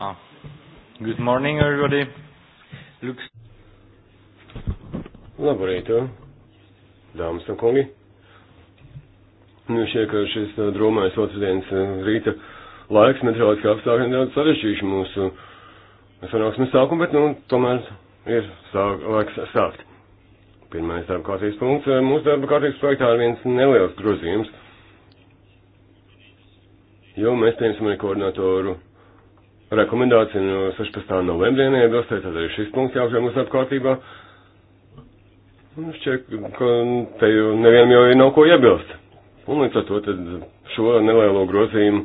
Ah. Good morning, everybody. Looks... Labrīt, dāmas un kungi. Nu, šie, ka šis uh, drūmais otrdienas uh, rīta laiks meteoroloģiskā apstākļa nedaudz sarežģījuši mūsu sanāksmes sākumu, bet, nu, tomēr ir sāk, laiks sākt. Pirmais darba kārtības punkts. Uh, mūsu darba kārtības projektā ir viens neliels grozījums jo mēs pieņemsim arī koordinatoru rekomendāciju no 16. novembrī, neiebilst, tad arī šis punkts jāapjām uz apkārtībā. Nu, šķiet, ka te jau nevienam jau ir nav ko iebilst. Un līdz ar to tad šo nelielo grozījumu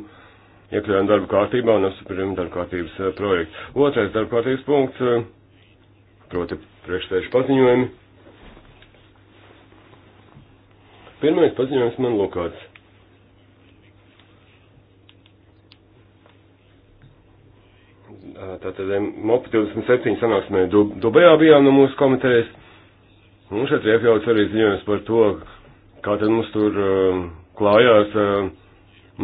iekļaujam darba kārtībā un apspriežam darba kārtības eh, projektu. Otrais darba kārtības punkts, eh, proti priekšsēžu paziņojumi. Pirmais paziņojums man lūkāts. Tātad MOP 27 sanāksmē Dubajā bijām no mūsu komitejas. Un šeit ir iekļauts arī ziņojums par to, kā tad mums tur uh, klājās uh,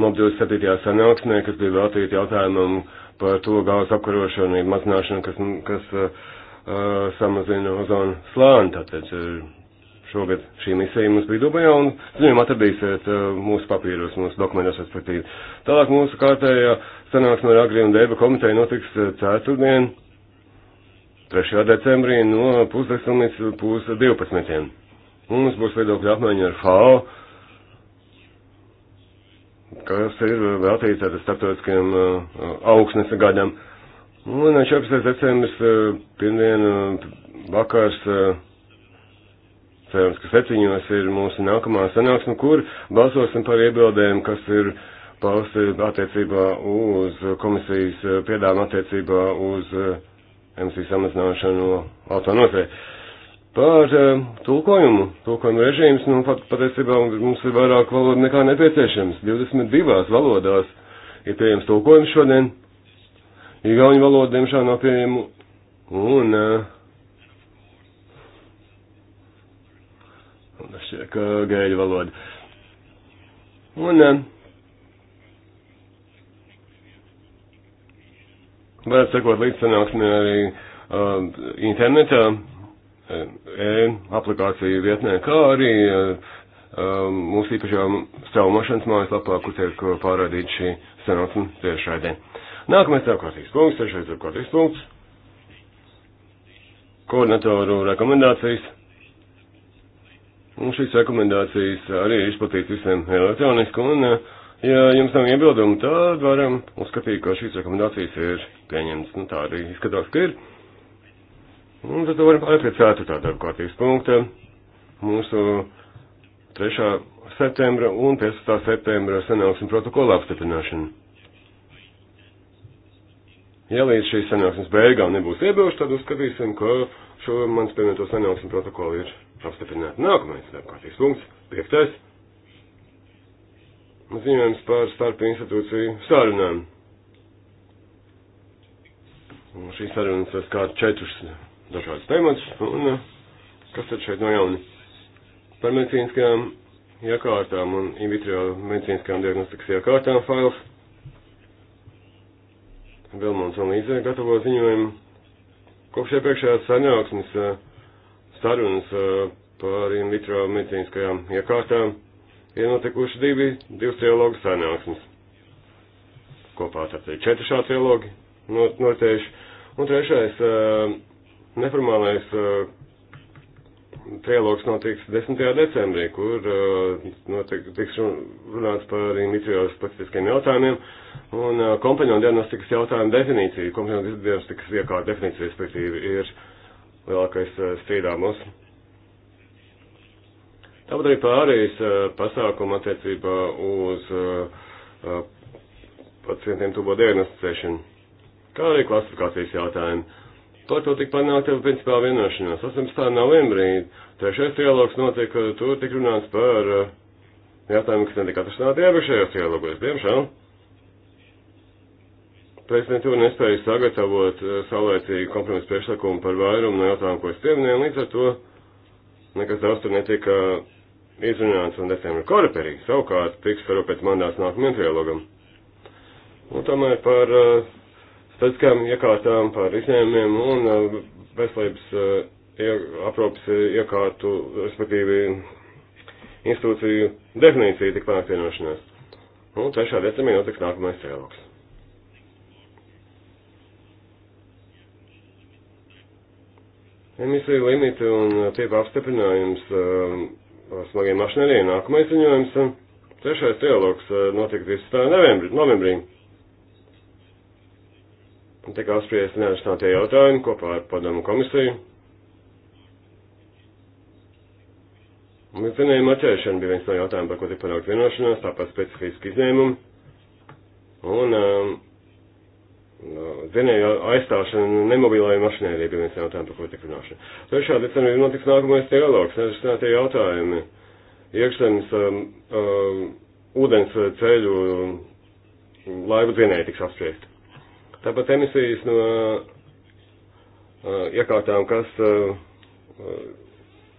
MOP 27. sanāksmē, kas bija veltīta jautājumam par to gāzes apkarošanu, mazināšanu, kas, kas uh, uh, samazina ozonu slāni. Tātad uh, šogad šī misija mums bija Dubajā, un ziņojumu atradīsiet eh, mūsu papīros, mūsu dokumentos atpratīvi. Tālāk mūsu kārtējā sanāksme ar Agri un Dēba komiteju notiks eh, ceturtdien, 3. decembrī no pusdesmit līdz pusdivpadsmitiem. Mums būs viedokļa apmaiņa ar FAO, kas ir veltīts ar starptautiskiem eh, augsnes gadam. Un 14. decembris, pirmdien vakars, cerams, ka septiņos ir mūsu nākamā sanāksme, kur balsosim par iebildēm, kas ir pausti attiecībā uz komisijas piedāvājumu attiecībā uz eh, emisiju samazināšanu autonozē. Par eh, tulkojumu, tulkojumu režīms, nu, pat, patiesībā mums ir vairāk valodu nekā nepieciešams. 22 valodās ir pieejams tulkojums šodien. Igauņu valoda, diemžēl, nav pieejama. Un uh, grieķu, gēļu valodu. Un eh, varētu sekot līdz sanāksmē arī uh, internetā, eh, e-aplikāciju vietnē, kā arī uh, mūsu īpašajā straumošanas mājaslapā, kur tiek pārādīta šī sanāksme tiešraidē. Nākamais ceturkārtīgs punkts, trešais ceturkārtīgs punkts. Koordinatoru rekomendācijas. Un šīs rekomendācijas arī ir izplatīts visiem elektroniski, un, eh, ja jums nav iebildumu, tad varam uzskatīt, ka šīs rekomendācijas ir pieņemtas. Nu, tā arī izskatās, ka ir. Un tad varam pārēt pie ceturtā darba kārtības punkta. Mūsu 3. septembra un 15. septembra sanāksim protokola apstiprināšanu. Ja līdz šīs sanāksmes beigām nebūs iebilst, tad uzskatīsim, ka šo mans pieminēto sanāksmu protokolu ir apstiprināt. Nākamais darbkārtības punkts, piektais. Ziņojums par starp institūciju sarunām. Šīs sarunas skārt četrus dažādas tematus, un eh, kas tad šeit no jauni? Par medicīniskajām iekārtām un in vitro medicīniskajām diagnostikas iekārtām fails. Belmons un Līdze gatavo ziņojumu kopš iepriekšējās sanāksmes. Uh, sarunas par in vitro medicīniskajām iekārtām ir notikuši divi, divas trialogu sanāksmes. Kopā tātad četri šādi trialogi not, notējuši. Un trešais neformālais trialogs notiks 10. decembrī, kur notiek, tiks runāts par in vitro specifiskiem jautājumiem un kompaņon diagnostikas jautājumu definīciju. Kompaņon diagnostikas iekārta definīcija, respektīvi, ir lielākais eh, strīdāmos. Tāpat arī pārējais eh, pasākuma attiecībā uz eh, pacientiem tubo diagnosticēšanu, kā arī klasifikācijas jautājumu. Par to tika panākta principā vienošanās. 18. novembrī trešais trialogs notika, tur tika runāts par jautājumu, kas netika atrastināti iepriekšējos trialogos, diemžēl prezidentūra nespēja sagatavot eh, saulēcīgu kompromisu priekšlikumu par vairumu no jautājumu, ko es pieminēju, līdz ar to nekas daudz tur netika eh, izrunāts un decembra koreperīgi. Savukārt tiks sarūpēts mandāts nākamajam trialogam. Un tomēr par uh, eh, statiskām iekārtām, par izņēmumiem un uh, veselības uh, ie, aprūpas iekārtu, respektīvi institūciju definīciju tik panākt vienošanās. Un 3. decembrī notiks nākamais trialogs. Emisiju limiti un uh, tiepa apstiprinājums uh, smagiem mašinēriem. Nākamais ziņojums, uh, trešais dialogs notiek 30. novembrī. novembrī. Tika apspriesti neatstātie jautājumi kopā ar padomu komisiju. Līdzinējuma atķēršana bija viens no jautājumiem, par ko tika panākt vienošanās, tāpat specifiski izņēmumi. Un um, dzinēju aizstāšanu nemobilai mašinērijai bija viens jautājums, par ko tik runāšana. Trešā decembrī nu notiks nākamais dialogs, nerisinātie jautājumi. Iekšzemes um, um, ūdens ceļu um, laivu dzinēji tiks apspriesti. Tāpat emisijas no uh, iekārtām, kas uh, uh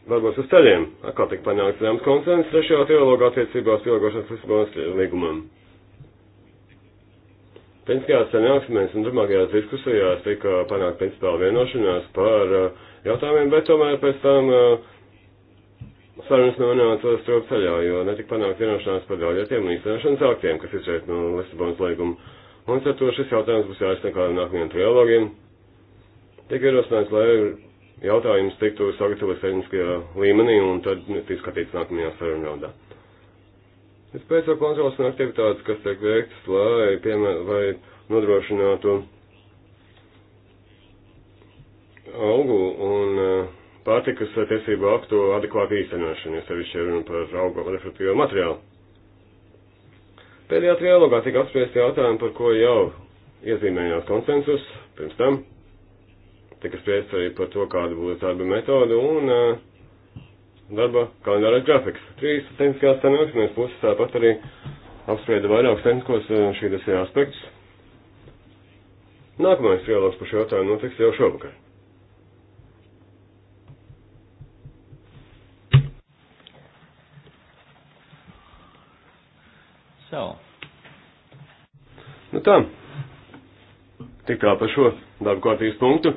darbos uz ceļiem, atkal tika panākts zināms konsens trešajā dialogā attiecībās pielāgošanas Lisabonas līgumam. Uh, Pēdējās sanāksmēs un turpmākajās diskusijās tika panākt principāla vienošanās par uh, jautājumiem, bet tomēr pēc tam uh, sarunas nonāca strop ceļā, jo netika panākt vienošanās par daudzietiem un īstenošanas aktiem, kas izriet no Lisabonas līguma. Un ar to šis jautājums būs jāizsniedz kādam nākamajam trilogiem. Tiek ierosināts, lai jautājums tiktu sagatavots tehniskajā līmenī un tad tiks skatīts nākamajā sarunā. Es pēc tam kontrolas un aktivitātes, kas tiek veiktas, lai, piemēr, lai nodrošinātu augu un eh, pārtikas tiesību aktu adekvātu īstenošanu, ja sevišķi runa par augu reflektīvo materiālu. Pēdējā trialogā tika apspriesti jautājumi, par ko jau iezīmējās konsensus pirms tam. Tika spriests arī par to, kāda būs darba metoda un uh, darba kalendāra grafiks. Trīs tehniskās sanāksmes, mēs puses tāpat arī apsprieda vairākus tehniskos eh, šī desmit aspektus. Nākamais trialogs par šo jautājumu notiks jau šovakar. So. Nu tā, tik tā par šo darba kārtības punktu.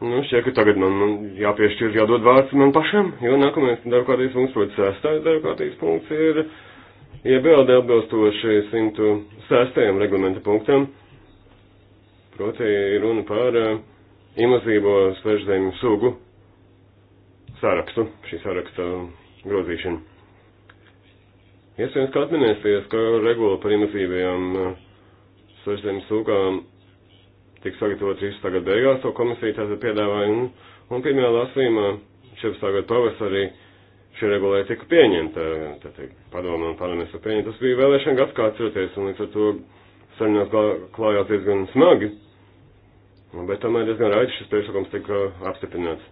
Nu, šķiet, ka tagad man, man jāpiešķir, jādod vārds man pašam, jo nākamais darbkārtības punkts, proti, sestais darbkārtības punkts ir iebildi ja atbilstoši 106. reglamenta punktam. Proti, runa par uh, invazīvo svežzemju sugu sarakstu, šī saraksta grozīšanu. Iespējams, ka atminēsies, ka regula par invazīvajām uh, svežzemju sugām tiks sagatavots viss tagad beigās, to komisija tātad piedāvāja, un, un pirmajā lasījumā 14. gada pavasarī šī regulēja tika pieņemta, tātad padomā un parlaments to pieņemta. Tas bija vēlēšana gads, kā atceraties, un līdz ar to sarunās klājās diezgan smagi, bet tomēr diezgan raiti šis priekšlikums tika apstiprināts.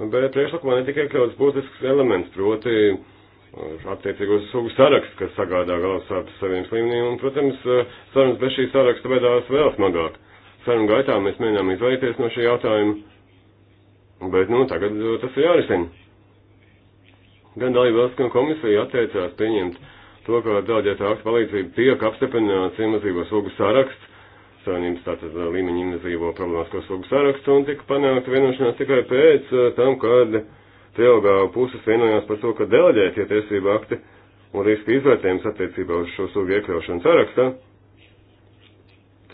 Bet priekšlikumā netika iekļauts būtisks elements, proti attiecīgos sugu sarakstu, kas sagādā galvassāpes saviem slimniem, un, protams, eh, sarunas bez šī saraksta vedās vēl smagāk. Sarunu gaitā mēs mēģinām izvairīties no šī jautājuma, bet, nu, tagad eh, tas ir jārisina. Gan dalībvalsts, gan komisija atteicās pieņemt to, ka dēļģētā akta palīdzība tiek apstiprināts invazīvo sugu saraksts, savienības tātad eh, līmeņa invazīvo problemātisko sugu sarakstu, un tika panākta vienošanās tikai pēc tam, kad. Uh, trialogā puses vienojās par to, ka deleģētie tiesību akti un riska izvērtējums attiecībā uz šo sugu iekļaušanu sarakstā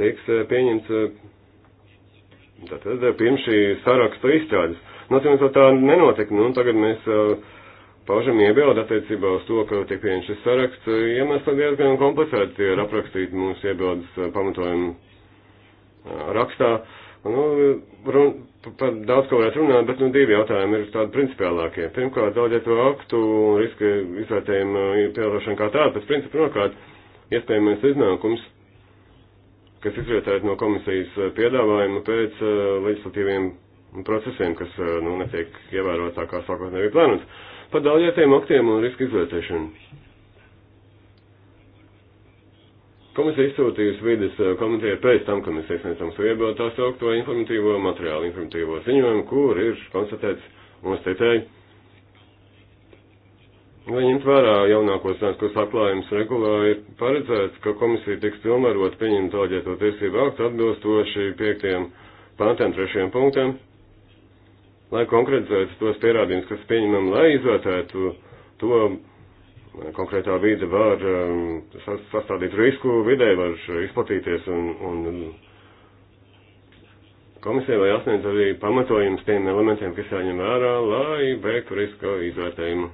tiks eh, pieņemts eh, tātad eh, pirms šī saraksta izstrādes. Nocīmēs, nu, tā nenotika, nu, tagad mēs paužam iebildi attiecībā uz to, ka tiek pieņemts šis saraksts, iemesli ja diezgan komplicēti ir aprakstīti mūsu iebildes pamatojumu rakstā. Nu, run, par daudz ko varētu runāt, bet nu, divi jautājumi ir tādi principiālākie. Pirmkārt, daudzieto aktu un riska izvērtējumu uh, pielāgošana kā tāda, pēc principa nokārt, iespējamais iznākums, kas izvietētu no komisijas uh, piedāvājuma pēc uh, leģislatīviem procesiem, kas uh, nu, netiek ievērot tā kā sākotnēji plānots, par daudzietiem aktiem un riska izvērtēšanu. Komisija izsūtījusi vides eh, komentēju pēc tam, kad mēs iesniedzam savu iebildu tā saukto informatīvo materiālu, informatīvo ziņojumu, kur ir konstatēts, un es teicēju, lai ņemt vērā jaunākos zinātniskos atklājumus regulā, ir paredzēts, ka komisija tiks pilnvarot pieņemt aģēto tiesību aktu atbilstoši piektiem pāntiem trešiem punktam, lai konkretizētu tos pierādījumus, kas pieņemam, lai izvērtētu to, konkrētā vide var um, sastādīt risku, vidē var izplatīties un, un komisija vai jāsniedz arī pamatojums tiem elementiem, kas jāņem vērā, lai veiktu riska izvērtējumu.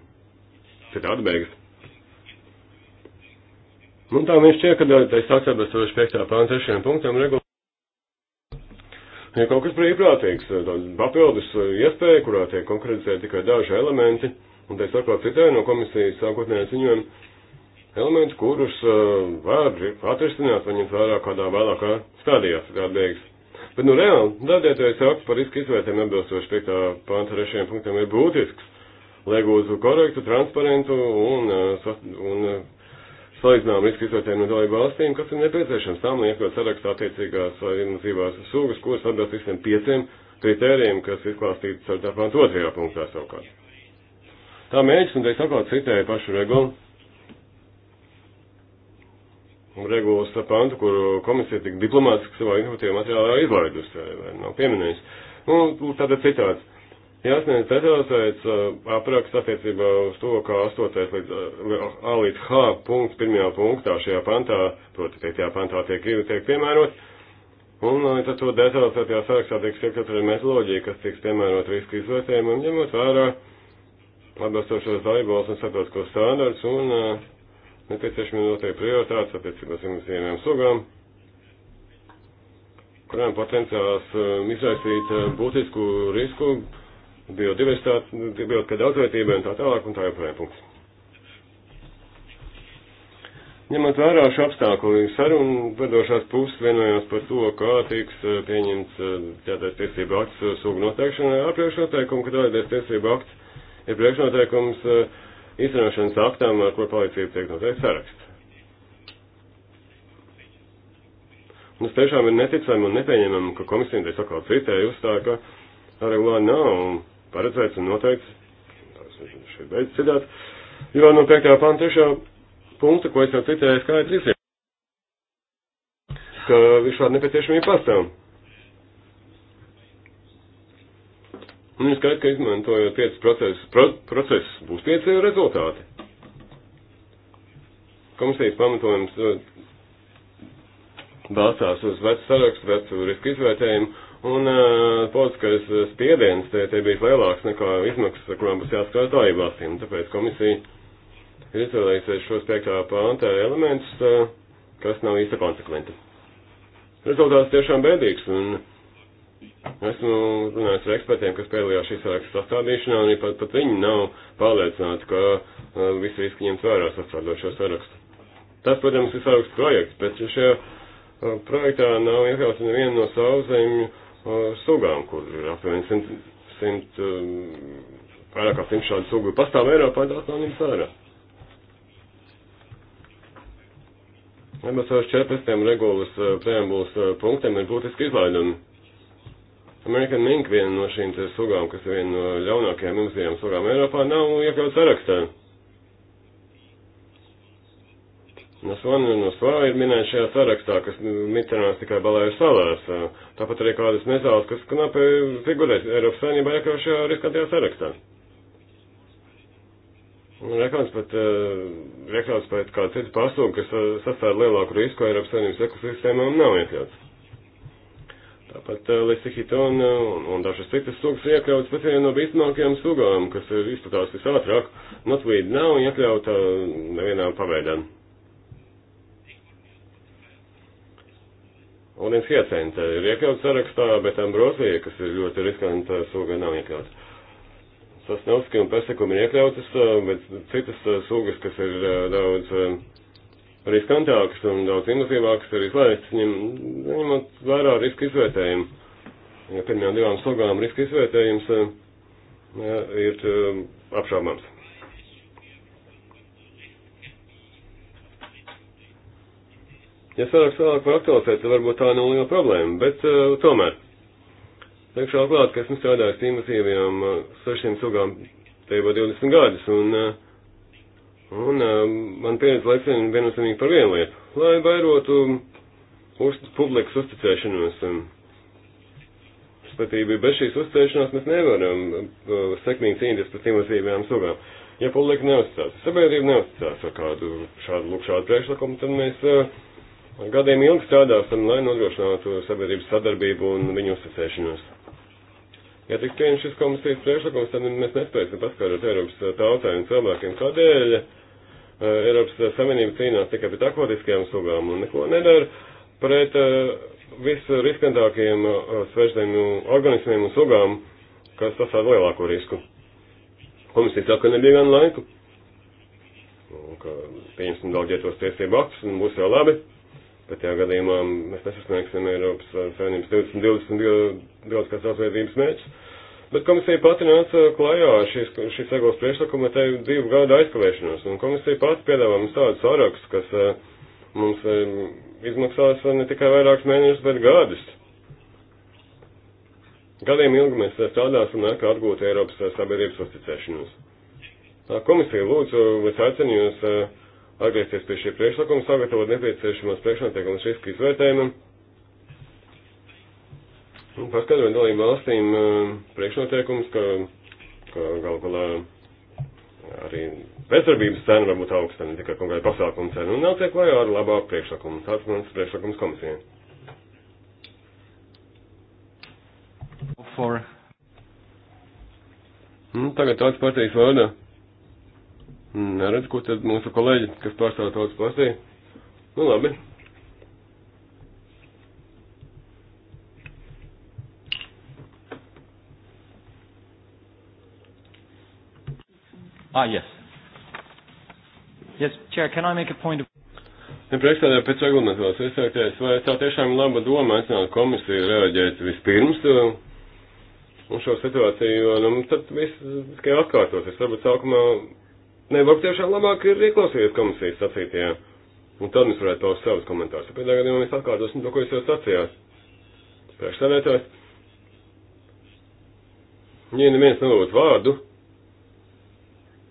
Citādi beigas. Un nu, tā viņš šķiet, ka tais atcerības 5. pāns 3. punktam regulā. Ja kaut kas brīvprātīgs, tāds papildus iespēja, kurā tiek konkretizēti tikai daži elementi, Un es atkal citēju no komisijas sākotnējā ziņojuma elementus, kurus uh, var atrisināt un ņemt vērā kādā vēlākā stadijā, kā beigas. Bet, nu, reāli, dādētais akts par riska izvērtēm atbilstoši 5. pānta 3. punktam ir būtisks, lai gūtu korektu, transparentu un, uh, un uh, salīdzinām riska izvērtējumu no dalību valstīm, kas ir nepieciešams tam, lai iekļaut sarakstā attiecīgās vai invazīvās sugas, kuras atbilst visiem pieciem kritērijiem, kas izklāstīts 4. pānta 2. punktā savukārt. Tā mēģis, un teiks atkal citēju pašu regulu. Regulas pantu, kuru komisija tik diplomātiski savā informatīvā materiālā izlaidusi, vai nav pieminējusi. Nu, tātad citāds. Jāsniedz detalizēts uh, apraksts attiecībā uz to, kā 8. līdz uh, A līdz H punkts pirmajā punktā šajā pantā, proti 5. pantā tiek, tiek piemērot. Un uh, tad to detalizētajā sarakstā tiek sekretarī metodoloģija, kas tiks piemērot riska izvērtējumam, ņemot vērā. Uh, atbilstošos dalībvalsts un starptautiskos standarts un eh, nepieciešami noteikti prioritātes attiecībā uz invazīviem sugām, kurām potenciāls eh, izraisīt eh, būtisku risku biodiversitāti, bioloģiskai daudzveidībai un tā tālāk un tā joprojām punkts. Ņemot vērā šo apstākļu, sarunu vedošās puses vienojās par to, kā tiks pieņemts tātais tiesība akts sūgu noteikšanai, apriekš noteikumu, ka tātais tiesība akts ir priekšnoteikums eh, īstenošanas aktam, ar kur palīdzību tiek noteikts saraksts. Mums tiešām ir neticami un nepieņemami, ka komisija, te sakot citēji, uzstāja, ka regulā nav paredzēts un noteikts, šeit beidz citāt, jo no 5. panta 3. punkta, ko es jau citēju, skaidrs ir, ka šāda nepieciešamība pastāv. Un ir skaidrs, ka izmantojot piecus procesus, pro, procesus būs pieci rezultāti. Komisijas pamatojums uh, balstās uz vecu sarakstu, vecu risku izvērtējumu, un uh, politiskais uh, spiediens te, te bija lielāks nekā izmaksas, ar kurām būs jāskatās dalību valstīm. Tāpēc komisija ir izvēlējusies šos piektā pāntā elementus, uh, kas nav īsta konsekventi. Rezultāts tiešām bēdīgs. Un, uh, Esmu runājis ar ekspertiem, kas piedalījās šīs sarakstu sastādīšanā, un pat, pat viņi nav pārliecināti, ka uh, visi riski ņemt vērā sastādot šo sarakstu. Tas, protams, ir saraksts projekts, bet šajā uh, projektā nav iekļauts neviena no sauzemju uh, sugām, kur ir apmēram 100, 100 uh, vairāk kā 100 šādu sugu pastāv Eiropā, tās nav ņemts vērā. Abas 14 regulas uh, preambulas uh, punktiem ir būtiski izlaidumi. American Mink, viena no šīm sugām, kas ir viena no ļaunākajām milzīgajām sugām Eiropā, nav iekļauts sarakstā. Nasvani un Nasvā ir minēti šajā sarakstā, kas mitrinās tikai Balēju salās. Tāpat arī kādas nezāles, kas knapi figurēs Eiropas saimnībā iekļauts šajā riskantajā sarakstā. Rekauts pat, eh, rekauts pat kāds cits pasūga, kas eh, sastāv lielāku risku Eiropas saimnības ekosistēmām nav iekļauts. Tāpat eh, lesihitona eh, un, un dažas citas sugas ir iekļautas pēc viena no bīstamākajām sugām, kas ir izplatās visātrāk, un atlīd nav iekļauta nevienā paveidā. Ūdens hiacente ir iekļauts sarakstā, bet ambrozija, kas ir ļoti riskanta suga, nav iekļauta. Sasnauski un persekumi ir iekļautas, eh, bet citas sugas, kas ir daudz riskantāks un daudz invasīvāks arī slēgts, ņem, ņemot vērā riska izvērtējumu. Ja pirmajām divām slogām riska izvērtējums eh, ja, ir eh, apšaubāms. Ja sarāk vēlāk var aktualizēt, tad varbūt tā nav liela problēma, bet uh, tomēr. Teikšu atklāt, ka esmu strādājis invasīvajām uh, 600 sugām te jau 20 gadus, un uh, Un uh, man pieredze liecina viennozīmīgi par vienu lietu. Lai vairotu uz, publikas uzticēšanos, um, respektīvi bez šīs uzticēšanās mēs nevaram uh, sekmīgi cīnīties pret invazīvajām sugām. Ja publika neuzticās, sabiedrība neuzticās ar kādu šādu lukšādu priekšlikumu, tad mēs uh, gadiem ilgi strādāsim, lai nodrošinātu sabiedrības sadarbību un viņu uzticēšanos. Ja tik pieņem šis komisijas priekšlikums, tad mēs nespēsim paskaidrot Eiropas eh, tautai un cilvēkiem, kādēļ eh, Eiropas eh, Savienība cīnās tikai pret akvatiskajām sugām un neko nedara pret visu riskantākajiem svežzemju organismiem un sugām, kas sasāda lielāko risku. Komisija saka, ka nebija gan laiku, un ka pieņemsim daudz ietos tiesību aktus un būs jau labi. Pretējā gadījumā mēs nesasniegsim Eiropas Savienības 2020 daudzkās atveidības mērķus. Bet komisija pati nāca klajā ar šīs, šīs egos priekšlikuma te divu gadu aizkavēšanos, un komisija pati piedāvā mums tādu sarakstu, kas mums izmaksās ne tikai vairākus mēnešus, bet gadus. Gadiem ilgi mēs strādāsim, kā atgūt Eiropas sabiedrības uzticēšanos. Komisija lūdzu, es aicinu jūs. Uh, atgriezties pie šī priekšlikuma, sagatavot nepieciešamos priekšnoteikumus riska izvērtējumam. Un paskatot dalību valstīm e, priekšnoteikumus, ka, ka galu galā arī pēcdarbības cena var būt augsta, ne tikai konkrēta pasākuma cena, un nāciet klajā ar labāku priekšlikumu. Tāds mans priekšlikums komisijai. For... Nu, tagad tāds partijas vārdā. Neredz, ko tad mūsu kolēģi, kas pārstāv tautas pasī. Nu, labi. Ah, yes. Yes, Chair, can I make a point of... Ja priekšstādā pēc reglamentās iesaistīties, vai tā tiešām laba doma aicināt komisiju reaģēt vispirms uh, uz šo situāciju, jo nu, tad viss tikai atkārtosies. Varbūt sākumā Ne, varbūt tiešām labāk ir ieklausīties komisijas sacītajā. Un tad mēs varētu paust savus komentārus. Pēdējā gadījumā es atkārtosim to, ko jūs jau sacījāt. Priekšsēdētājs. Ja neviens nelūdz vārdu,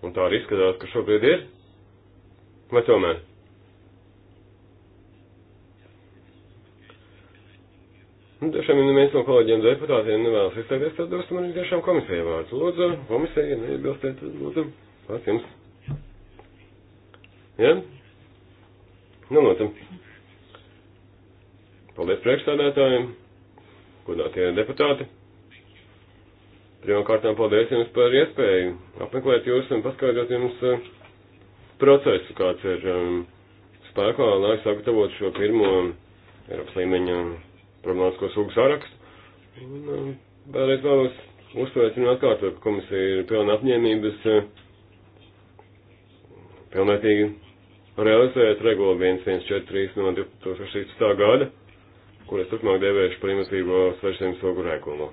un tā arī izskatās, ka šobrīd ir, vai tomēr? Nu, tiešām, ja neviens no kolēģiem deputātiem nevēlas izteikties, tad dosim arī tiešām komisijai vārdu. Lūdzu, komisija, neiebilstiet, lūdzu, pats jums. Ja? Nu, lūdzu. Paldies priekšstādētājiem, godātie deputāti. Pirmkārt, paldies jums par iespēju apmeklēt jūs un paskaidrot jums eh, procesu, kāds ir um, spēkā, lai sagatavotu šo pirmo Eiropas līmeņa problemātisko sugu sarakstu. Un um, vēlreiz vēlos uzsvērt un atkārtot, ka komisija ir pilna apņēmības uh, pilnvērtīgi realizēt regulu 1143 no 2016. gada, kuras turpmāk dēvējuši par invazīvo svešiem sogu regulu.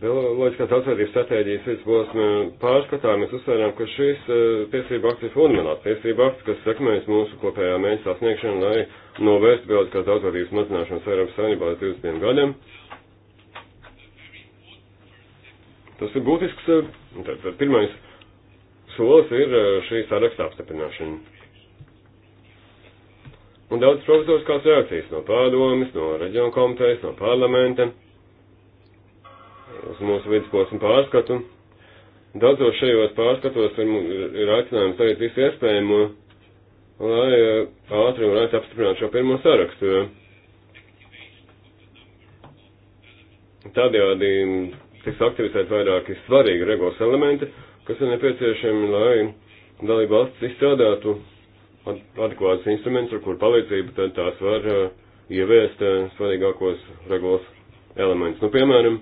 Bioloģiskās atsvērtības stratēģijas vidusposma pārskatā mēs uzsvērām, ka šīs eh, tiesība akts ir fundamentāls tiesība akts, kas sekmēs mūsu kopējā mērķa sasniegšanu, lai novērstu bioloģiskās atsvērtības mazināšanas Eiropas saimnībā līdz 20 gadiem. Tas ir būtisks. Eh, tad, tad pirmais solis ir eh, šī saraksta apstiprināšana. Un daudz profesoriskās reakcijas no pārdomas, no reģionu komitejas, no parlamenta, uz mūsu vidusposmu pārskatu. Daudzos šajos pārskatos ir, ir aicinājums darīt visu iespējamo, lai eh, ātri varētu apstiprināt šo pirmo sarakstu. Tādējādi tiks aktivizēt vairāki svarīgi regulas elementi, kas ir nepieciešami, lai dalība valsts izstrādātu adekvātus instrumentus, ar kur palīdzību tad tās var uh, ieviest uh, svarīgākos regulas elementus. Nu, piemēram,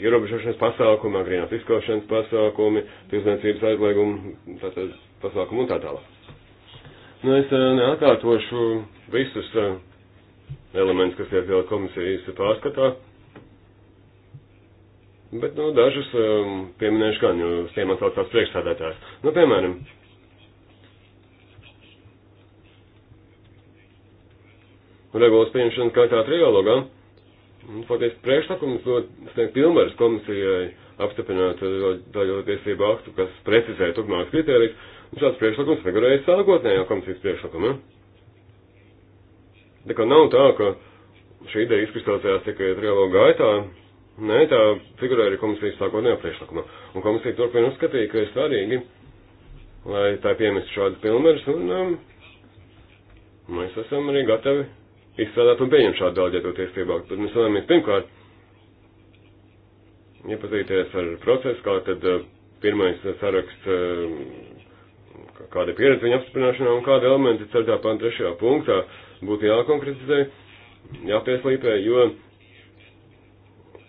ierobežošanas pasākumi, agrīnās izkošanas pasākumi, tirdzniecības aizliegumi, tātad pasākumi un tā tālāk. Nu, es uh, neatkārtošu visus uh, elementus, kas iekļaut komisijas pārskatā. Bet, nu, dažus um, ehm, pieminēšu gan, jo siem atsaucās priekšsādētājs. Nu, piemēram, regulas pieņemšanas kārtā trialogā. Un, faktiski, priekšlikums dod sniegt pilnvaras komisijai apstiprināt eh, daļo tiesību aktu, kas precizē turpmākas kritērijas, un šāds priekšlikums figurēja sākotnējā komisijas priekšlikumā. Tā kā nav tā, ka šī ideja izkristalizējās tikai trialogu gaitā, Nē, tā figurē arī komisijas sākotnējā priekšlikumā. Un komisija turpina uzskatīt, ka ir svarīgi, lai tā piemestu šādas pilnvaras, un um, mēs esam arī gatavi izstrādāt un pieņemt šādu delģētu tiesību aktu. Tad mēs vēlamies pirmkārt iepazīties ar procesu, kā tad uh, pirmais saraksts, uh, kāda pieredze viņa apstiprināšanā un kāda elementi ceturtā pānta trešajā punktā būtu jākonkretizē, jāpieslīpē, jo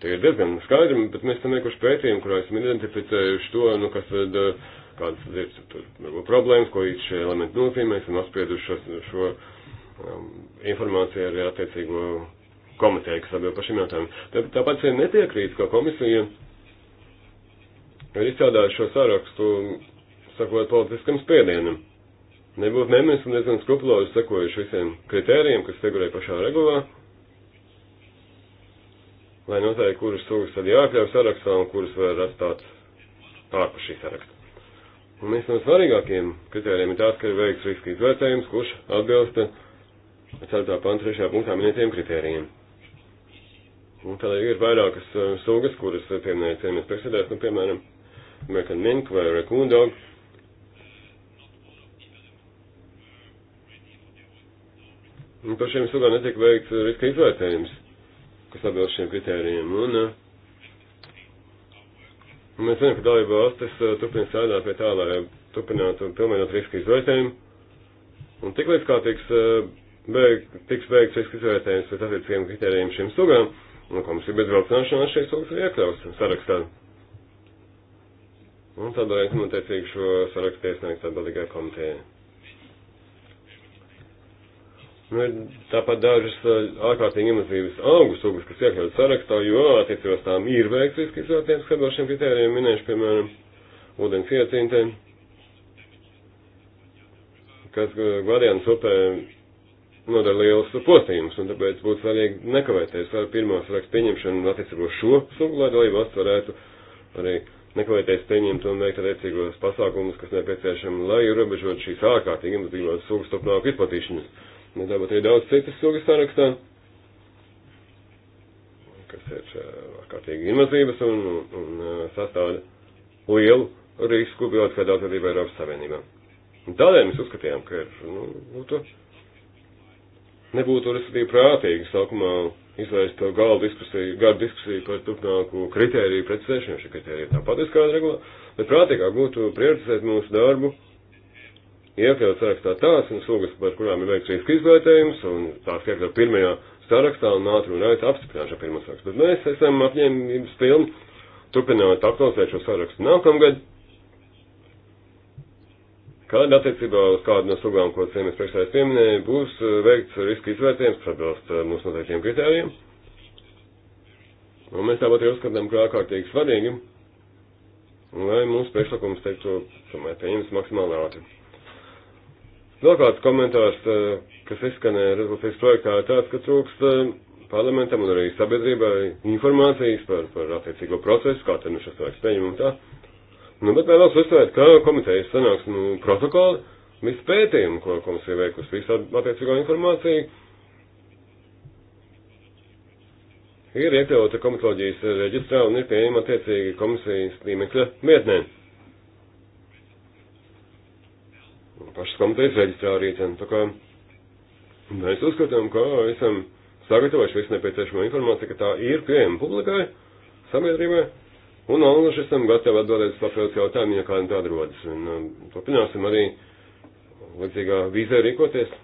Tie ir diezgan skaidri, bet mēs tam iekuši pētījumu, kurā esam identificējuši to, nu, kas tad, eh, kādas ir tur, problēmas, ko īsti šie elementi nozīmē, esam apsprieduši šo, šo um, informāciju arī attiecīgo komiteju, kas atbild par šiem jautājumiem. Tā, tāpēc ir netiekrīt, ka komisija ir izstrādājusi šo sarakstu, sakot, politiskam spiedienam. Nebūtu nemēs un diezgan skrupulozi sekojuši visiem kritērijiem, kas figurē pašā regulā lai noteikti, kuras sugas tad jāiekļauj sarakstā un kuras var atstāt ārpus šī saraksta. Un viens no svarīgākajiem kritērijiem ir tāds, ka ir veikts riska izvērtējums, kurš atbilst 4. pānta 3. punktā minētiem kritērijiem. Un tādā ir vairākas eh, sugas, kuras pieminēja cienījums priekšsēdēs, nu, piemēram, American Mink vai Raccoon Dog. Un par šiem sugām netiek veikts riska izvērtējums kas atbilst šiem kritērijiem. Un, un uh, mēs zinām, ka dalība valstis uh, turpina strādāt pie tā, lai turpinātu pilnveidot riska izvērtējumu. Un tik līdz kā tiks, uh, beig, tiks beigts riska izvērtējums pēc attiecīgiem kritērijiem šīm sugām, un komisija bezbraucināšanās šīs sugas ir iekļauts sarakstā. Un tādēļ, nu, teicīgi šo sarakstu iesniegts atbildīgai komitejai. Nu, ir tāpat dažas uh, ārkārtīgi invazīvas augu sugas, kas iekļautas sarakstā, jo attiecībās tām ir veikts risks izvērtējums, kad ar šiem kritērijiem minēšu, piemēram, ūdens iecīntēm, kas uh, Guadianas upē nodara liels postījumus, un tāpēc būtu svarīgi nekavēties ar pirmā sarakstu pieņemšanu attiecībā šo sugu, lai dalībvalsts varētu arī nekavēties pieņemt un veikt attiecīgos pasākumus, kas nepieciešami, lai ierobežot šīs ārkārtīgi invazīvās sugas turpmāk izplatīšanas. Tāpat ir daudz citas sugas sarakstā, kas ir eh, ārkārtīgi invazīvas un, un eh, sastāda lielu risku bioloģiskai daudzveidībai Eiropas Savienībā. Un tādēļ mēs uzskatījām, ka ir, nu, būtu, nebūtu, respektīvi, prātīgi sākumā izvērst to galu diskusiju, garu diskusiju par turpmāku kritēriju precizēšanu, šī kritērija ir tā patiskā regulā, bet prātīgāk būtu prioritizēt mūsu darbu iekļaut sarakstā tās un sugas, par kurām ir veikts riska izvērtējums, un tās iekļaut pirmajā sarakstā un ātri un raiti apstiprināt šo pirmo sarakstu. Bet mēs esam apņēmības pilni turpināt aktualizēt šo sarakstu nākamgad. Kāda attiecībā uz kādu no sugām, ko cienījums priekšsēdētājs pieminēja, būs uh, veikts riska izvērtējums, atbilst uh, mūsu noteiktiem kritērijiem. Un mēs tāpat arī uzskatām, ka ārkārtīgi svarīgi, lai mūsu priekšlikums teiktu, tomēr pieņems maksimāli ātri. Vēl kāds komentārs, eh, kas izskanēja rezolūcijas projektā, ir tāds, ka trūkst eh, parlamentam un arī sabiedrībai informācijas par, par attiecīgo procesu, kā te nu šis laiks pieņem un tā. Nu, bet vēlos uzsvērt, ka komitejas sanāksmu protokoli, visu pētījumu, ko komisija veikusi, visu attiecīgo informāciju, ir iekļauta komitoloģijas reģistrā un ir pieejama attiecīgi komisijas tīmekļa vietnē. pašas komitejas reģistrā rīcēm. Tā kā mēs uzskatām, ka esam sagatavojuši visu nepieciešamo informāciju, ka tā ir pieejama publikai, sabiedrībai, un angliši esam gatavi atbildēt uz papildus jautājumiem, ja kādi tādi rodas. Un um, turpināsim arī līdzīgā vīzē rīkoties.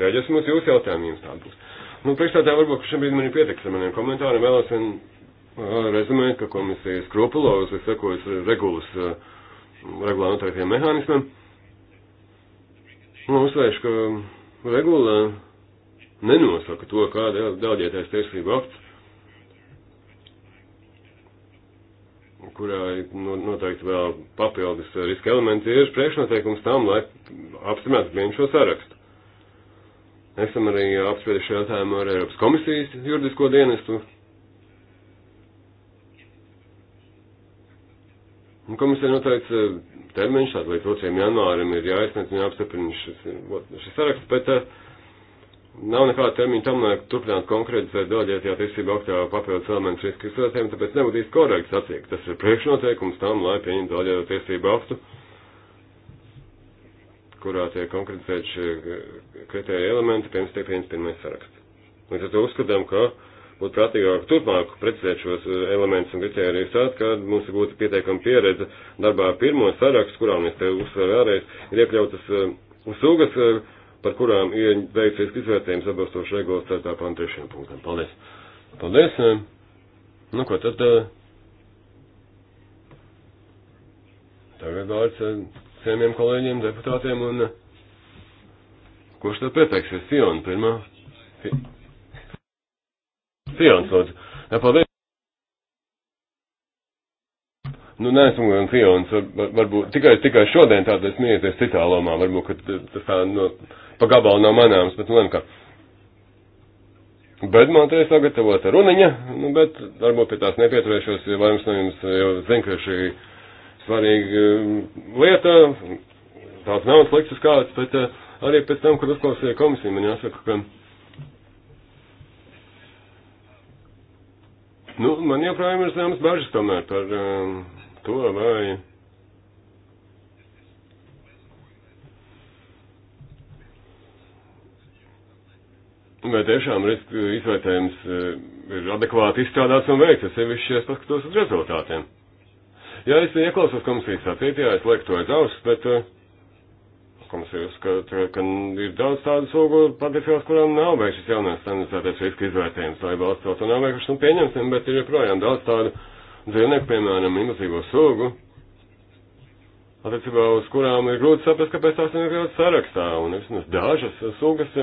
Rēģēsim uz jūsu jautājumiem, jums tāda būs. Nu, priekšstādā varbūt šobrīd man ir pietiks ar maniem komentāriem, vēlos vien uh, rezumēt, ka komisija skropulozi sekojas regulas uh, regulā noteiktiem mehānismam. Un uzsvēršu, ka regula nenosaka to, kā dēļietais tiesību akts, kurā noteikti vēl papildus riska elementi ir priekšnoteikums tam, lai apstiprinātu vienu šo sarakstu. Esam arī apsprieduši jautājumu ar Eiropas komisijas juridisko dienestu, Un komisija noteica eh, termiņš, tātad līdz 2. janvārim ir jāizsniedz un jāapstiprina šis, eh, šis saraksts, bet uh, nav nekāda termiņa tam, lai turpinātu konkrētizēt daļietajā tiesību aktā papildus elementus riska izsvērtēm, tāpēc nebūtu īsti korekts atsiekt. Tas ir priekšnoteikums tam, lai pieņemtu daļietajā tiesību aktu, kurā tiek konkrētizēt šie kritēja elementi, pirms tiek pieņemts pirmais saraksts. Līdz ar to uzskatām, ka būtu prātīgāk turpmāk precizēt šos eh, elementus un kritērijus tad, kad mums būtu pietiekama pieredze darbā pirmo sarakstu, kurām es te uzsveru vēlreiz, ir iekļautas eh, sugas, eh, par kurām ir veicies izvērtējums atbilstoši regulas 4. pantu 3. punktam. Paldies! Paldies! Nu, ko tad? Tagad vārds sēmiem kolēģiem, deputātiem un kurš tad pieteiksies? Siona pirmā. Cijons, lūdzu. Jā, paldies. Nu, neesmu gan Cijons, var, varbūt tikai, tikai šodien tādā smieties citā lomā, varbūt, ka tas tā, nu, pa gabalu nav manāms, bet, nu, lemkā. Bet man te ir sagatavota runiņa, nu, bet varbūt pie tās nepieturēšos, jo vairums no jums jau zina, ka šī svarīga um, lieta, tās nav sliktas kāds, bet uh, arī pēc tam, kad uzklausīja komisiju, man jāsaka, ka Nu, man joprojām ir zināmas bažas tomēr par um, to, vai. Vai tiešām riska izvērtējums uh, ir adekvāti izstrādāts un veikts, es sevišķi, ja paskatos uz rezultātiem. Jā, es ieklausos komisijas sacītajā, es lieku to aiz ausis, bet uh, komisijas, ka, ka ir daudz tādas ogu padefijos, kurām nav veikts šis jaunais standardizētais riska izvērtējums, lai valsts vēl to nav veikuši un pieņemsim, bet ir joprojām daudz tādu dzīvnieku, piemēram, invazīvo sugu, attiecībā uz kurām ir grūti saprast, kāpēc tās ir iekļautas sarakstā, un vismaz dažas sugas,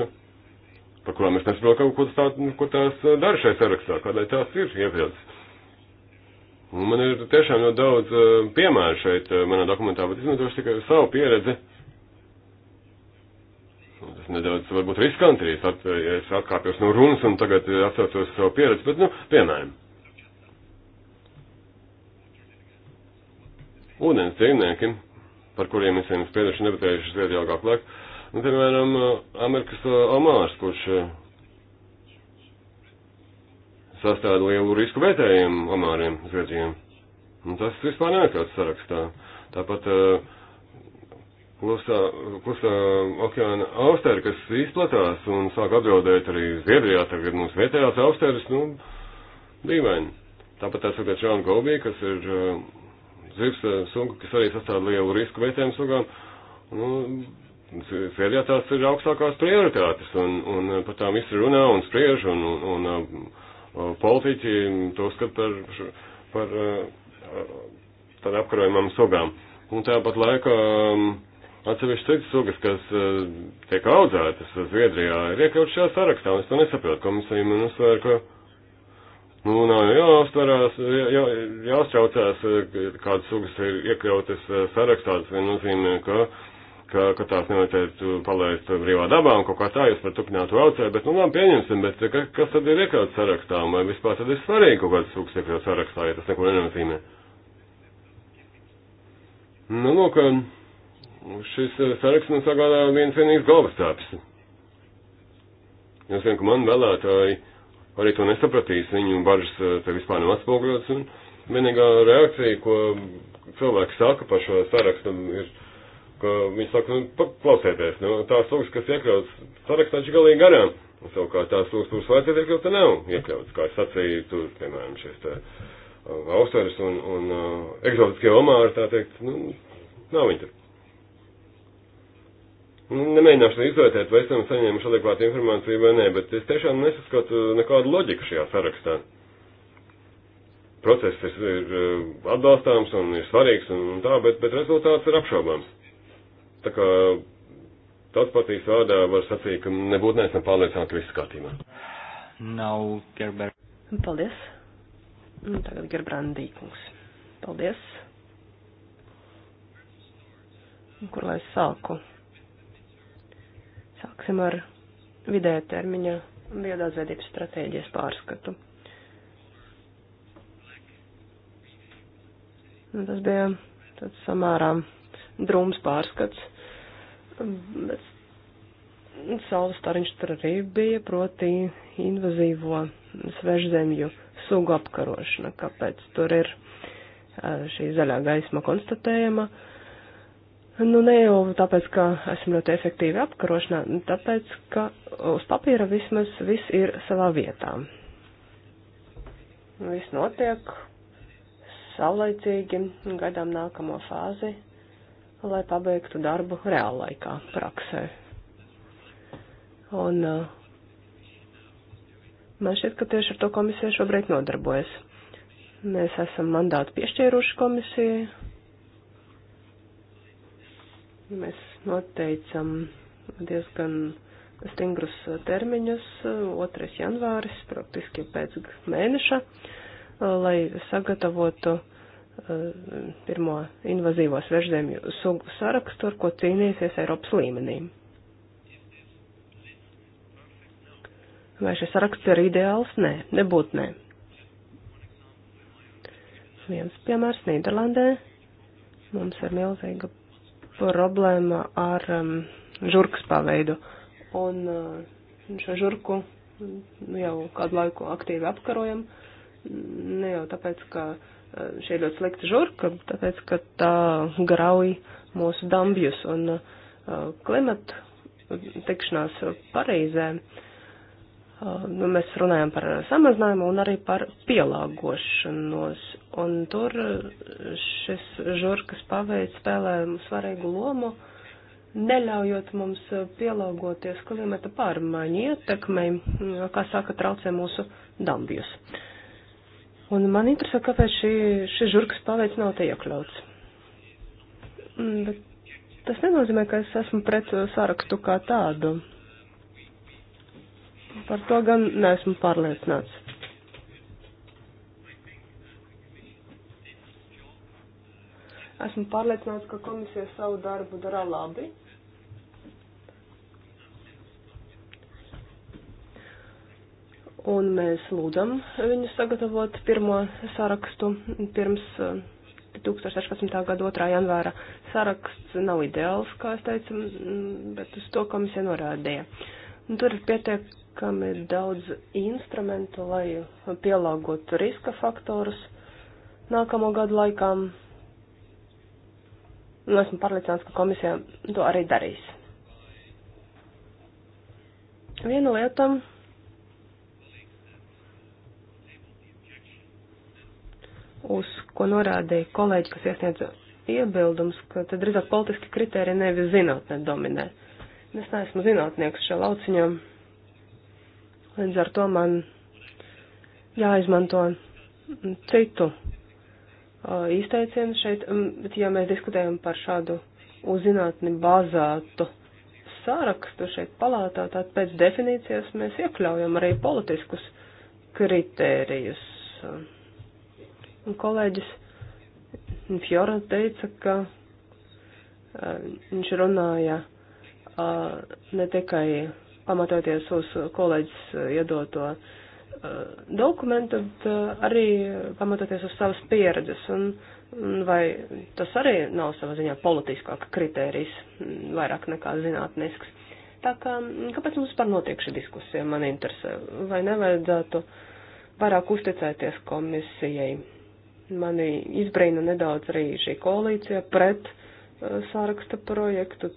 par kurām mēs nesaprotam, ko, tā, ko tās dara šai sarakstā, kādai tās ir iekļautas. Un man ir tiešām ļoti daudz uh, piemēru šeit uh, manā dokumentā, bet izmantošu tikai savu pieredzi nedaudz varbūt riskanti, ja es, at, ja es atkāpjos no runas un tagad atsaucos savu pieredzi, bet, nu, piemēram. Ūdens dzīvnieki, par kuriem esam spēduši un debatējuši zviedri ilgāk laiku, nu, piemēram, Amerikas Amārs, kurš eh, sastāda lielu risku vērtējiem Amāriem, Zviedrijiem. Un tas vispār neatrādās sarakstā. Tāpat uh, klusā, klusā okeāna austeru, kas izplatās un sāk apdraudēt arī Zviedrijā, tagad mums vietējās austeris, nu, dīvaini. Tāpat tā sakot Čāna Gobī, kas ir uh, zivs uh, sunga, kas arī sastāv lielu risku vietējiem sugām. Nu, Zviedrijā tās ir augstākās prioritātes, un, un uh, par tām visi runā un spriež, un, un, un uh, uh politiķi to skat par, par uh, tādām uh, apkarojumām sugām. Un tāpat laikā um, Atsevišķi citas sugas, kas uh, tiek audzētas Zviedrijā, ir iekļauts šajā sarakstā, un es to nesaprotu, komisija man uzsver, ka, nu, nav jāuztverās, jā, jāuztraucās, eh, kādas sugas ir iekļautas eh, sarakstā, tas nozīmē, ka, ka, ka tās nevajadzētu palaist brīvā dabā un kaut kā tā, jūs par turpinātu audzēt, bet, nu, labi, pieņemsim, bet ka, kas tad ir iekļauts sarakstā, un vai vispār tad ir svarīgi kaut kādas sugas iekļauts sarakstā, ja tas neko nenozīmē? Nu, lūk, no, šis eh, saraksts man sagādā viens vienīgs galvastāps. Es zinu, ka man vēlētāji arī to nesapratīs, viņu bažas eh, te vispār nav atspoguļotas, un vienīgā reakcija, ko cilvēki saka par šo sarakstu, ir, ka viņi saka, nu, paklausieties, nu, tās sūks, kas iekļauts sarakstā, taču galīgi garām. Un savukārt tās sūks, kuras vajadzētu iekļaut, te nav iekļauts, kā es sacīju, tur, piemēram, šis te eh, austeris un, un uh, eksotiskie omāri, tā teikt, nu, nav viņi tur. Nemēģināšu izvērtēt, vai esam saņēmuši adekvātu informāciju vai nē, bet es tiešām nesaskatu nekādu loģiku šajā sarakstā. Process ir, ir eh, atbalstāms un ir svarīgs un tā, bet, bet rezultāts ir apšaubāms. Tā kā tāds patīs vārdā var sacīt, ka nebūtu neesam pārliecināti viss kārtībā. Nav Gerber. Paldies. Un tagad Gerbrandīkungs. Paldies. Kur lai sāku? Sāksim ar vidēja termiņa biodāzveidības stratēģijas pārskatu. Nu, tas bija tāds samērā drūms pārskats, bet salvas tariņš tur arī bija, proti invazīvo svežzemju sugu apkarošana, kāpēc tur ir šī zaļā gaisma konstatējama. Uh, Nu, ne jau tāpēc, ka esam ļoti efektīvi apkarošanā, nu, tāpēc, ka uz papīra vismaz viss ir savā vietā. Viss notiek saulaicīgi, gaidām nākamo fāzi, lai pabeigtu darbu reālaikā, praksē. Un uh, man šķiet, ka tieši ar to komisija šobrīd nodarbojas. Mēs esam mandātu piešķēruši komisijai Mēs noteicam diezgan stingrus termiņus, 2. janvāris, praktiski pēc mēneša, lai sagatavotu eh, pirmo invazīvo svežzemju sugu sarakstu, ar ko cīnīsies Eiropas līmenī. Vai šis saraksts ir ideāls? Nē, nebūt nē. Viens piemērs Nīderlandē. Mums ir milzīga problēma ar um, žurkas paveidu. Un uh, šo žurku jau kādu laiku aktīvi apkarojam. Ne jau tāpēc, ka uh, šī ir ļoti slikta žurka, tāpēc, ka tā grauj mūsu dambjus un uh, klimatu tikšanās Parīzē. Uh, Uh, nu, mēs runājam par samazinājumu un arī par pielāgošanos. Un tur uh, šis žurkas paveids spēlē svarīgu lomu, neļaujot mums uh, pielāgoties klimata pārmaiņu ietekmei, kā saka, traucē mūsu dambjus. Un man interesē, kāpēc šī, šis žurkas paveids nav te iekļauts. Mm, bet tas nenozīmē, ka es esmu pret sārakstu kā tādu Par to gan neesmu pārliecināts. Esmu pārliecināts, ka komisija savu darbu dara labi. Un mēs lūdzam viņu sagatavot pirmo sarakstu pirms 2016. Uh, gada 2. janvāra. Saraksts nav ideāls, kā es teicu, mm, bet uz to komisija norādīja. Un tur ir pietiek, kam ir daudz instrumentu, lai pielāgotu riska faktorus nākamo gadu laikā. Un esmu pārliecināts, ka komisija to arī darīs. Viena lieta, uz ko norādīja kolēģi, kas iesniedza iebildums, ka tad drīzāk politiski kriteriji nevis zinātnē dominē. Es neesmu zinātnieks šajā lauciņā. Līdz ar to man jāizmanto citu uh, izteicienu šeit, um, bet ja mēs diskutējam par šādu uzzinātni bazētu sārakstu šeit palātā, tad pēc definīcijas mēs iekļaujam arī politiskus kritērijus. Un kolēģis Fjora teica, ka uh, viņš runāja uh, ne tikai pamatoties uz kolēģis eh, iedoto eh, dokumentu, tad eh, arī pamatoties uz savas pieredzes. Un, un vai tas arī nav savā ziņā politiskāk kritērijs, mm, vairāk nekā zinātnisks. Tā kā, mm, kāpēc mums par notiek šī diskusija, man interesē, vai nevajadzētu vairāk uzticēties komisijai. Mani izbrīna nedaudz arī šī koalīcija pret uh, sāraksta projektu,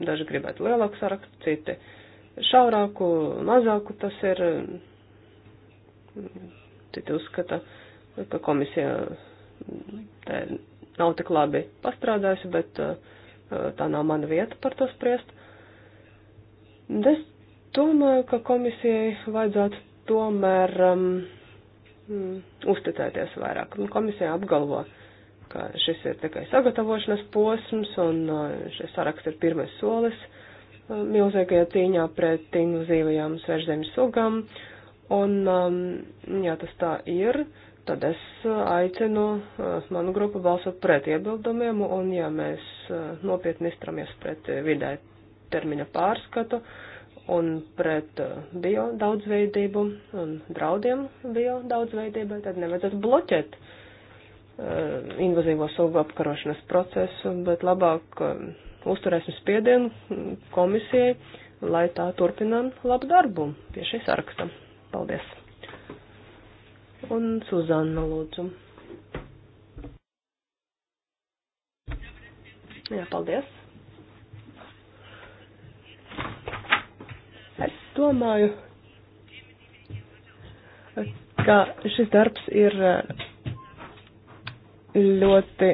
daži gribētu lielāku sārakstu, citi uh, šaurāku, mazāku tas ir. Citi uzskata, ka komisija te nav tik labi pastrādājusi, bet eh, tā nav mana vieta par to spriest. Es domāju, ka komisijai vajadzētu tomēr um, uzticēties vairāk. Komisija apgalvo, ka šis ir tikai sagatavošanas posms un eh, šis saraksts ir pirmais solis. Uh, milzīgajā cīņā pret invazīvajām svežzemes sugām. Un, um, ja tas tā ir, tad es aicinu uh, manu grupu balsot pret iebildumiem, un ja mēs uh, nopietni iztramies pret vidē termiņa pārskatu un pret uh, bio daudzveidību un draudiem bio daudzveidībai, tad nevajadzētu bloķēt invazīvo sugu apkarošanas procesu, bet labāk um, uzturēsim spiedienu komisijai, lai tā turpinām labu darbu pie šī saraksta. Paldies! Un Suzanna lūdzu. Jā, paldies. Es domāju, ka šis darbs ir eh, ļoti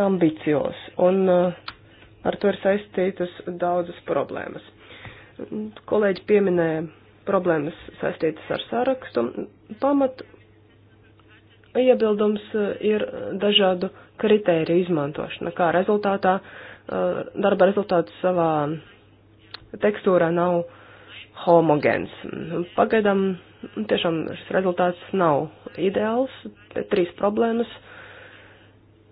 ambicios un uh, ar to ir saistītas daudzas problēmas. Kolēģi pieminēja problēmas saistītas ar sarakstu. Pamat iebildums e, ir dažādu kritēriju izmantošana, kā rezultātā e, darba rezultāts savā tekstūrā nav homogēns. Pagaidām tiešām šis rezultāts nav ideāls, trīs problēmas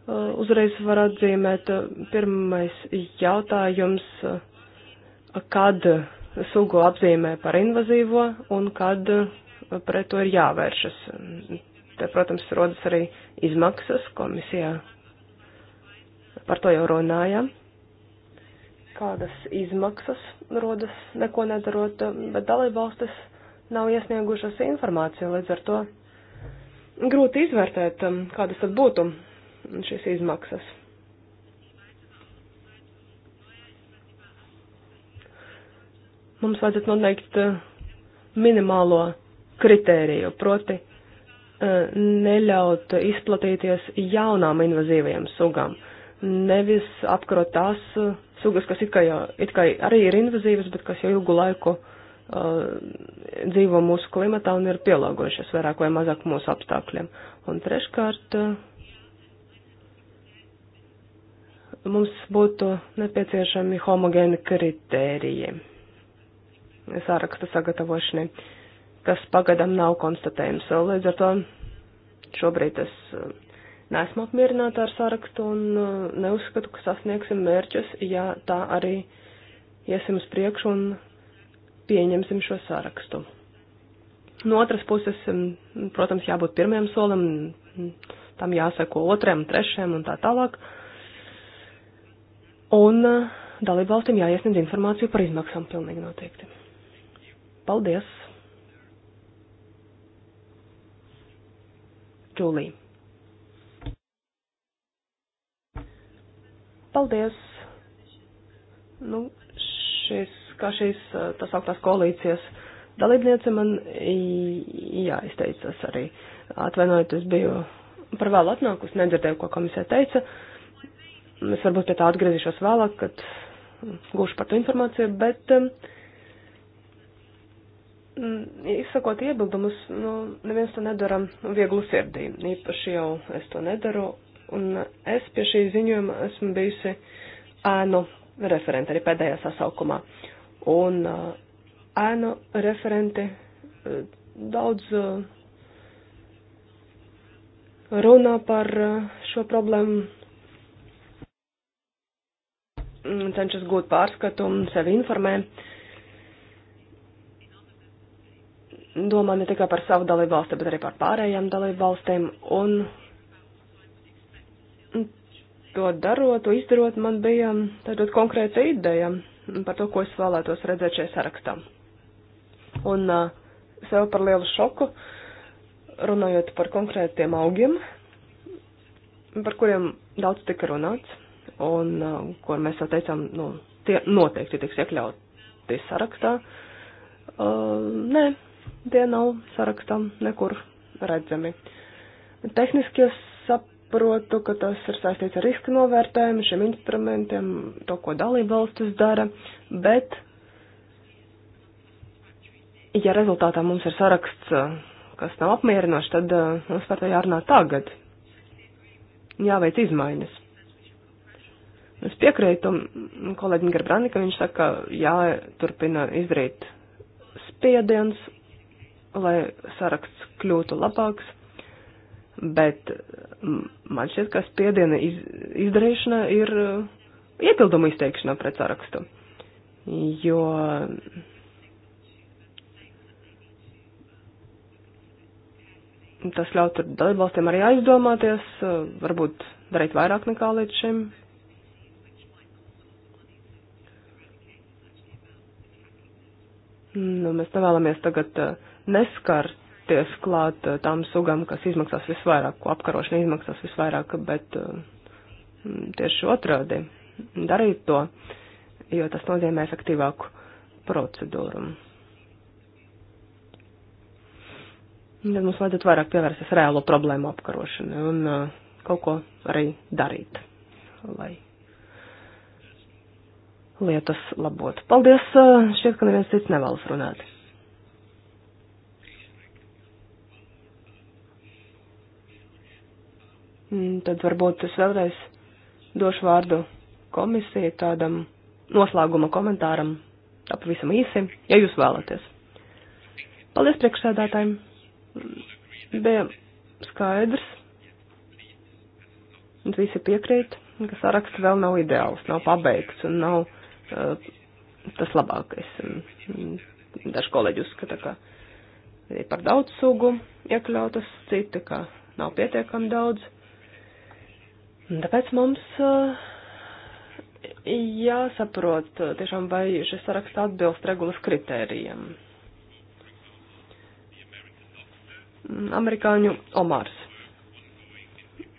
Eh, uzreiz var atzīmēt eh, pirmais jautājums, eh, kad sugu apzīmē par invazīvo un kad pret to ir jāvēršas. Te, protams, rodas arī izmaksas komisijā. Par to jau runājām. Kādas izmaksas rodas neko nedarot, bet dalībvalstis nav iesniegušas informāciju, līdz ar to grūti izvērtēt, kādas tad būtu šīs izmaksas. Mums vajadzētu noteikt eh, minimālo kritēriju, proti eh, neļaut izplatīties jaunām invazīvajām sugām, nevis apkarot tās eh, sugas, kas it kā, jau, it kā arī ir invazīvas, bet kas jau ilgu laiku uh, dzīvo mūsu klimatā un ir pielāgojušies vairāk vai mazāk mūsu apstākļiem. Un treškārt, uh, mums būtu nepieciešami homogēni kritēriji sāraksta sagatavošanai, kas pagadam nav konstatējums. Līdz ar to šobrīd es eh, neesmu apmierināta ar sarakstu un eh, neuzskatu, ka sasniegsim mērķus, ja tā arī iesim uz priekšu un pieņemsim šo sarakstu. No otras puses, protams, jābūt pirmajam solim, tam jāseko otrajam, trešajam un tā tālāk. Un eh, dalībvalstīm jāiesniedz informāciju par izmaksām pilnīgi noteikti. Paldies! Džūlija. Paldies! Nu, šis, kā šīs eh, tas augtās koalīcijas dalībniece man jāizteicas arī. Atvainojiet, es biju par vēlu atnākus, nedzirdēju, ko komisija teica. Uh, Es varbūt pie tā atgriezīšos vēlāk, kad gūšu par to informāciju, bet um, mm, izsakot iebildumus, nu, neviens to nedara vieglu sirdī. Īpaši jau es to nedaru, un es pie šī ziņojuma esmu bijusi ēnu referente arī pēdējā sasaukumā. Un uh, ēnu referenti uh, daudz uh, runā par šo problēmu cenšas gūt pārskatu un sevi informē. Domā ne tikai par savu dalību valsti, bet arī par pārējām dalību valstīm. Un to darot, to izdarot, man bija tāda konkrēta ideja par to, ko es vēlētos redzēt šajā sarakstā. Un uh, sev par lielu šoku, runājot par konkrētiem augiem, par kuriem daudz tika runāts un uh, kur mēs jau teicām, nu, tie noteikti tiks iekļauti sarakstā. Uh, nē, tie nav sarakstā nekur redzami. Tehniski es saprotu, ka tas ir saistīts ar riska novērtējumu, šiem instrumentiem, to, ko dalība valstis dara, bet, ja rezultātā mums ir saraksts, uh, kas nav apmierinošs, tad uh, mums par to jārunā tagad. Jāveic izmaiņas. Es piekrītu kolēģim Garbranikam, viņš saka, jāturpina izdarīt spiediens, lai saraksts kļūtu labāks, bet man šķiet, ka spiediena iz, izdarīšana ir uh, iebildumu izteikšana pret sarakstu, jo tas ļautu dalībvalstiem arī aizdomāties, uh, varbūt darīt vairāk nekā līdz šim, Nu, mēs nevēlamies tagad eh, neskarties klāt eh, tām sugām, kas izmaksās visvairāk, ko apkarošana izmaksās visvairāk, bet eh, mm, tieši otrādi darīt to, jo tas nozīmē efektīvāku procedūru. Tad mums vajadzētu vairāk pievērsties reālo problēmu apkarošanai un uh, kaut ko arī darīt, lai lietas labotu. Paldies, eh, šķiet, ka neviens cits nevēlas runāt. Mm, tad varbūt es vēlreiz došu vārdu komisijai tādam noslēguma komentāram, apvisam īsi, ja jūs vēlaties. Paldies priekšsēdētājiem. Mm, bija skaidrs. Un visi piekrīt, ka saraksts vēl nav ideāls, nav pabeigts un nav Eh, tas labākais. Mm, daži kolēģi uzskata, ka ir par daudz sugu iekļautas, citi, ka nav pietiekami daudz. Un tāpēc mums eh, jāsaprot eh, tiešām, vai šis saraksts atbilst regulas kritērijiem. Amerikāņu omārs,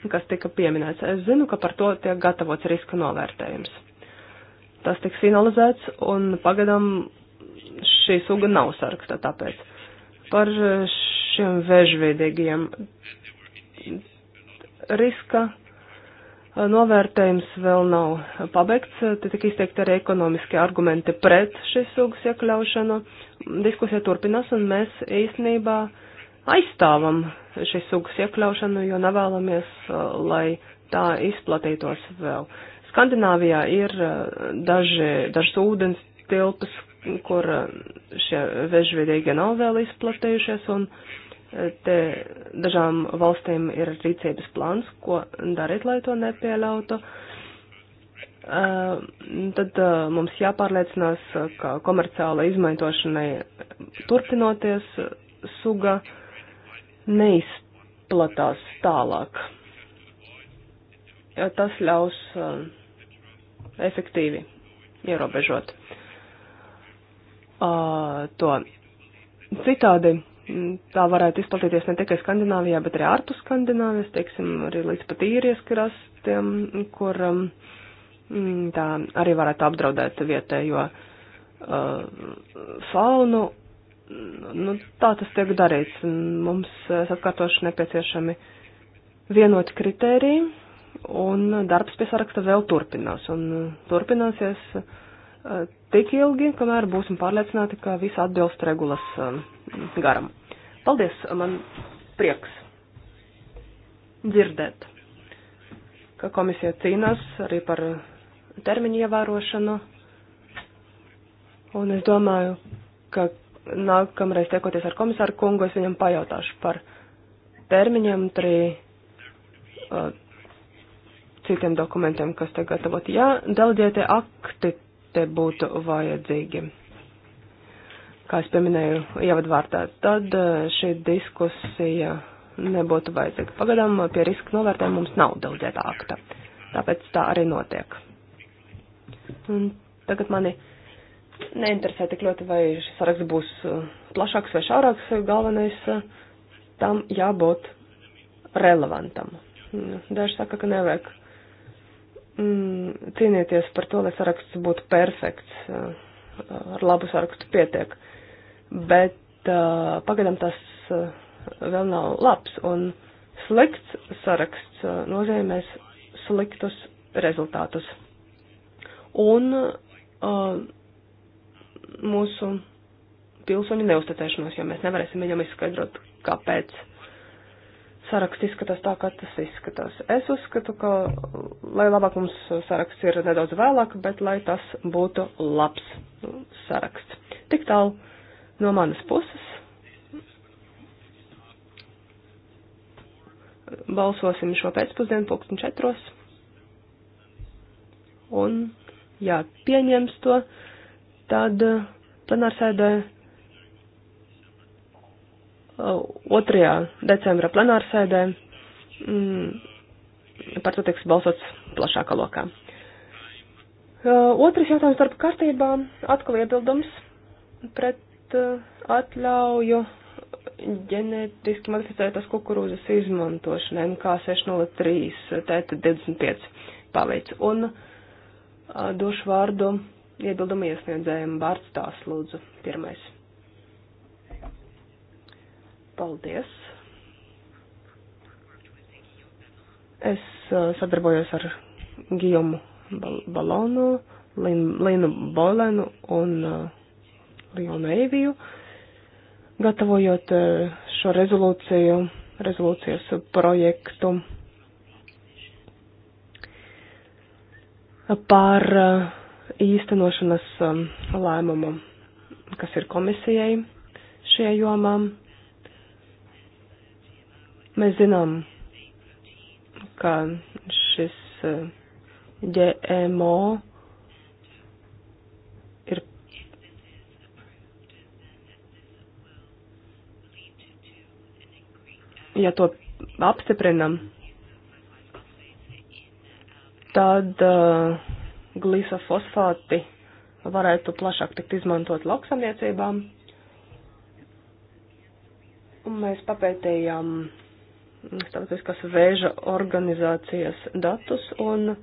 kas tika pieminēts. Es zinu, ka par to tiek gatavots riska novērtējums tas tiks finalizēts, un pagadam šī suga nav sarakstā tāpēc. Par e, šiem vēžveidīgiem riska e, novērtējums vēl nav pabeigts, te tika izteikti arī ekonomiski argumenti pret šīs sugas iekļaušanu. Diskusija turpinās, un mēs īstenībā aizstāvam šīs sugas iekļaušanu, jo nevēlamies, e, lai tā izplatītos vēl. Uh, Skandināvijā ir eh, daži, dažas ūdens tilpas, kur eh, šie vežvidīgi nav vēl izplatījušies, un eh, te dažām valstīm ir rīcības plāns, ko darīt, lai to nepieļautu. Tad mums jāpārliecinās, ka komerciāla izmantošanai turpinoties suga neizplatās tālāk. Tas ļaus uh, efektīvi ierobežot uh, to. Citādi mm, tā varētu izplatīties ne tikai Skandināvijā, bet arī ārpus Skandināvijas, teiksim, arī līdz pat īrijas krastiem, kur um, mm, tā arī varētu apdraudēt vietējo uh, faunu. Nu, tā tas tiek darīts. Mums, es atkārtošu, nepieciešami vienoti kritēriji un darbs pie saraksta vēl turpinās, un uh, turpināsies uh, tik ilgi, kamēr būsim pārliecināti, ka viss atbilst regulas um, garam. Paldies, man prieks dzirdēt, ka komisija cīnās arī par termiņu ievērošanu, un es domāju, ka nākamreiz tiekoties ar komisāru kungu, es viņam pajautāšu par termiņiem, arī uh, citiem dokumentiem, kas te gatavoti. Jā, delģētie akti te būtu vajadzīgi. Kā es pieminēju ievadvārtā, tad e, šī diskusija nebūtu vajadzīga. Pagadām pie riska novērtējuma mums nav delģēta akta. Tāpēc tā arī notiek. Un tagad mani neinteresē tik ļoti, vai šis saraksts būs e, plašāks vai šaurāks. Galvenais e, tam jābūt relevantam. Daži saka, ka nevajag mm, cīnieties par to, lai saraksts būtu perfekts, eh, ar labu sarakstu pietiek. Bet uh, pagaidām tas uh, vēl nav labs, un slikts saraksts uh, nozīmēs sliktus rezultātus. Un uh, mūsu pilsoņu neusticēšanos, jo mēs nevarēsim viņam izskaidrot, kāpēc saraksts izskatās tā, kā tas izskatās. Es uzskatu, ka, lai labāk mums saraksts ir nedaudz vēlāk, bet lai tas būtu labs saraksts. Tik tālu no manas puses. Balsosim šo pēcpusdienu pulksten četros. Un, ja pieņems to, tad plenārsēdē 2. Uh, decembra plenārsēdē. Mm, par to tiks balsots plašākā lokā. Uh, otrs jautājums starp kārtībā atkal iebildums pret uh, atļauju ģenētiski modificētas kukurūzas izmantošana MK603 TT25 paveic. Un došu vārdu iebildumu iesniedzējumu vārds tās lūdzu pirmais. Paldies! Es uh, sadarbojos ar Gijomu Balonu, Linu Bolenu un uh, Lionu Eiviju, gatavojot uh, šo rezolūciju, rezolūcijas projektu par īstenošanas um, lēmumu, kas ir komisijai šajā jomā. Mēs zinām, ka šis eh, GMO ir ja to apstiprinam, tad uh, eh, glifosfāti varētu plašāk tikt izmantot lauksamniecībām. Un mēs papētījām starptautiskās vēža organizācijas datus, un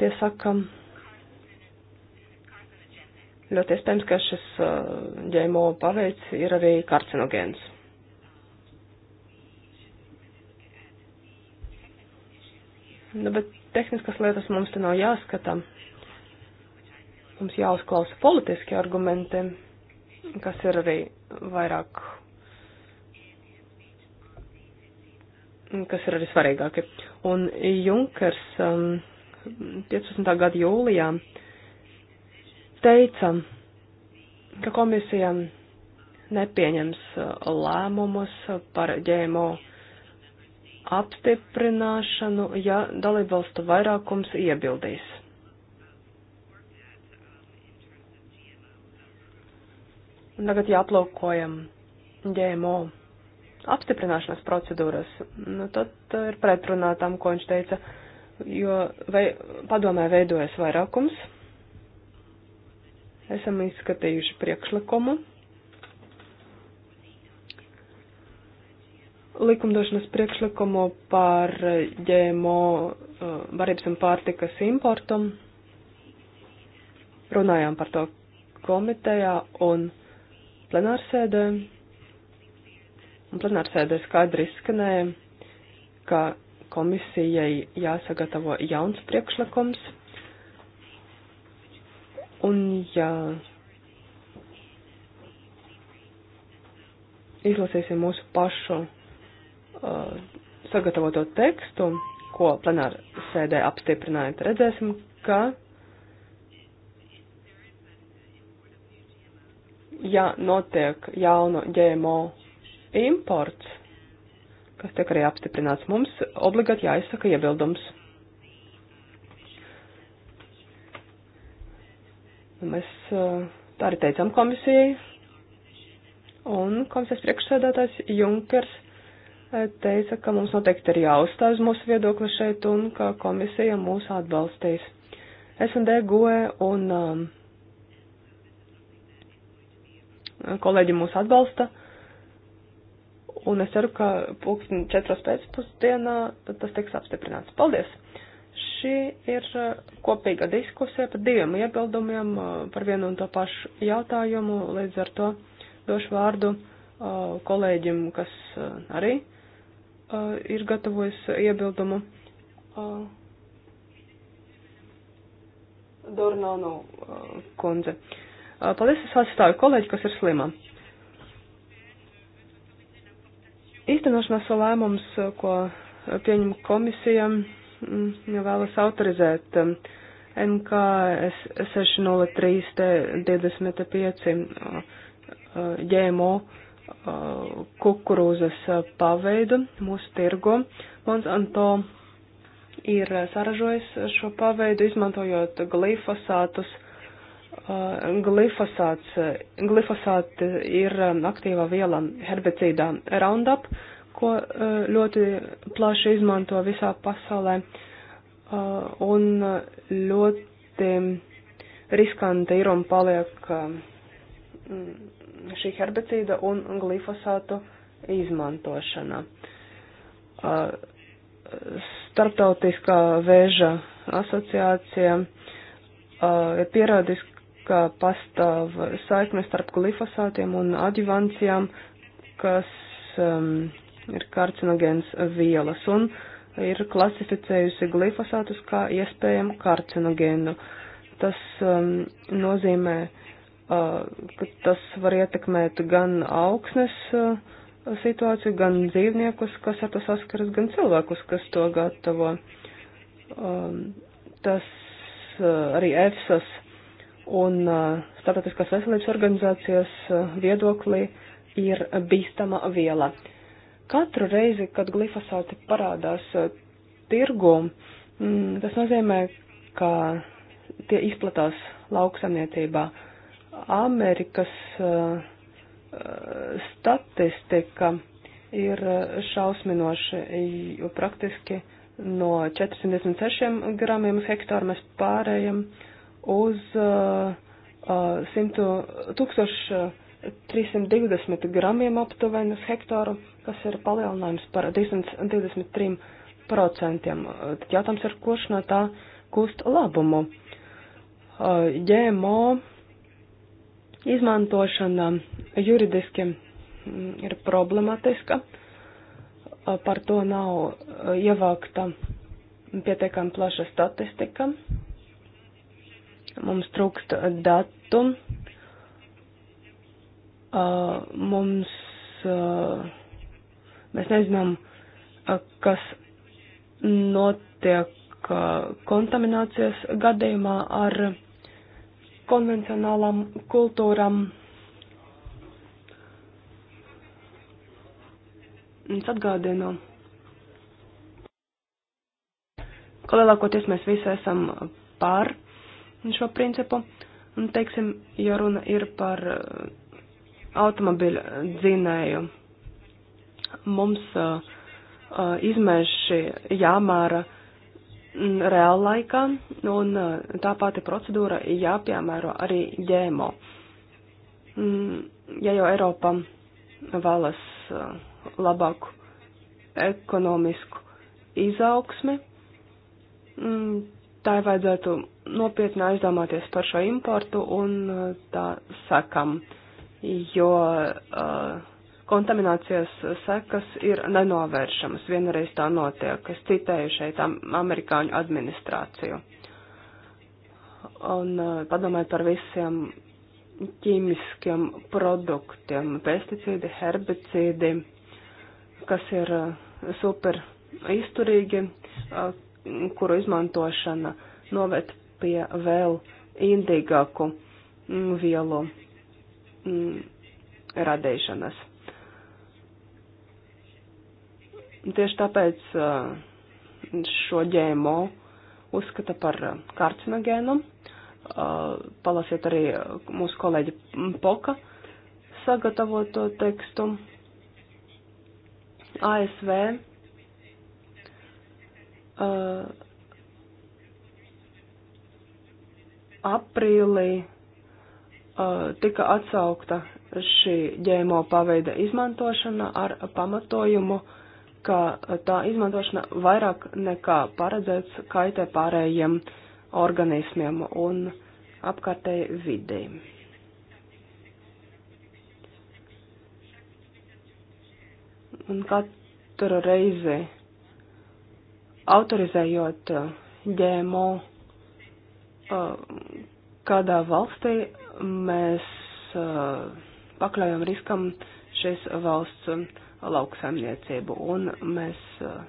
tie saka, ļoti iespējams, ka šis uh, ģēmo paveids ir arī karcinogēns. Nu, bet tehniskas lietas mums te nav jāskatā. Mums jāuzklausa politiski argumenti, kas ir arī vairāk Mm, kas ir arī svarīgākie. Un Junkers um, 15. gada jūlijā teica, ka komisija nepieņems uh, lēmumus par ģēmo apstiprināšanu, ja dalībvalstu vairākums iebildīs. Un tagad jāplūkojam ģēmo apstiprināšanas procedūras, nu, tad uh, ir pretrunā tam, ko viņš teica, jo vai, padomē veidojas vairākums. Esam izskatījuši priekšlikumu. Likumdošanas priekšlikumu par ģēmo uh, varības un pārtikas importu. Runājām par to komitejā un plenārsēdē plenārsēdē skaidri izskanēja, ka komisijai jāsagatavo jauns priekšlikums, un ja izlasīsim mūsu pašu uh, sagatavoto tekstu, ko plenāra sēdē apstiprināja, tad redzēsim, ka ja notiek jauno GMO Imports, kas tiek arī apstiprināts, mums obligāti jāizsaka iebildums. Mēs eh, tā arī teicām komisijai, un komisijas priekšsēdētājs Junkers eh, teica, ka mums noteikti ir jāuzstāv uz mūsu viedokli šeit un ka komisija mūs atbalstīs. SND goe un um, kolēģi mūs atbalsta. Uh, Un es ceru, ka pulksten četros pēcpusdienā tas tiks apstiprināts. Paldies! Šī ir uh, kopīga diskusija par diviem iebildumiem, uh, par vienu un to pašu jautājumu. Līdz ar to došu vārdu uh, kolēģim, kas arī ir gatavojis iebildumu. Dornānu kundze. Paldies, es atstāju kolēģi, kas ir slimam. Īstenošanās lēmums, ko pieņem komisija, mm, vēlas autorizēt MKS mm, 603-25 mm, ģēmo kukurūzas paveidu mūsu tirgu. Monsanto ir saražojis šo paveidu, izmantojot glifosātus Uh, glifosāts, uh, glifosāti ir um, aktīvā viela herbicīdā Roundup, ko uh, ļoti plaši izmanto visā pasaulē, un ļoti riskanta ir un paliek um, šī herbicīda un glifosātu izmantošana. Starptautiskā vēža asociācija ir pierādījis, ka pastāv saikne starp glifosātiem un adjuvancijām, kas um, ir karcinogēns vielas un ir klasificējusi glifosātus kā iespējamu karcinogēnu. Tas um, nozīmē, uh, ka tas var ietekmēt gan augsnes uh, situāciju, gan dzīvniekus, kas ar to saskaras, gan cilvēkus, kas to gatavo. Um, tas uh, arī EFSAS un Startautiskās veselības organizācijas viedoklī ir bīstama viela. Katru reizi, kad glifosāti parādās tirgu, mm, tas nozīmē, ka tie izplatās lauksamniecībā. Amerikas uh, statistika ir šausminoša, jo praktiski no 476 gramiem uz hektāru mēs pārējam uh, uz uh, uh, 100, 1320 gramiem aptuveni uz hektāru, kas ir palielinājums par 223%. Uh, tad jautājums ir, kurš no tā gūst labumu. Uh, GMO izmantošana juridiski mm, ir problematiska. Uh, par to nav uh, ievākta pietiekami plaša statistika mums trūkst datu, uh, mums, uh, mēs nezinām, uh, kas notiek uh, kontaminācijas gadījumā ar konvencionālām kultūram. Es atgādinu, ka lielākoties mēs visi esam pār šo principu. Un, teiksim, ja runa ir par uh, automobiļu dzinēju, mums uh, uh, izmēši jāmēra mm, reāla laikā, un uh, tā pati procedūra jāpiemēro arī ģēmo. Mm, ja jau Eiropa vēlas uh, labāku ekonomisku izaugsmi, mm, tai vajadzētu nopietni aizdomāties par šo importu un eh, tā sakam, jo uh, kontaminācijas sekas ir nenovēršamas, vienreiz tā notiek. Es citēju šeit amerikāņu administrāciju. Un uh, padomājiet par visiem ķīmiskiem produktiem, pesticīdi, herbicīdi, kas ir uh, super izturīgi, uh, kuru izmantošana noved pie vēl indīgāku mm, vielu mm, radīšanas. Tieši tāpēc eh, šo ģēmo uzskata par eh, karcinogēnu. Eh, palasiet arī mūsu kolēģi Poka sagatavoto tekstu. ASV uh, aprīlī uh, tika atsaukta šī ģēmo paveida izmantošana ar pamatojumu, ka tā izmantošana vairāk nekā paredzēts kaitē pārējiem organismiem un apkārtēji videi. Un katru reizi autorizējot uh, ģēmo uh, kādā valstī, mēs uh, pakļaujam riskam šīs valsts um, lauksaimniecību, un mēs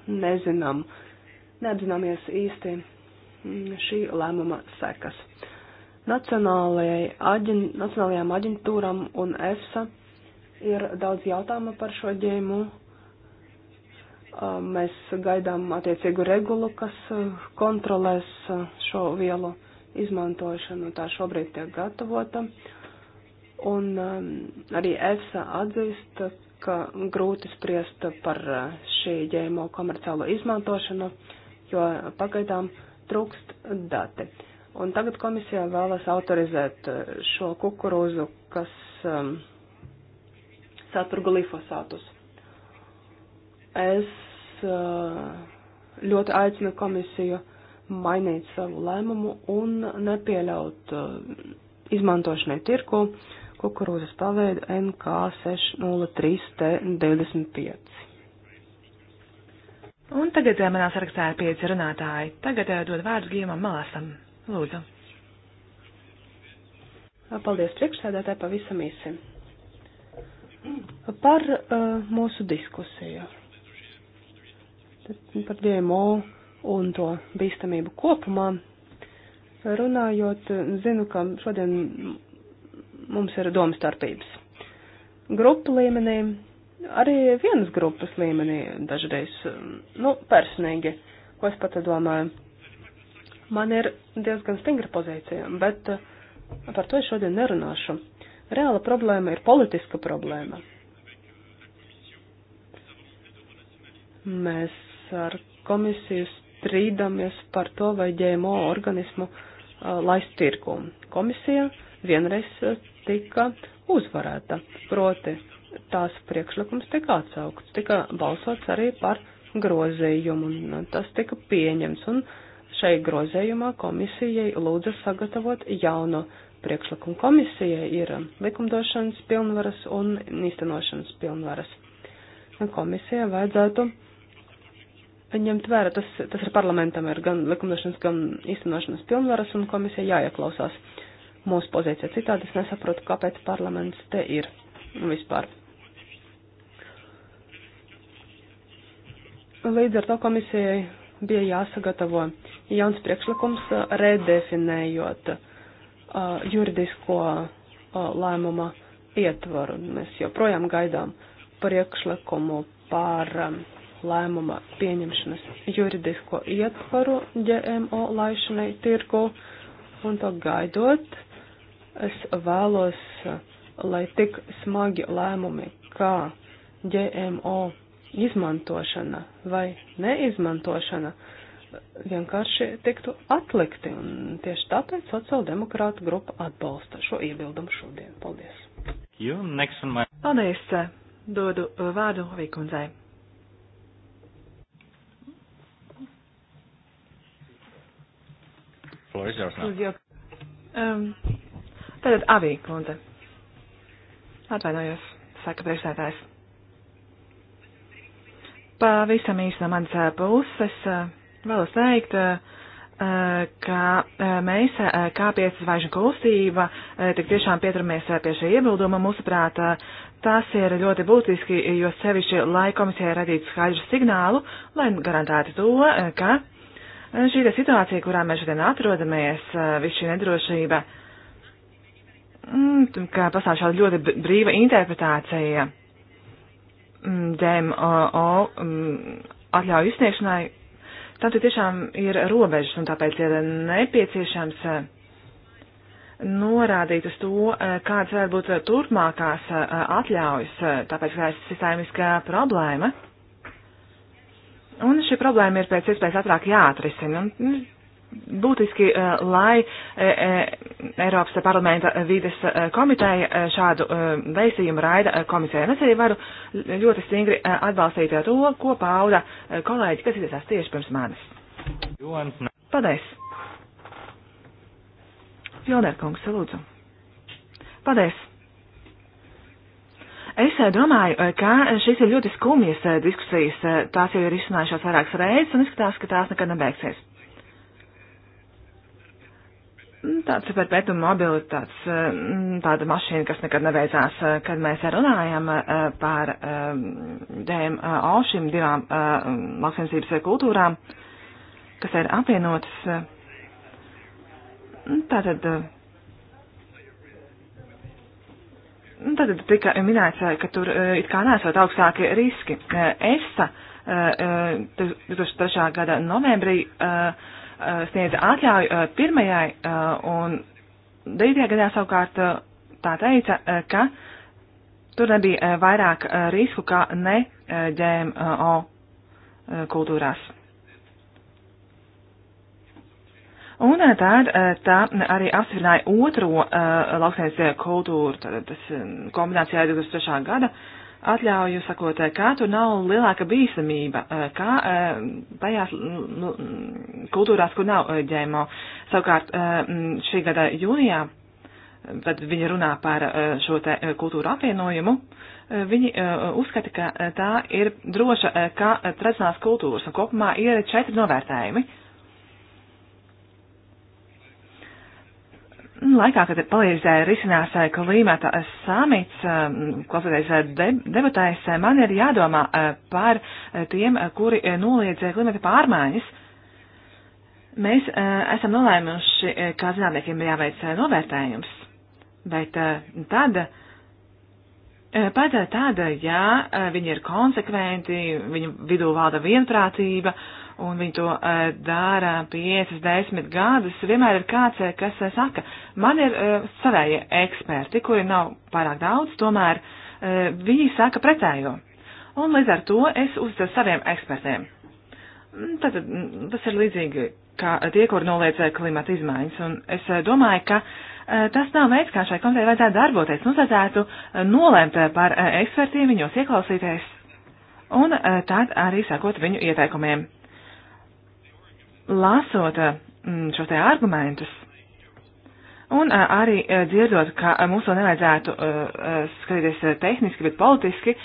nezinām, neapzināmies īsti mm, šī lēmuma sekas. Aģin, nacionālajām aģentūram un EFSA ir daudz jautājumu par šo ģēmu Mēs gaidām attiecīgu regulu, kas kontrolēs šo vielu izmantošanu. Tā šobrīd tiek gatavota. Un arī EFSA atzīst, ka grūti spriest par šī ģēmo komerciālo izmantošanu, jo pagaidām trūkst dati. Un tagad komisija vēlas autorizēt šo kukurūzu, kas um, satur glifosātus. Es ļoti aicinu komisiju mainīt savu lēmumu un nepieļaut izmantošanai tirku kukurūzas paveidu NK603T25. Un tagad manā sarakstā ir pieci runātāji. Tagad dod vārdu Gījumam Malasam. Lūdzu. Paldies priekšsēdētāji pavisam īsi. Par uh, mūsu diskusiju par GMO un to bīstamību kopumā. Runājot, zinu, ka šodien mums ir domstarpības. Grupu līmenī, arī vienas grupas līmenī dažreiz, nu, personīgi, ko es pat domāju. Man ir diezgan stingra pozīcija, bet uh, par to es šodien nerunāšu. Reāla problēma ir politiska problēma. Mēs ar komisiju strīdamies par to, vai ģēmo organismu uh, laist tirgu. Komisija vienreiz tika uzvarēta, proti tās priekšlikums tika atsaukts, tika balsots arī par grozījumu, un tas tika pieņems, un šai grozējumā komisijai lūdza sagatavot jauno priekšlikumu. Komisijai ir likumdošanas pilnvaras un īstenošanas pilnvaras. Komisijai vajadzētu ņemt vērā. Tas, tas ir parlamentam, ir gan likumdošanas, gan īstenošanas pilnvaras, un komisija jāieklausās mūsu pozīcijā. Citādi es nesaprotu, kāpēc parlaments te ir vispār. Līdz ar to komisijai bija jāsagatavo jauns priekšlikums, redefinējot uh, juridisko uh, lēmuma ietvaru. Mēs joprojām gaidām priekšlikumu par um, lēmuma pieņemšanas juridisko ietvaru GMO laišanai tirgu, un to gaidot, es vēlos, lai tik smagi lēmumi kā GMO izmantošana vai neizmantošana vienkārši tiktu atlikti, un tieši tāpēc sociāldemokrāta grupa atbalsta šo iebildumu šodien. Paldies! Paldies! Dodu vārdu Vikundzei. Floor is yours now. Um, tātad avī, kundze. Atvainojos, saka priekšsētājs. Pavisam īsi no manas puses vēlos teikt, ka mēs, kā piecas zvaigžņu kustība, tik tiešām pieturamies pie šī iebilduma. Mūsuprāt, tas ir ļoti būtiski, jo sevišķi, lai komisijai radītu skaidru signālu, lai garantētu to, ka Eh, šī ir situācija, kurā mēs šodien atrodamies, eh, viss šī nedrošība, mm, ka pastāv šāda ļoti brīva interpretācija mm, DMO mm, atļauju izsniegšanai, tam tiešām ir robežas un tāpēc ir nepieciešams eh, norādīt uz to, kādas varētu būt turpmākās atļaujas, tāpēc, ka tā ir sistēmiska problēma. Un šī problēma ir pēc iespējas ātrāk jāatrisina. Un, nu, Būtiski, eh, lai eh, eh, Eiropas parlamenta vides komiteja šādu veisījumu raida komisijai. Un es arī varu ļoti stingri atbalstīt to, ko pauda kolēģi, kas izsās tieši pirms manis. Paldies! Pilnērkungs, lūdzu! Paldies! Es eh, domāju, eh, ka šīs ir ļoti skumjas eh, diskusijas. Tās jau ir izsnājušās vairākas reizes un izskatās, ka tās nekad nebeigsies. Nu, tāds superpētuma mobilitāts, tāda mašīna, kas nekad nebeidzās, kad mēs runājam par DMO šīm divām māksliniecības kultūrām, kas ir apvienotas. Nu, tātad Nu, tad tika minēts, ka tur eh, it kā nesot augstākie riski. ESA eh, 2003. Eh, gada novembrī sniedza atļauju pirmajai un devītajā gadā savukārt tā teica, ka tur nebija vairāk risku kā ne ģēmo kultūrās. Un eh, tad eh, tā arī apstiprināja otro eh, lauksainiecības kultūru, tad tas kombinācijā 2003. gada atļauju sakot, kā tur nav lielāka bīstamība, kā tajās mm, nu, mm, kultūrās, kur nav ģēmo. Savukārt mm, šī gada jūnijā, kad viņi runā par šo te kultūru apvienojumu, viņi uzskata, ka tā ir droša kā tradicionālās kultūras, un kopumā ir četri novērtējumi. Laikā, kad palīdzēja risinās eh, klimata eh, samits, eh, klausoties debatēs, man ir jādomā par tiem, kuri noliedz klimata pārmaiņas. Mēs esam nolēmuši, kā zinātniekiem ir jāveic novērtējums, bet tad. Pat tad, ja viņi ir konsekventi, viņu vidū valda vienprātība, uh, un viņi to uh, dara 5, 10 gadus, vienmēr ir kāds, e, kas uh, saka, man ir uh, savējie eksperti, kuri nav pārāk daudz, tomēr uh, viņi saka pretējo. Un līdz ar to es uz saviem ekspertiem. Tātad mm, mm, tas ir līdzīgi kā tie, kur noliedzē klimata izmaiņas, un es domāju, ka tas nav veids, kā šai komitē vajadzētu darboties. Mums vajadzētu nolēmt par ekspertiem, viņos ieklausīties, un tad arī sakot viņu ieteikumiem lasot eh, mm, šos te argumentus, un eh, arī eh, dzirdot, ka mums to nevajadzētu skatīties tehniski, bet politiski,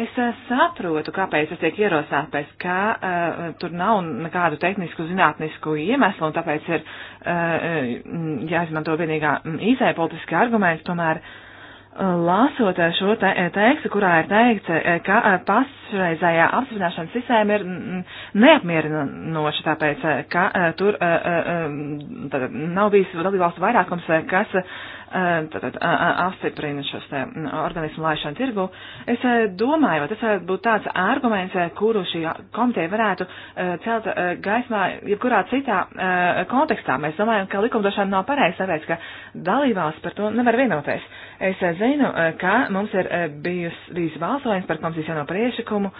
es saprotu, kāpēc tas tiek ierosināts, ka tur nav nekādu tehnisku zinātnisku iemeslu, un tāpēc ir jāizmanto vienīgā mm, izēja politiski arguments, tomēr. Uh, Lāsot eh, šo te, eh, tekstu, kurā ir teikts, eh, ka pašreizējā apstiprināšanas sistēma ir mm, mm, neapmierinoša, tāpēc, ka tur tā, nav bijis dalībvalstu vairākums, kas Eh, tātad, eh, eh, apstiprina šos tā, organismu laišanu tirgu. Es domāju, vai tas varētu būt tāds arguments, kuru šī komiteja varētu celt gaismā, jebkurā citā kontekstā. Mēs domājam, ka likumdošana nav pareiza, tāpēc, ka dalībās par to nevar vienoties. Es zinu, ka mums ir bijis, bijis balsojums par komisijas jauno priešakumu.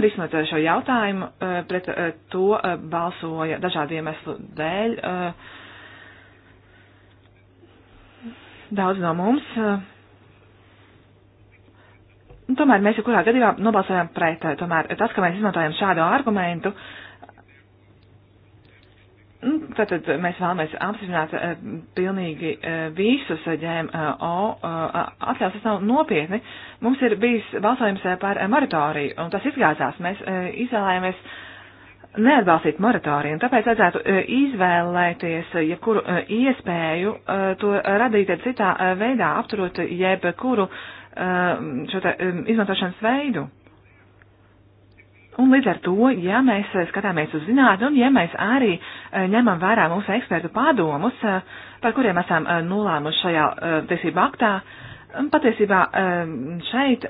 Risinot šo jautājumu, pret to balsoja dažādu iemeslu dēļ. Uh, daudz no mums. Un, eh, tomēr mēs jau kurā gadījumā nobalsojām pret. Tomēr tas, ka mēs izmantojam šādu argumentu, nu, tātad mēs vēlamies apstiprināt eh, pilnīgi eh, visus ģēmo atļaus, tas nav nopietni. Mums ir bijis balsojums par moratoriju, un tas izgāzās. Mēs izvēlējāmies neatbalstīt moratoriju, un tāpēc vajadzētu e, izvēlēties e, jebkuru ja e, iespēju to radīt citā veidā, apturot jebkuru šo tā, izmantošanas veidu. Un līdz ar to, ja mēs skatāmies uz zinātni un ja mēs arī ņemam vērā mūsu ekspertu padomus, par kuriem esam nolēmuši šajā tiesību aktā, patiesībā šeit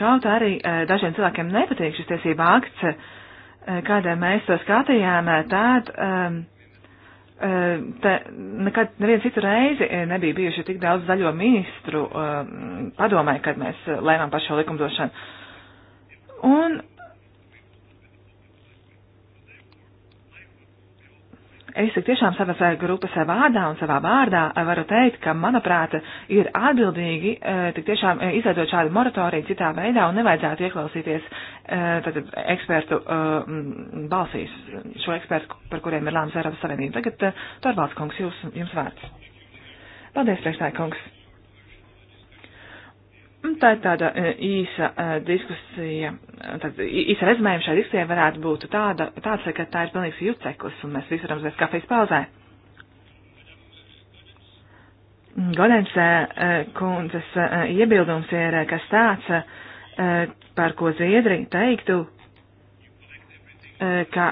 kaut arī dažiem cilvēkiem nepatīk šis tiesība akts, Eh, kādā mēs to skatījām, eh, tad um, te, nekad neviens citu reizi nebija bijuši tik daudz zaļo ministru um, padomē, kad mēs lēmām par šo likumdošanu. Un Es tik tiešām savas grupas vārdā un savā vārdā varu teikt, ka, manuprāt, ir atbildīgi e, tik tiešām e, izveidot šādu moratoriju citā veidā un nevajadzētu ieklausīties e, tad, ekspertu balsīs, šo ekspertu, par kuriem ir lēmums Eiropas Savienība. Tagad Torvalds kungs, jūs, jums vārds. Paldies, priekšstāja kungs. Tā ir tāda e, īsa e, diskusija, tad īsa rezumējuma šai diskusijai varētu būt tāda, tāds, ka tā ir pilnīgs juceklis un mēs visi varam zēst kafijas pauzē. Godens e, kundzes iebildums ir kas tāds, par ko Ziedri teiktu, ka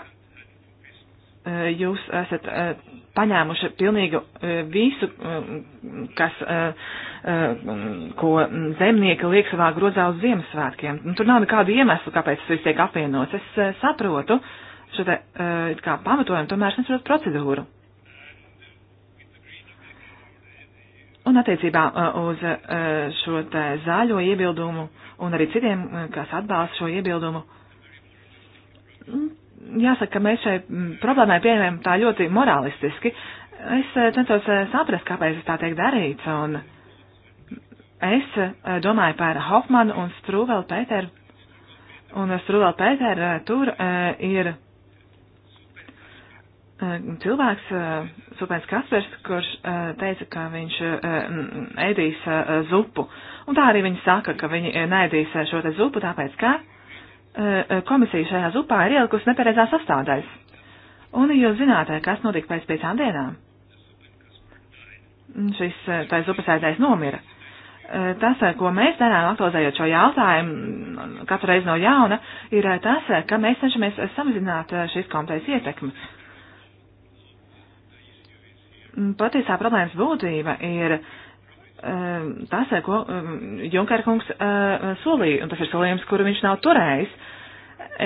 Eh, jūs esat eh, paņēmuši pilnīgi eh, visu, kas, ko zemnieki liek savā grozā uz Ziemassvētkiem. Nu, tur nav nekādu iemeslu, kāpēc tas viss tiek apvienots. Es saprotu šo te kā pamatojumu, tomēr es nesaprotu procedūru. Un attiecībā uz šo te zaļo iebildumu un arī citiem, kas atbalsta šo iebildumu, jāsaka, mēs šai mm, problēmai pieejam tā ļoti moralistiski. Es eh, centos eh, saprast, kāpēc tas tā tiek darīts, un es eh, domāju par Hofmanu un Strūvelu Pēteru. Un Strūvelu Pēteru tur ir cilvēks, Supēns Kaspers, kurš teica, ka viņš ēdīs zupu. Un tā arī viņi saka, ka viņi nēdīs šo te zupu, tāpēc, ka Eh, komisija šajā zupā ir ielikusi nepareizās sastāvdaļas. Un jūs zināt, eh, kas notika pēc piecām dienām? Mm, šis eh, tā zupasēdājs nomira. Tas, ko mēs darām, aktualizējot šo jautājumu mm, katru reizi no jauna, ir tas, ka mēs cenšamies samazināt šīs komitejas ietekmi. Mm, patiesā problēmas būtība ir uh, Um, tas, eh, ko um, Junkar kungs eh, solīja, un tas ir solījums, kuru viņš nav turējis.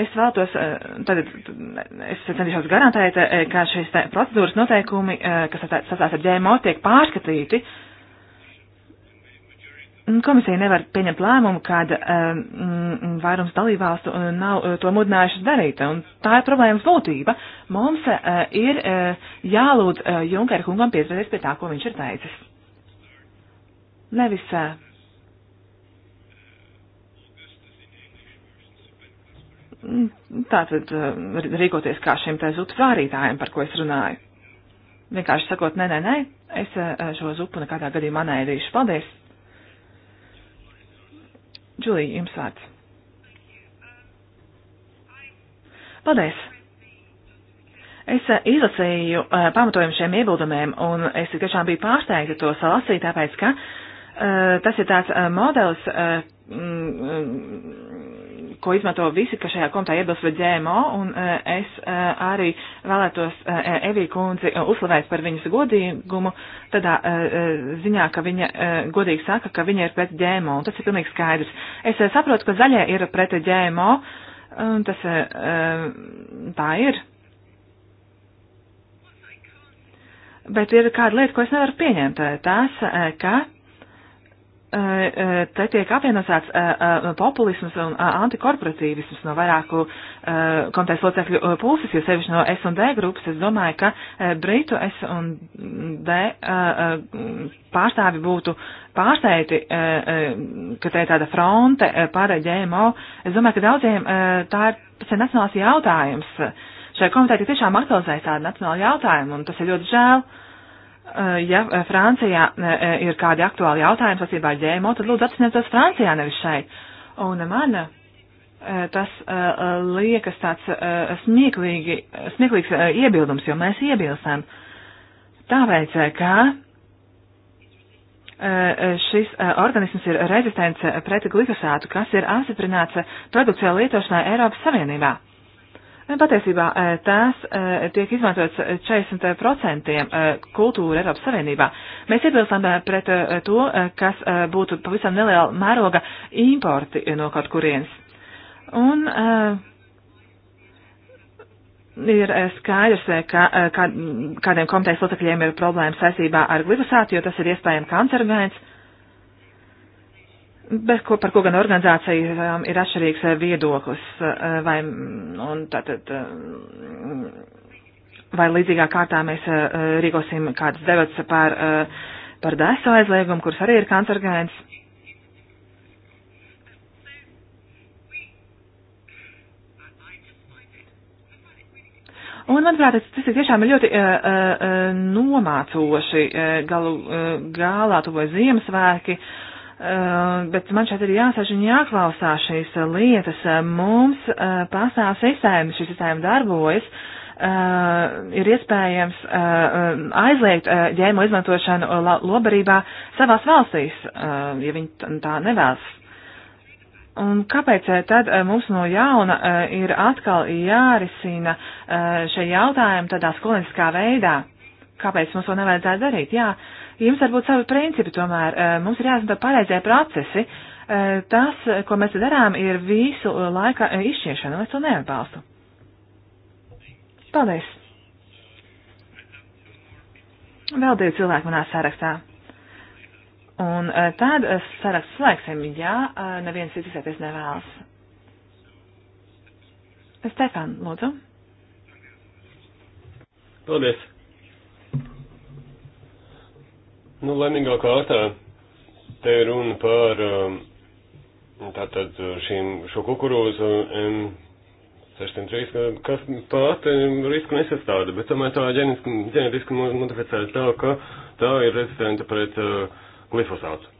Es vēlos, eh, tad es centīšos garantēt, ka šīs procedūras noteikumi, kas sasās ar ģēmo, tiek pārskatīti. Komisija nevar pieņemt lēmumu, kad um, vairums dalībvalstu nav to mudinājušas darīt, un tā ir problēmas būtība. Mums uh, ir uh, jālūdz uh, Junker kungam pieturēties pie tā, ko viņš ir teicis nevisā. Mm, Tātad rīkoties kā šiem te zupu vārītājiem, par ko es runāju. Vienkārši sakot, nē, nē, nē, es šo zupu nekādā gadījumā neēdīšu. Paldies! Džulija, jums vārds. Paldies! Es izlasīju pamatojumu šiem iebildumiem, un es tiešām biju pārsteigta tos lasīt, tāpēc, ka uh, Eh, tas ir tāds eh, modelis, eh, mm, ko izmanto visi, ka šajā komitā iebilst pret GMO, un es arī vēlētos Evī kundzi uzslavēt par viņas godīgumu, tādā ziņā, ka viņa godīgi saka, ka viņa ir pret GMO, un tas ir pilnīgi skaidrs. Es saprotu, ka zaļie ir pret GMO, un tas tā ir. Bet ir kāda lieta, ko es nevaru pieņemt, tas, ka te tiek apvienots populisms un antikorporatīvisms no vairāku komitejas locekļu puses, jo sevišķi no S&D grupas, es domāju, ka Britu S&D pārstāvi būtu pārsteigti, ka te ir tāda fronte par GMO. Es domāju, ka daudziem tā ir nacionāls jautājums. Šai komitē tiešām aktualizējas tāda nacionāla jautājuma, un tas ir ļoti žēl. Uh, Eh, ja eh, Francijā eh, ir kādi aktuāli jautājumi sasībā ar ģēmo, tad lūdzu apcināties Francijā, nevis šeit. Un man tas liekas tāds smieklīgi, smieklīgs iebildums, jo mēs iebilstam. Tāpēc, ka šis organisms ir rezistents pret glifosātu, kas ir apstiprināts produkcijā lietošanā Eiropas Savienībā. Nu, patiesībā e, tās e, tiek izmantotas 40% e, kultūra Eiropas Savienībā. Mēs iebilstam pret to, kas būtu pavisam neliela mēroga importi no kaut kurienes. Un ir skaidrs, ka kādiem komitejas locekļiem ir problēma saistībā ar glifosātu, jo tas ir iespējami kancerogēns. Bet ko, par ko gan organizācijām ir atšķirīgs eh, viedoklis, eh, vai, un tātad, vai līdzīgā kārtā mēs eh, rīkosim kādas devats par, par DSO aizliegumu, kuras arī ir kancergēns. Un, manuprāt, tas ir tiešām ļoti uh, uh, nomācoši. Galu uh, galā tuvojas Ziemassvētki. Uh, Eh, bet man šeit ir jāsaka un jāklausās šīs eh, lietas. Eh, mums pastāv sistēma, šī sistēma darbojas. Uh, ir iespējams uh, aizliegt uh, ģēmo izmantošanu lobarībā savās valstīs, uh, ja viņi tā nevēlas. Un kāpēc tad mums no jauna uh, ir atkal jārisina uh, šie jautājumi tādā skolniskā veidā? Kāpēc mums to nevajadzētu darīt? Jā, uh, Jums varbūt savi principi tomēr, eh, mums ir jāzina pareizie procesi. Eh, tas, ko mēs darām, ir visu laikā eh, izšķiešana, un es to neatbalstu. Paldies! Vēl divi cilvēki manā sarakstā. Un tad saraksts slēgsim, ja neviens izsēties nevēlas. Stefan, lūdzu. Paldies! Nu, lemīgā kārtā te ir runa par um, tātad šīm, šo kukurūzu M603, kas pati um, risku nesastāda, bet tomēr tā ģenetiski modificēta tā, ka tā ir rezistenta pret uh, glifosātu.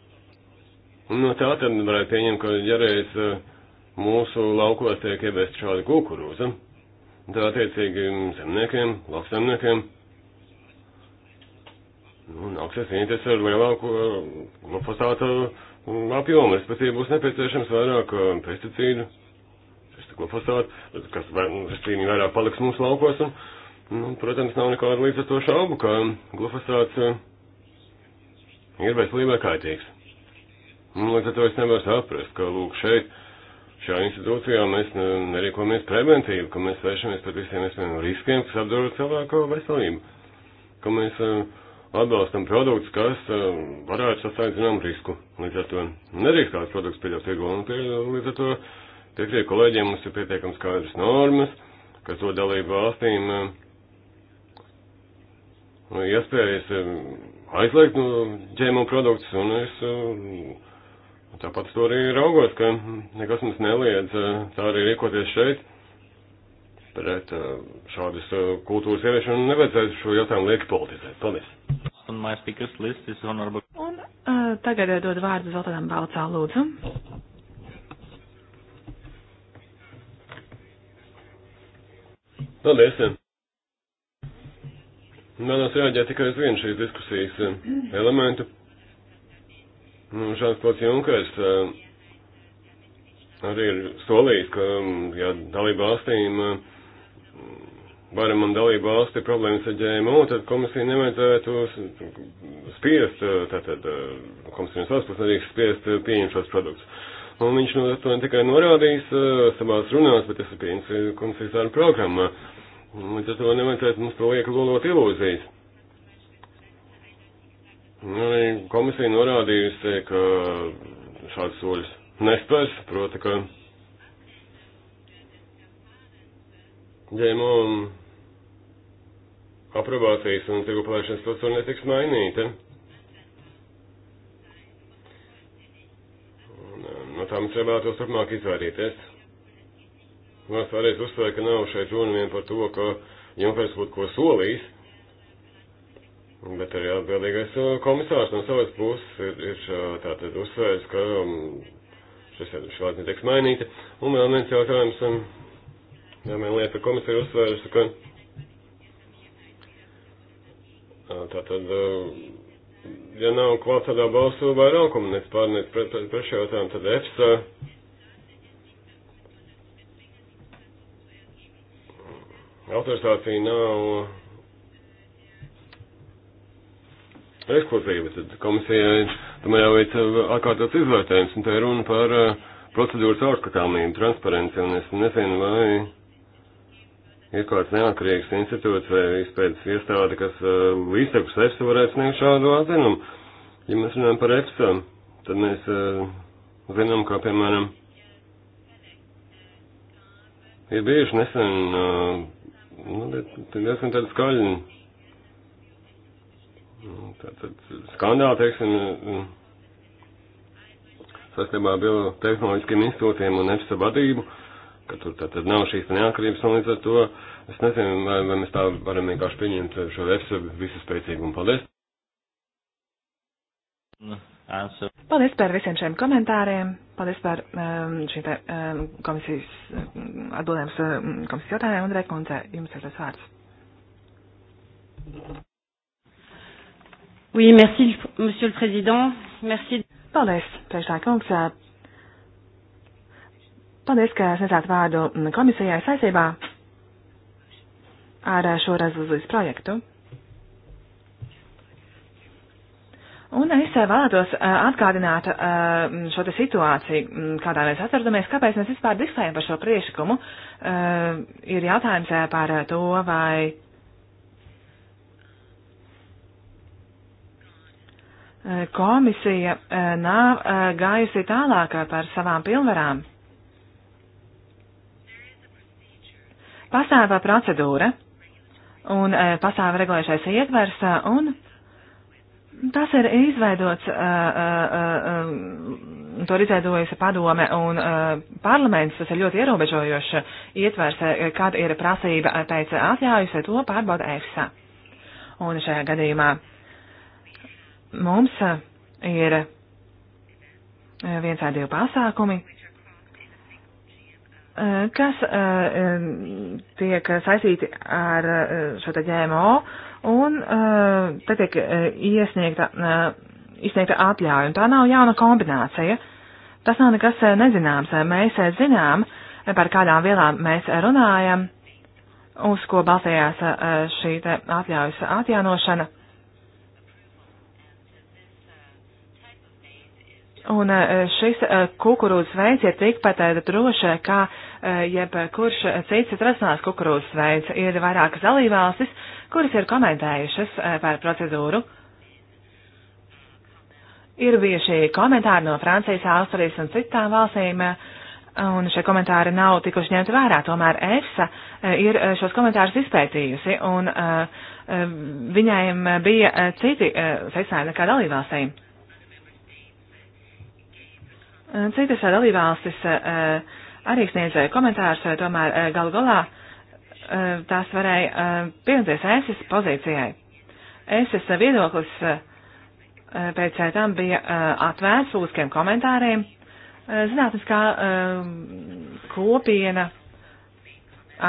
Un nu, no tā tad varētu pieņemt, ka ja reiz uh, mūsu laukos tiek ievest šāda kukurūza, tā attiecīgi zemniekiem, lauksaimniekiem nu, nāksies cīnīties ar lielāku nu, glifosāta mm, apjomu, respektīvi būs nepieciešams vairāk eh, pesticīdu, glifosātu, kas respektīvi nu, vairāk paliks mūsu laukos. Un, nu, protams, nav nekāda līdz ar to šaubu, ka glifosāts eh, ir veselībai kaitīgs. Un, nu, līdz ar to es nevaru saprast, ka lūk šeit, šajā institūcijā mēs nerīkojamies preventīvi, ka mēs vēršamies pret visiem iespējamiem riskiem, kas apdraud cilvēku veselību, ka mēs uh, atbalstam produktus, kas uh, varētu sasniegt zinām risku. Līdz ar to nedrīkst kāds produkts pieļaut iegūmu, pie, līdz ar to piekrīt kolēģiem mums ir pietiekams skaidrs normas, kas to dalību valstīm uh, iespējas uh, aizliegt no nu, ģēmu produktus, un es uh, tāpat to arī raugos, ka nekas mums neliedz uh, tā arī rīkoties šeit pret eh, šādas eh, kultūras ieviešanu nevajadzētu šo jautājumu lieki politizēt. Paldies! Un uh, tagad dod vārdu Zoltanam Balcā, lūdzu. Paldies! Vēlos reaģēt tikai uz vienu šīs diskusijas elementu. Nu, Žāns Klots Junkers arī ir solījis, ka mm, jā, dalību valstīm uh, varam un dalību valsti problēmas ar ģēmo, tad komisija nevajadzētu spiest, eh, tātad eh, komisija no savas puses nedrīkst spiest eh, pieņemt šos produktus. Un viņš nu, to ne tikai norādījis savās runās, bet tas ir pieņemts komisijas darba programmā. Līdz ar to nevajadzētu mums to liek lolot ilūzijas. Arī komisija norādījusi, ka šāds soļus nespērs, proti, ka ģēmo um, aprobācijas un tirgu palaišanas procedūra netiks mainīta. Um, no tā mums vēlētos turpmāk izvairīties. Mēs vēlreiz uzsveru, ka nav šeit runa vien par to, ka Junkers būtu ko solījis, bet arī atbildīgais uh, komisārs no savas puses ir, ir uh, tātad uzsvērts, ka um, šis šāds netiks mainīta. Un vēl viens jautājums Jā, man lieta komisija uzsvērusi, ka tātad, e, ja nav kvalitātā balsu vairākuma, nec pār, nec pret, pret, pret šo jautājumu, tad EFSA autorizācija nav ekskluzīva, tad komisijai tomēr jāveic e, atkārtots izvērtējums, un te ir runa par e, procedūras ārskatāmību, transparenci, un es nezinu, vai ir kāds neatkarīgs institūts vai izpētes iestāde, kas uh, iztekus EFSA varētu sniegt šādu atzinumu. Ja mēs runājam par EFSA, tad mēs uh, zinām, kā piemēram ir bijuši nesen uh, nu, diezgan tādi skaļi mm, tātad, skandāli, teiksim, uh, saistībā ar biotehnoloģiskiem institūtiem un EFSA vadību. Uh, ka tur tātad nav šīs neatkarības, un līdz ar to es nezinu, vai, vai mēs tā varam vienkārši pieņemt šo EFSA visu spēcīgumu. Paldies! Paldies par visiem šiem komentāriem, paldies par um, šīm te um, komisijas um, atbildēm uz um, komisijas jautājumiem, un Rekundze, jums ir tas vārds. Oui, merci, monsieur le président. Merci. Paldies, priekšstākungs, Paldies, ka sniedzāt vārdu komisijai saistībā ar šo rezolūcijas projektu. Un es vēlētos eh, atgādināt eh, šo te situāciju, mm, kādā mēs atrodamies, kāpēc mēs vispār diskutējam par šo priešlikumu. Eh, ir jautājums par to, vai komisija nav gājusi tālāk par savām pilnvarām. Pastāv procedūra un e, pastāv regulēšais ietvers, e, un tas ir izveidots, e, to ir izveidojusi padome un parlaments, tas ir ļoti ierobežojošs ietvers, kad ir prasība pēc atļaujas, to pārbauda EFSA. Un šajā gadījumā mums ir viens vai divi pasākumi, Eh, kas eh, tiek saistīti ar eh, šo te ģēmo, un te tiek iesniegta, izsniegta atļauja, un tā nav jauna kombinācija. Tas nav nekas nezināms. Mēs zinām, par kādām vielām mēs runājam, uz ko balstījās šī atļaujas atjaunošana. Un e, šis e, kukurūzas veids ir tikpat e, drošs, kā jebkurš cits atrastās kukurūzas veids. Ir vairākas dalībvalstis, kuras ir komentējušas par procedūru. Ir bijuši komentāri no Francijas, Austrijas un citām valstīm, un šie komentāri nav tikuši ņemti vērā. Tomēr EFSA ir šos komentārus izpētījusi, un viņiem bija citi secinājumi nekā dalībvalstīm. Eh, citas eh, dalībvalstis eh, arī sniedzēja komentārus, tomēr galu galā tās varēja pievienoties ESIS pozīcijai. ESIS viedoklis pēc tam bija atvērts lūskiem komentāriem. Zinātniskā kopiena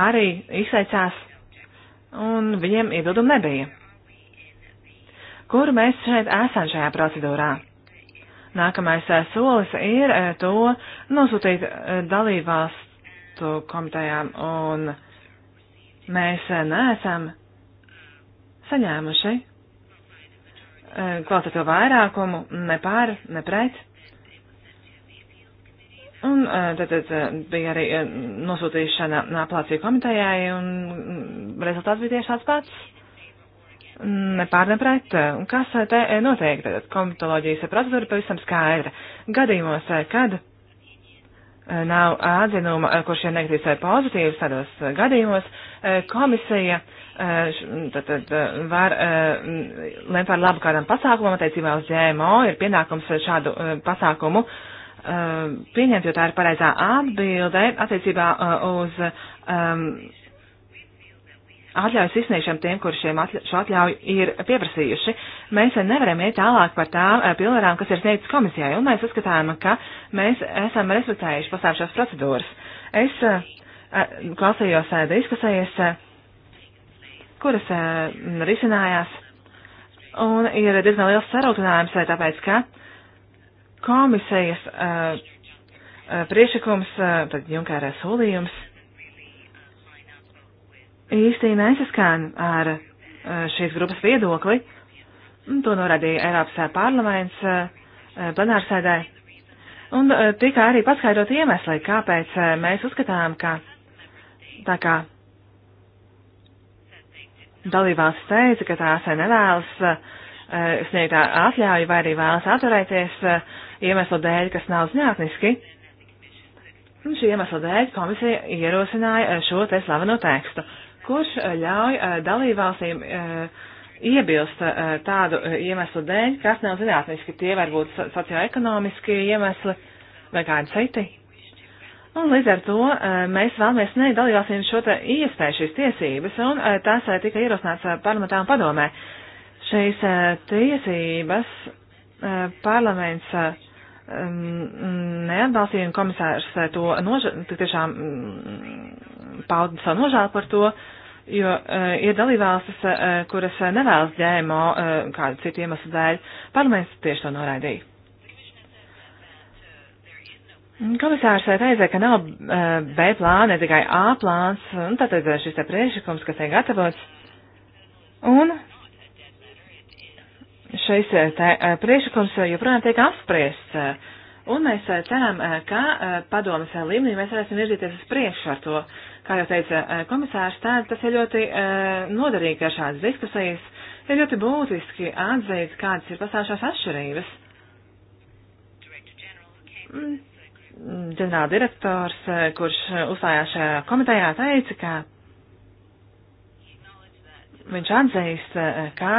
arī izteicās, un viņiem iebildumu nebija. Kur mēs šeit esam šajā procedūrā? Nākamais eh, solis ir eh, to nosūtīt eh, dalībvalstu komitejām, un mēs neesam saņēmuši kvalitatīvu vairākumu ne pār, ne pret. Un tad, tad bija arī nosūtīšana apelāciju komitejai, un mm, rezultāts bija tieši tāds pats nepārnepret. Un kas eh, te eh, notiek? Tātad komitoloģijas procedūra pavisam skaidra. Gadījumos, eh, kad nav atzinuma, kurš ir negatīvs vai pozitīvs, tādos gadījumos komisija tātad, var lemt par labu kādam pasākumam attiecībā uz GMO, ir pienākums šādu pasākumu pieņemt, jo tā ir pareizā atbilde attiecībā uz um, atļaujas izsniegšanu tiem, kur šiem atļa, šo atļauju ir pieprasījuši. Mēs nevaram iet tālāk par tām eh, pilnvarām, kas ir sniegtas komisijai, un mēs uzskatām, ka mēs esam respektējuši pasākšās procedūras. Es eh, eh, klausījos diskusijas, kuras risinājās, un ir diezgan liels sarūktinājums, tāpēc, ka komisijas priešakums, tad Junkērē solījums, īsti nesaskan ar eh, šīs grupas viedokli. To norādīja Eiropas eh, parlaments eh, plenārsēdē. Un tika arī paskaidrot iemesli, kāpēc mēs uzskatām, ka tā kā dalībvalsts teica, ka tās nevēlas sniegt atļauju vai arī vēlas atturēties iemeslu dēļ, kas nav zinātniski. Un šī iemesla dēļ komisija ierosināja šo te slaveno tekstu kurš eh, ļauj eh, dalībvalstīm eh, iebilst tādu iemeslu dēļ, kas nav zinātniski, tie var būt socioekonomiski iemesli vai kādi citi. Un līdz ar to mēs vēlamies sniegt dalībvalstīm šo iespēju šīs tiesības, un tas tika ierosināts parlamentā un padomē. Šīs tiesības parlaments mm, mm, neatbalstīja, un komisārs to noža, tiešām mm, pauda savu nožēlu par to, jo uh, ir dalībvalstis, uh, kuras uh, nevēlas ģēmo uh, kādu citu iemeslu dēļ. Parlaments tieši to noraidīja. Komisārs teica, ka nav B plāna, tikai A plāns, un tātad šis te priekšlikums, kas tiek gatavots. Un šis te priekšlikums joprojām tiek apspriests, un mēs ceram, ka padomas līmenī mēs varēsim virzīties uz priekšu ar to. Uh, Kā jau teica e, komisārs, tad tas ir ļoti e, noderīgi, ka šādas diskusijas ir ļoti būtiski atzīt, kādas ir pasāšās atšķirības. Mm, Ģenerāla direktors, e, kurš uzstājās šajā komitejā, teica, ka viņš atzīst, ka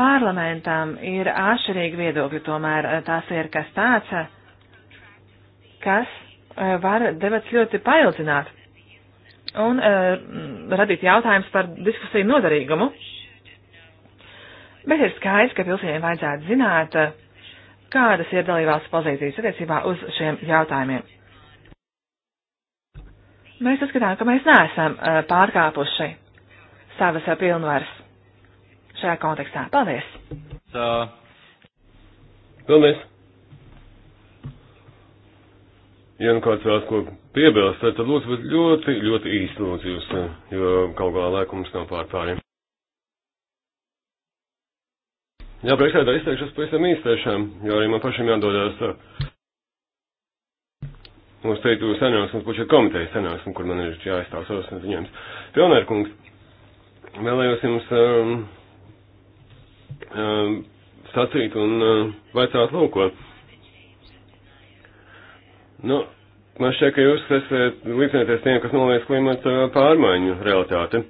parlamentām ir atšķirīgi viedokļi, tomēr tās ir kas tāds, kas var debats ļoti paildzināt un uh, radīt jautājums par diskusiju noderīgumu. Bet ir skaidrs, ka pilsēņiem vajadzētu zināt, kādas ir dalībās pozīcijas attiecībā uz šiem jautājumiem. Mēs uzskatām, ka mēs neesam uh, pārkāpuši savas e, pilnvaras šajā kontekstā. Paldies! Tā. Paldies! Ja nu kāds vēlas ko piebilst, tad lūdzu, bet ļoti, ļoti īsti lūdzu jūs, eh, jo kaut kā lēkums nav pārpāriem. Jā, priekšādā izteikšos pavisam īsti tiešām, jo arī man pašam jādodas eh, uz teitu sanāksmes, kurš ir komiteja sanāksme, kur man ir jāizstāv savas ziņojums. Pionērkungs, vēlējos jums um, um, sacīt un uh, vaicāt lūko. Nu, man šķiet, ka jūs esat līdzināties tiem, kas noliedz klimata pārmaiņu realitāti.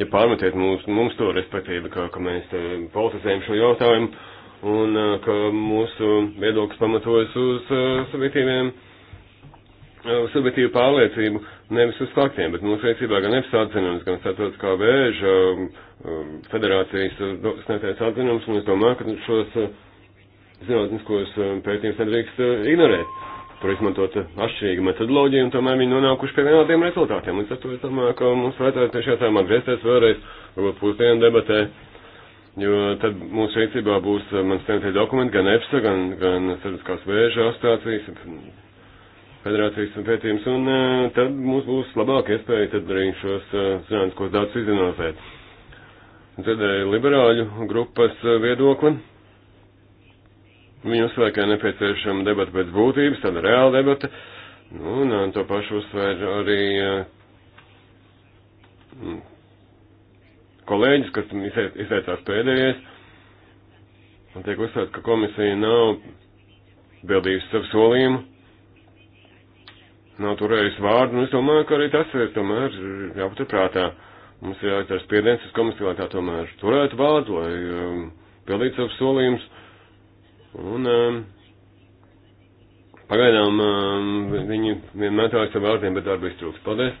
Ja pārmetiet mums, mums to, respektīvi, ka, ka mēs eh, politizējam šo jautājumu un eh, ka mūsu viedoklis pamatojas uz uh, subjektīviem, uh, subjektīvu pārliecību, nevis uz faktiem, bet mūsu rīcībā gan EFSA atzinums, gan starptautiskā vēža um, federācijas sniegtais atzinums, un es domāju, ka šos uh, zinātniskos pētījumus nedrīkst ignorēt tur izmantot atšķirīgu metodoloģiju, un tomēr viņi nonākuši pie vienādiem rezultātiem. Līdz ar to es domāju, ka mums vajadzētu pie šajā tēmā griezties vēlreiz, varbūt pusdienu debatē, jo tad mūsu rīcībā būs eh, mans tēmētie dokumenti, gan EFSA, gan, gan Sardiskās vēža asociācijas, federācijas un pētījums, un eh, tad mums būs labāka iespēja tad arī šos eh, zinātniskos datus izanalizēt. Dzirdēju liberāļu grupas viedokli Viņi uzsver, ka nepieciešama debata pēc būtības, tāda reāla debata. Nu, un uh, to pašu uzsver arī uh, kolēģis, kas izteicās pēdējais. Un tiek uzsvērts, ka komisija nav bildījusi savu solījumu, nav turējusi vārdu, un es domāju, ka arī tas ir tomēr jāpaturprātā. Mums ir jāatceras spiediens uz komisiju, lai tā tomēr turētu vārdu, lai um, pildītu savus solījumus. Uh, Un um, pagaidām um, viņi vienmēr trāks ar vārdiem, bet darba iztrūks. Paldies!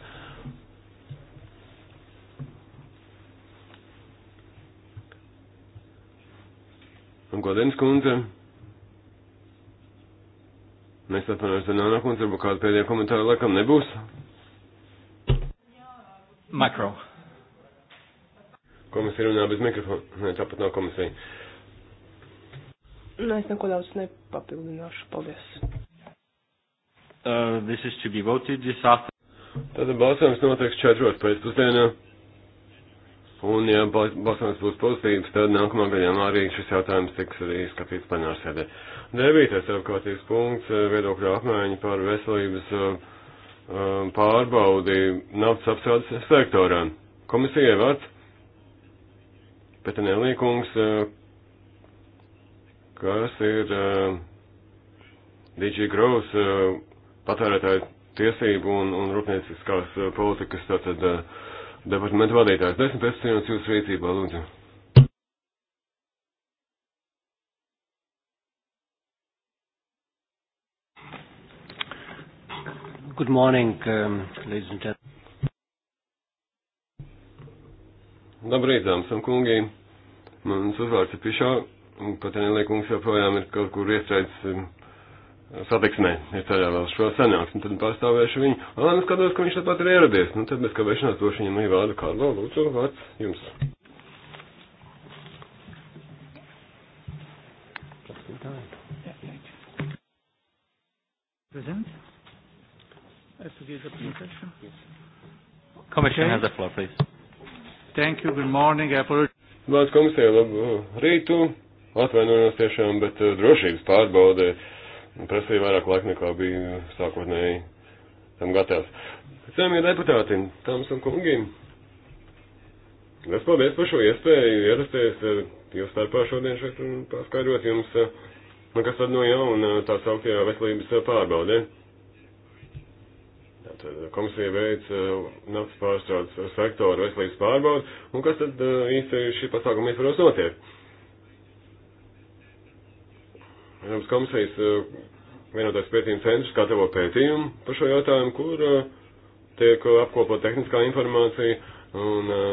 Un godienas kundze. Mēs atvainojamies, ka nav nākotnes, varbūt kāda pēdējā komentāra laikam nebūs. Mikro. Komisija runā bez mikrofona. Nē, tāpat nav komisija. Nu, es neko daudz nepapildināšu. Paldies. Uh, this is to be voted this after. Tātad balsojums notiks četros pēcpusdienā. Un, ja balsojums būs pozitīvs, tad nākamā gadījumā arī šis jautājums tiks arī skatīts paņārsēdē. Devītais apkārtības punkts uh, - viedokļu apmaiņa par veselības uh, um, pārbaudi naftas apstrādes sektorā. Komisijai vārds Petenēlīkungs, uh, kas ir uh, eh, DG Grows uh, eh, patērētāju tiesību un, un rūpnieciskās uh, politikas tātad uh, departamentu vadītājs. 10-15 minūtes jūsu rīcībā, lūdzu. Good morning, um, ladies and gentlemen. Labrīt, dāmas un kungi. Mans uzvārds ir Pišāk. Patenēlē kungs joprojām ir kaut kur iestrēdzis um, satiksmē, ir ceļā vēl šo sanāksmi, tad pārstāvēšu viņu. Lai mēs skatos, ka viņš tāpat ir ieradies, nu tad mēs kavēšanās došu viņam vārdu Kārlo, lūdzu, vārds jums. Present? I have to give the presentation. Commissioner has the floor, please. Thank you. Good morning. I apologize. Vārds komisija, labu rītu. Atvainojos tiešām, bet eh, drošības pārbaudē prasīja vairāk laika nekā bija sākotnēji tam gatavs. Cienījamie deputāti, tāms un kungi, es paldies par šo iespēju ierasties eh, jūs starpā šodien šeit un paskaidrot jums, eh, nu, kas tad no nu jauna tā sauktajā veselības pārbaudē. Tātad komisija veic naftas pārstrādes sektoru veselības pārbaudu, un kas tad īsti šī pasākuma ietvaros notiek? Eiropas komisijas eh, vienotais pētījuma centrs gatavo pētījumu par šo jautājumu, kur eh, tiek apkopot tehniskā informācija un eh,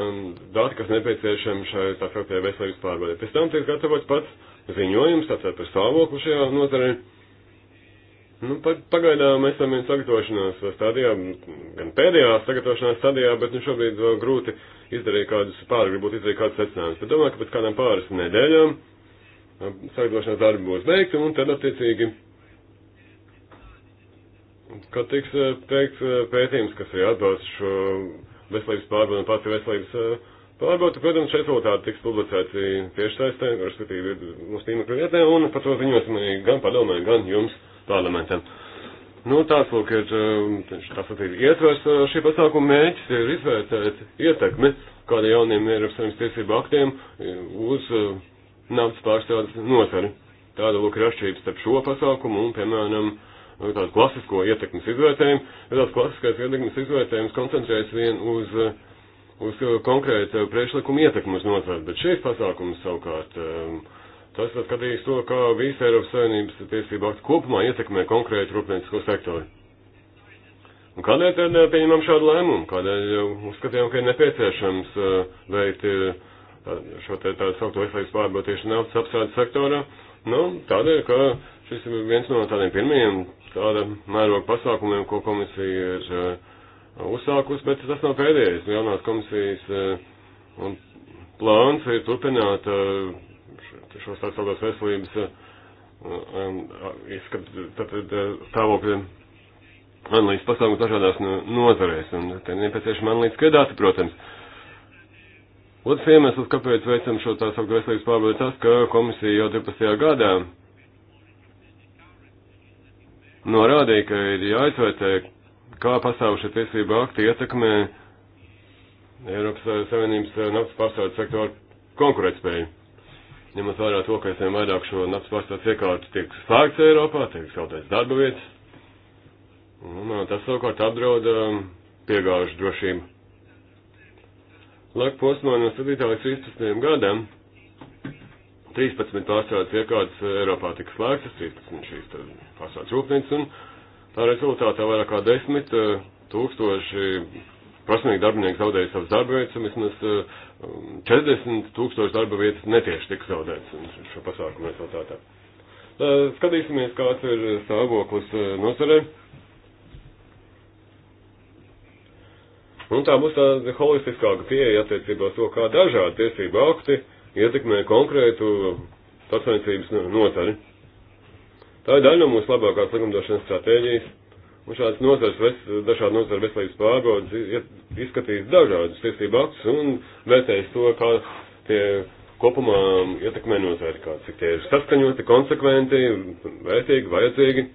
dati, kas nepieciešami šai tā sauktējai veselības pārbaudē. Pēc tam tiek gatavots pats ziņojums, tātad par stāvokli šajā nozarē. Nu, pagaidām mēs esam vien sagatavošanās stadijā, gan pēdējā sagatavošanās stadijā, bet nu šobrīd vēl grūti izdarīt kādus pāri, gribot izdarīt kādus secinājumus. Bet domāju, ka pēc kādām pāris nedēļām sagatavošanās darbi būs veikti, un tad attiecīgi, kad tiks eh, teikts eh, pētījums, kas ir atbalsts šo veselības pārbaudu un pats veselības eh, pārbaudu, protams, šeit rezultāti tiks publicēti tiešsaistē, respektīvi mūsu tīmekļa vietnē, un par to ziņosim arī gan padomē, gan jums parlamentam. Nu, tāds, lūk, ir, tas ir ietvers šī pasākuma mēģis, ir izvērtēt ietekmi, kāda jauniem Eiropas Savienības tiesību aktiem uz uh, naftas pārstrādes nozari. Tāda lūk ir atšķirības starp šo pasākumu un, piemēram, tādu klasisko ietekmes izvērtējumu. Tāds klasiskais ietekmes izvērtējums koncentrējas vien uz, uz konkrētu priekšlikumu ietekmes nozari, bet šīs pasākums savukārt. Um, tas atskatīs to, kā visa Eiropas Savienības tiesība akta kopumā ietekmē konkrētu rūpniecisko sektoru. Un kādēļ tad uh, pieņemam šādu lēmumu? Kādēļ uzskatījām, ka ir nepieciešams uh, veikt uh, šo te tādu saukto veselības pārbaudīšanu naftas apstrādes sektorā. Nu, tādēļ, ka šis ir viens no tādiem pirmajiem tāda mēroga pasākumiem, ko komisija ir uh, uzsākus, bet tas nav pēdējais. Jaunās komisijas uh, plāns ir turpināt uh, šos tā sauktos veselības uh, um, izskatu, tātad uh, stāvokļu analīzes pasākumus dažādās nozarēs. Un te nepieciešama analīzes dati, protams. Otrs iemesls, kāpēc veicam šo tās apgāzības pārbaudi, tas, ka komisija jau 12. gadā norādīja, ka ir jāizvērtē, kā pasaušie tiesība akti ietekmē Eiropas Savienības naftas pārstrādes sektoru konkurētspēju. Ņemot vērā to, ka aizvien vairāk šo naftas pārstrādes iekārtu tiek slēgts Eiropā, tiek zaudēts darba vietas, un uh, tas savukārt apdraud um, piegāžu drošību laika posmā no 7. līdz 13. gadam 13 pārstrādes iekārtas Eiropā tika slēgtas, 13 šīs pārstrādes rūpnīcas, un tā rezultātā vairāk kā 10 eh, tūkstoši prasmīgi darbinieki zaudēja savas darba vietas, un vismaz 40 eh, tūkstoši darba vietas netieši tika zaudētas šo pasākumu rezultātā. Eh, skatīsimies, kāds ir stāvoklis nozarei. Un nu, tā būs tāda holistiskāka pieeja attiecībā uz to, kā dažādi tiesību akti ietekmē konkrētu tautsainicības nozari. Tā ir daļa no mūsu labākās likumdošanas stratēģijas, un šāds nozars, dažādi nozari veselības pārbaudas izskatīs dažādus tiesību aktus un vērtēs to, kā tie kopumā ietekmē nozari, kā cik tie ir saskaņoti, konsekventi, vērtīgi, vajadzīgi,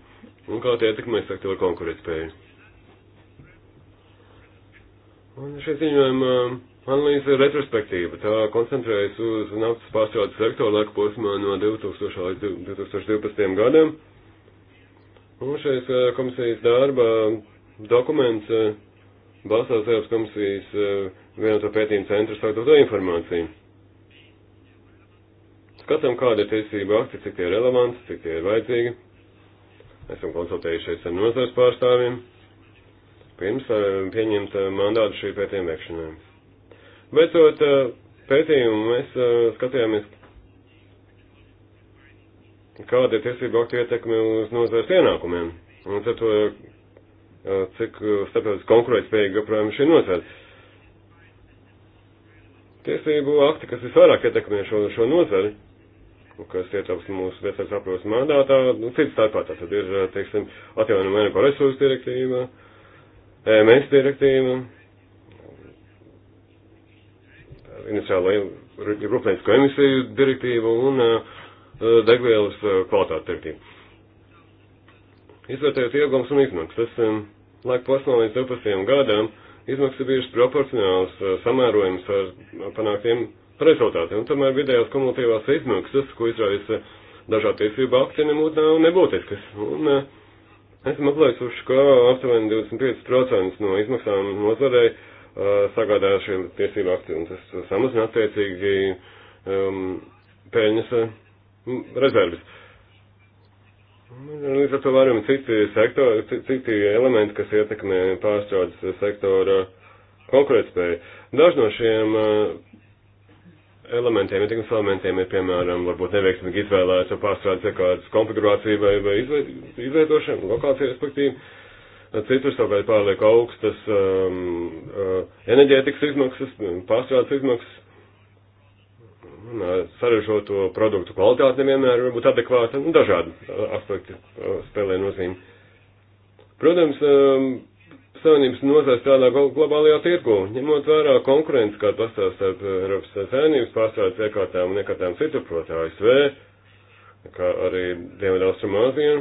un kā tie ietekmē sektoru konkurētspēju. Un šie ziņojuma uh, analīze ir retrospektīva. Tā koncentrējas uz naftas pārstrādes sektoru laika posmā no 2000 līdz 2012 gadam. Un šais uh, komisijas darba dokuments uh, balstās Eiropas komisijas vienoto pētījumu centra sāktoto informāciju. Skatām, kāda ir tiesība akti, cik tie ir relevanti, cik tie ir vajadzīgi. Esam konsultējušies ar nozars pārstāvjiem pirms eh, pieņemt eh, mandātu šī pētījuma veikšanai. Beidzot, eh, pētījumu mēs skatījāmies, kāda ir tiesība aktu ietekme uz nozares ienākumiem. Un tad to, cik starptautiski konkurētspējīgi joprojām šī nozara. Tiesību akti, kas visvairāk ietekmē šo, šo nozari, kas ietilps mūsu veselības aprūpas mandātā, nu, cits starpā tātad ir, teiksim, atjaunojama energo resursu direktīva, uh, EMS direktīva, industriāla rūpniecisko emisiju direktīva un e, degvielas e, kvalitātes direktīva. Izvērtējot iegums un izmaksas, e, laika posmā līdz 12 gadām izmaksas bijušas proporcionāls samērojums ar panāktiem rezultātiem, un tomēr vidējās kumulatīvās izmaksas, ko izraisa dažādi tiesību akti, nebūtu nav nebūtiskas. Un, uh, Esam aplēsuši, ka aptuveni 25% no izmaksām nozarei uh, sagādā šiem tiesību aktu, un tas samazina attiecīgi um, peļņas uh, rezerves. Līdz ar to varam citi sektori, citi elementi, kas ietekmē pārstrādes sektora konkurētspēju. Daži no šiem uh, elementiem, ietekmes elementiem ir, piemēram, varbūt neveiksmīgi izvēlēta pārstrādes iekārtas konfigurācija vai, vai izveidošana, lokācija, respektīvi. Citur savukārt pārliek augstas um, uh, enerģētikas izmaksas, pārstrādes izmaksas, uh, sarežģīto produktu kvalitāte nevienmēr var būt adekvāta, un dažādi uh, aspekti uh, spēlē nozīmi. Protams, um, Savienības nozare strādā globālajā tirgu, ņemot vērā konkurences, kāda pastāv starp Eiropas Savienības pārstrādes iekārtām un iekārtām citur, proti ASV, kā arī Dienvidaustrumāzijā.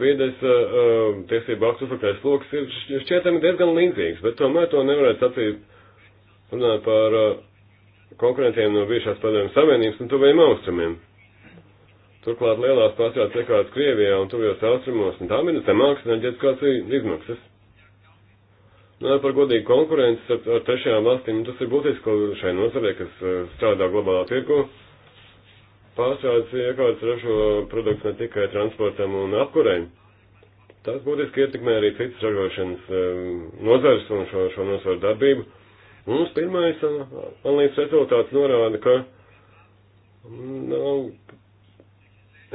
Vides uh, uh, tiesību aktu uzliktais sloks ir šķietami diezgan līdzīgs, bet tomēr to nevarētu sacīt runāt par uh, konkurentiem no bijušās padomjas Savienības un tuvējiem austrumiem. Turklāt lielās pārstrādes iekārtas Krievijā un tuvajos austrumos, un tām ir zemākas enerģētiskās izmaksas. Nu, par godīgu konkurences ar, ar trešajām valstīm, tas ir būtiski šai nozarē, kas eh, strādā globālā tirgu. Pārstrādes iekārtas ražo produkts ne tikai transportam un apkurēm. Tas būtiski ietekmē arī citas ražošanas eh, nozars un šo, šo nozaru darbību. Mums pirmais eh, analīzes rezultāts norāda, ka mm, nav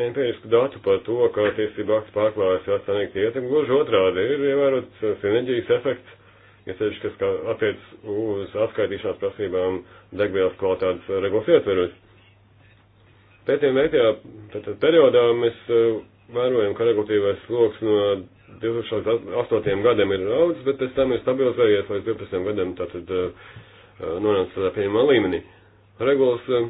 empirisku datu par to, kā tiesība akts pārklājas jāsaniegt ietekmi, gluži otrādi ir ievērots sinerģijas efekts, ja sevišķi, kas kā attiec uz atskaitīšanās prasībām degvielas kvalitātes regulas ietveros. Pētījuma veiktajā periodā mēs e, vērojam, ka regulatīvais sloks no 2008. gadiem ir augsts, bet pēc tam ir stabilizējies līdz 12 gadiem, tātad e, nonāca tādā pieņemamā līmenī. Regulas e,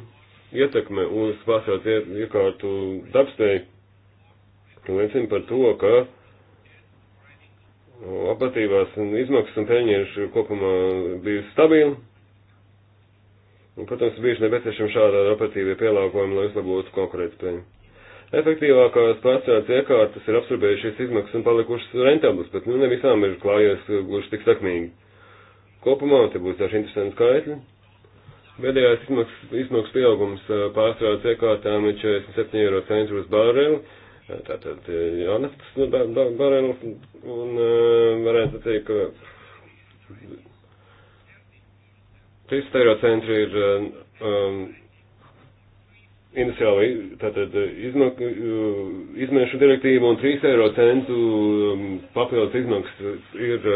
ietekme uz vasaras iekārtu darbstēju liecina par to, ka operatīvās izmaksas un peļņieši kopumā bija stabili. Un, protams, bieži nepieciešama šāda operatīvie pielāgojumi, lai uzlabotu konkurētspēju. Efektīvākās pārstrādes iekārtas ir apsarbējušies izmaksas un palikušas rentablas, bet nu ne visām ir klājies gluži tik sakmīgi. Kopumā te būs daži interesanti skaitļi. Vēdējais izmaksas, izmaksas pieaugums pārstrādes iekārtām ir 47 eiro centru uz bareli, tātad jaunastas bareli, un varētu teikt, ka 300 eiro centri ir um, industriāla tātad izmak, izmēšu direktīva un 3 eiro centu um, papildus izmaksas ir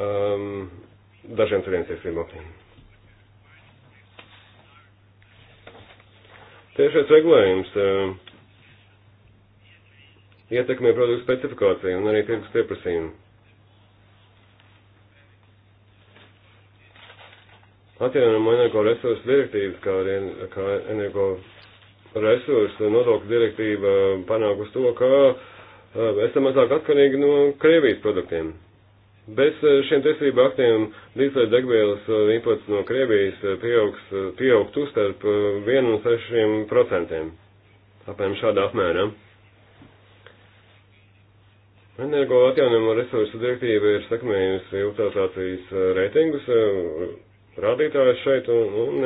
um, dažiem savienības iespriemokiem. Tiešais regulējums eh, ietekmē produktu specifikāciju un arī tirgus pieprasījumu. Atjaunojamo energoresursu direktīvas, kā, kā energo resursu nodokļu direktīva eh, panāk uz to, ka eh, esam mazāk atkarīgi no Krievijas produktiem. Bez eh, šiem tiesību aktiem dīzeļdegvielas eh, imports no Krievijas eh, pieaugs, pieaugtu starp 1 un 6 procentiem. Apmēram šādā apmērā. Energo atjaunojumu resursu direktīva ir sekmējusi utilizācijas reitingus, rādītājus šeit un, un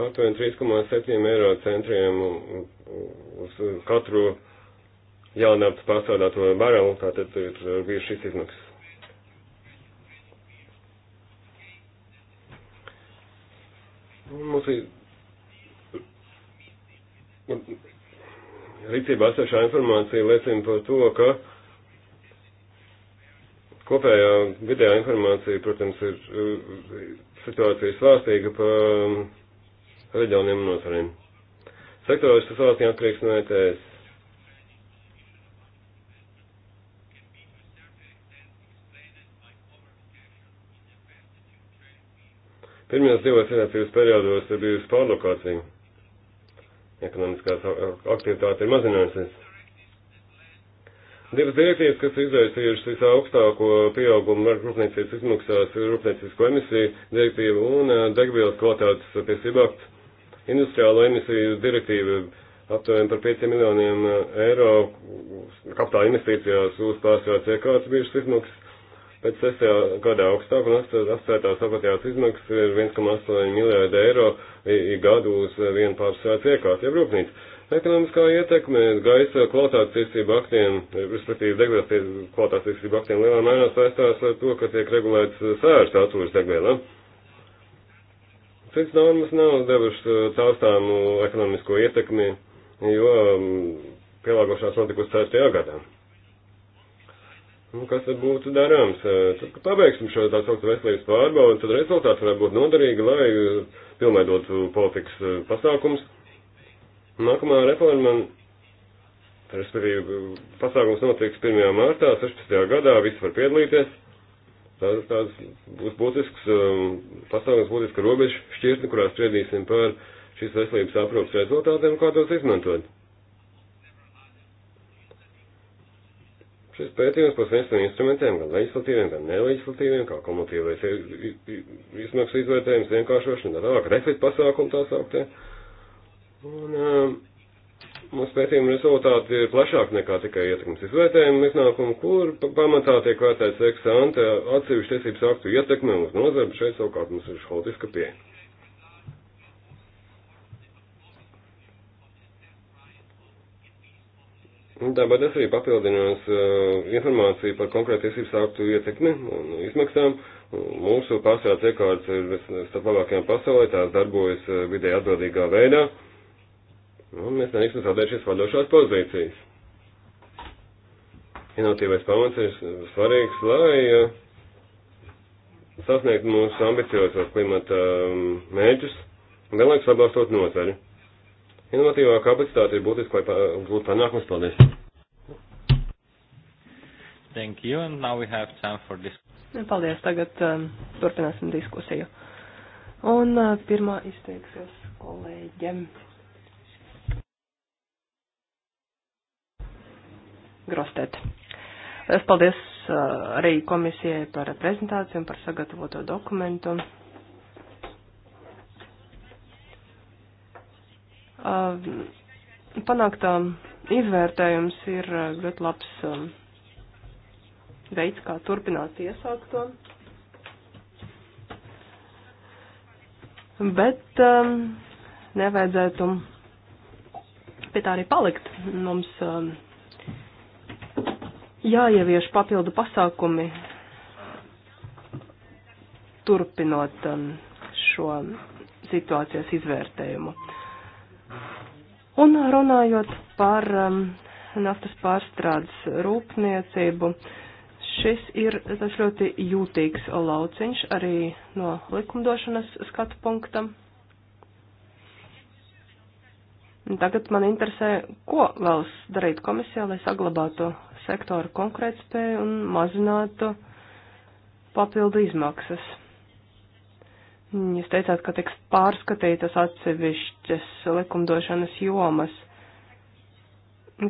par 3,7 eiro centriem uz katru jaunaptas pārstrādāto barelu, tātad ir bijuši šīs izmaksas. Mums ir rīcībā esošā informācija liecina par to, ka kopējā vidējā informācija, protams, ir situācija svārstīga pa reģioniem un nozarēm. Sektors situācija atkarīgs no ETS. Pirmajās divās finansies periodos ir bijusi pārlokācija. Ekonomiskās aktivitāte ir mazinājusies. Divas direktīvas, kas izraisījušas visā augstāko pieaugumu rūpniecības izmaksās, ir rūpniecīsko emisiju direktīva un degvielas kvalitātes tiesība akts. Industriālo emisiju direktīva aptuveni par 5 miljoniem eiro kapitāla investīcijās uz pārstrādes iekārtas bijušas izmaksas pēc sesajā gadā augstāk un astētās apatījās izmaksas ir 1,8 miljārdi eiro gadu uz vienu pārsvērts iekārtu, ja rūpnīca. Ekonomiskā ietekme gaisa kvalitātes tiesību aktiem, respektīvi degvielas kvalitātes tiesību aktiem lielā mērā saistās ar to, ka tiek regulēts sērs atūras degvielā. Cits normas nav devušas taustāmu uh, ekonomisko ietekmi, jo um, pielāgošanās notikusi 4. gadā. Nu, kas tad būtu darāms? Tad, kad pabeigsim šo tā saucamo veselības pārbaudi, tad rezultāti varētu būt noderīgi, lai pilnveidot politikas pasākums. Nākamā reforma, respektīvi, pasākums notiks 1. martā 16. gadā, visi var piedalīties. Tās, tās būs būtisks, pasākums būtiska robeža šķirtne, kurā spriedīsim par šīs veselības aprūpas rezultātiem, kā tos izmantot. Šis pētījums par finanšu instrumentiem, gan leģislatīviem, gan neleģislatīviem, kā kumulatīvais izmaksu izvērtējums, vienkāršošana, tā tālāk, refit pasākumu tā sauktie. Un um, mūsu pētījuma rezultāti ir plašāk nekā tikai ietekmes izvērtējuma iznākumu, kur pamatā tiek vērtēts eksante atsevišķu tiesības aktu ietekme uz nozaru, šeit savukārt mums ir holistiska pieeja. Nu, tāpat es arī papildinās uh, informāciju par konkrētu tiesības aktu ietekmi un izmaksām. Mūsu pārstrādes iekārtas ir starp labākajām pasaulē, tās darbojas eh, vidē atbildīgā veidā. Un mēs neesam zaudējušies vadošās pozīcijas. Inovatīvais pamats ir svarīgs, lai uh, sasniegtu mūsu ambiciozos klimata um, mērķus, vienlaikus atbalstot nozari. Inovatīvā kapacitāte ir būtiski, lai gūtu panākumus. Paldies! Thank you, and now we have time for this. Nu, paldies, tagad um, turpināsim diskusiju. Un uh, pirmā izteiksies kolēģiem. Grostet. Es paldies uh, arī komisijai par prezentāciju un par sagatavoto dokumentu. Panāktā izvērtējums ir ļoti labs veids, kā turpināt iesākto. Bet um, nevajadzētu pie tā arī palikt. Mums um, jāievieš papildu pasākumi, turpinot um, šo situācijas izvērtējumu. Un runājot par um, naftas pārstrādes rūpniecību, šis ir tas ļoti jūtīgs lauciņš arī no likumdošanas skatu punkta. Tagad man interesē, ko vēlas darīt komisija, lai saglabātu sektoru konkurētspēju un mazinātu papildu izmaksas. Mm, jūs teicāt, ka tiks pārskatītas atsevišķas likumdošanas jomas.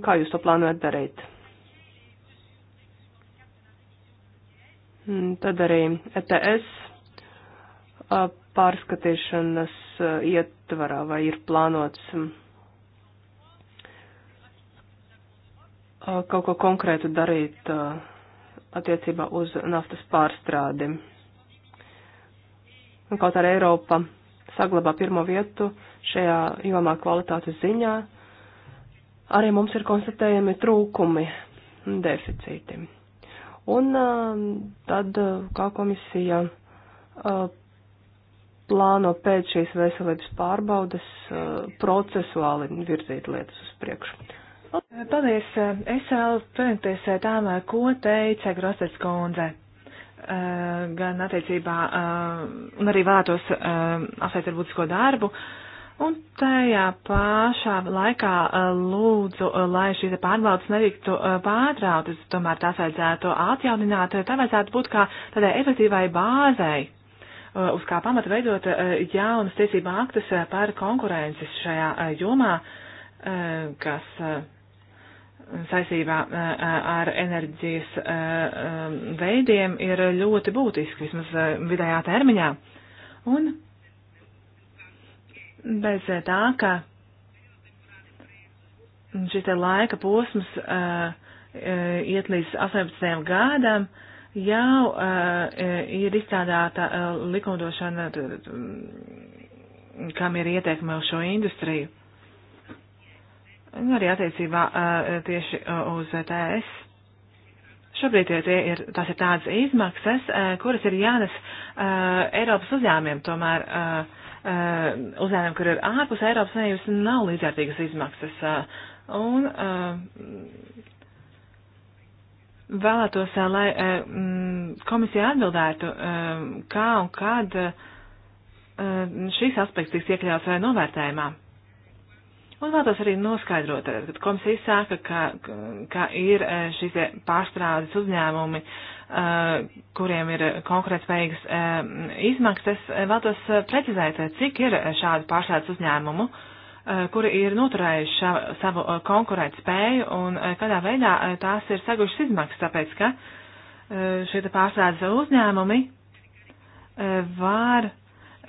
Kā jūs to plānojat darīt? Mm, tad arī ETS pārskatīšanas ietvarā vai ir plānots mm, kaut ko konkrētu darīt attiecībā uz naftas pārstrādi. Kaut arī Eiropa saglabā pirmo vietu šajā jomā kvalitātes ziņā, arī mums ir konstatējami trūkumi, deficīti. Un um, tad, uh, kā komisija uh, plāno pēc šīs veselības pārbaudas uh, procesuāli virzīt lietas uz priekšu. Paldies! Es vēl pieminēties tām, ko teica Grosets kundze. Eh, gan attiecībā, eh, un arī vēlētos eh, apsveikt ar būtisko darbu. Un tajā pašā laikā lūdzu, lai šīs pārbaudas netiktu pārtrautas, tomēr tās vajadzētu atjaunināt, tā vajadzētu būt kā tādai efektīvai bāzei, uz kā pamata veidot jaunas tiesība aktas par konkurences šajā jomā, kas saistībā ar enerģijas veidiem ir ļoti būtiski, vismaz eh, vidējā termiņā. Un bez tā, ka šis te laika posms uh, iet līdz 18 gadam, jau uh, ir izstrādāta uh, likumdošana, kam ir ieteikumi uz šo industriju. Un arī attiecībā uh, tieši uz TS. Šobrīd ir, tās ir tādas izmaksas, eh, kuras ir jānes eh, Eiropas uzņēmiem, tomēr eh, uzņēmiem, kur ir ārpus Eiropas Savienības, nav līdzvērtīgas izmaksas. Un vēlētos, lai mm, komisija atbildētu, kā un kad šīs aspekts tiks iekļauts vai novērtējumā. Un vēlos arī noskaidrot, eh, kad komisija sāka, ka, ka ir eh, šīs pārstrādes uzņēmumi, eh, kuriem ir konkurētspējīgas izmaksas, vēlos precizēt, cik ir šādu pārstrādes uzņēmumu, kuri ir noturējuši šā, savu konkurētspēju un kādā veidā tās ir segušas izmaksas, tāpēc ka šie pārstrādes uzņēmumi var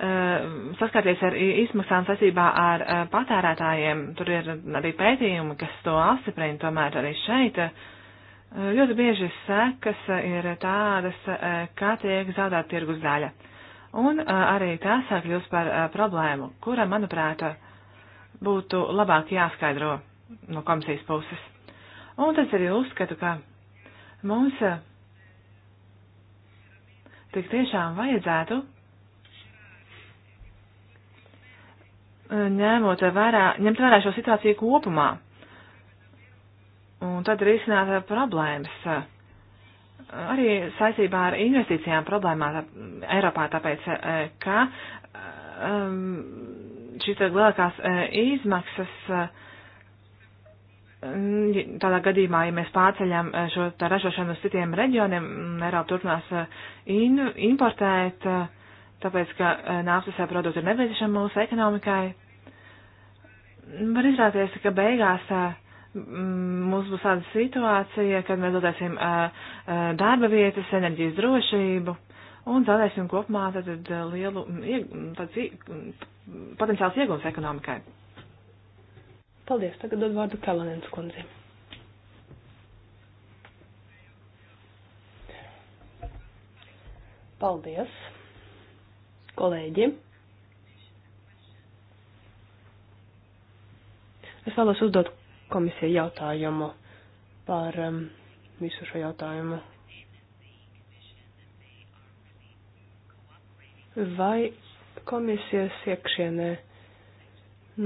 Eh, saskarties ar izmaksām saistībā ar eh, patērētājiem. Tur ir arī pētījumi, kas to apstiprina, tomēr arī šeit. Eh, ļoti bieži sekas ir tādas, kā tiek zaudēta tirgus daļa. Un arī tas kļūst par problēmu, kura, manuprāt, būtu labāk jāskaidro no komisijas puses. Un tas arī uzskatu, ka mums tik tiešām vajadzētu ņemot vērā, ņemt vērā šo situāciju kopumā. Un tad risināt problēmas. Arī saistībā ar investīcijām problēmā tā, Eiropā, tāpēc, ka šīs lielākās izmaksas tādā gadījumā, ja mēs pārceļam šo ražošanu uz citiem reģioniem, Eiropa turpinās importēt tāpēc, ka eh, naftas produkti ir nepieciešami mūsu ekonomikai. Var izrādīties, ka beigās eh, mums būs tāda situācija, kad mēs zaudēsim eh, darba vietas, enerģijas drošību un zaudēsim kopumā tad lielu tāds, potenciāls iegums ekonomikai. Paldies, tagad dod vārdu Kalanens kundzi. Paldies kolēģi. Es vēlos uzdot komisiju jautājumu par um, visu šo jautājumu. Vai komisijas iekšienē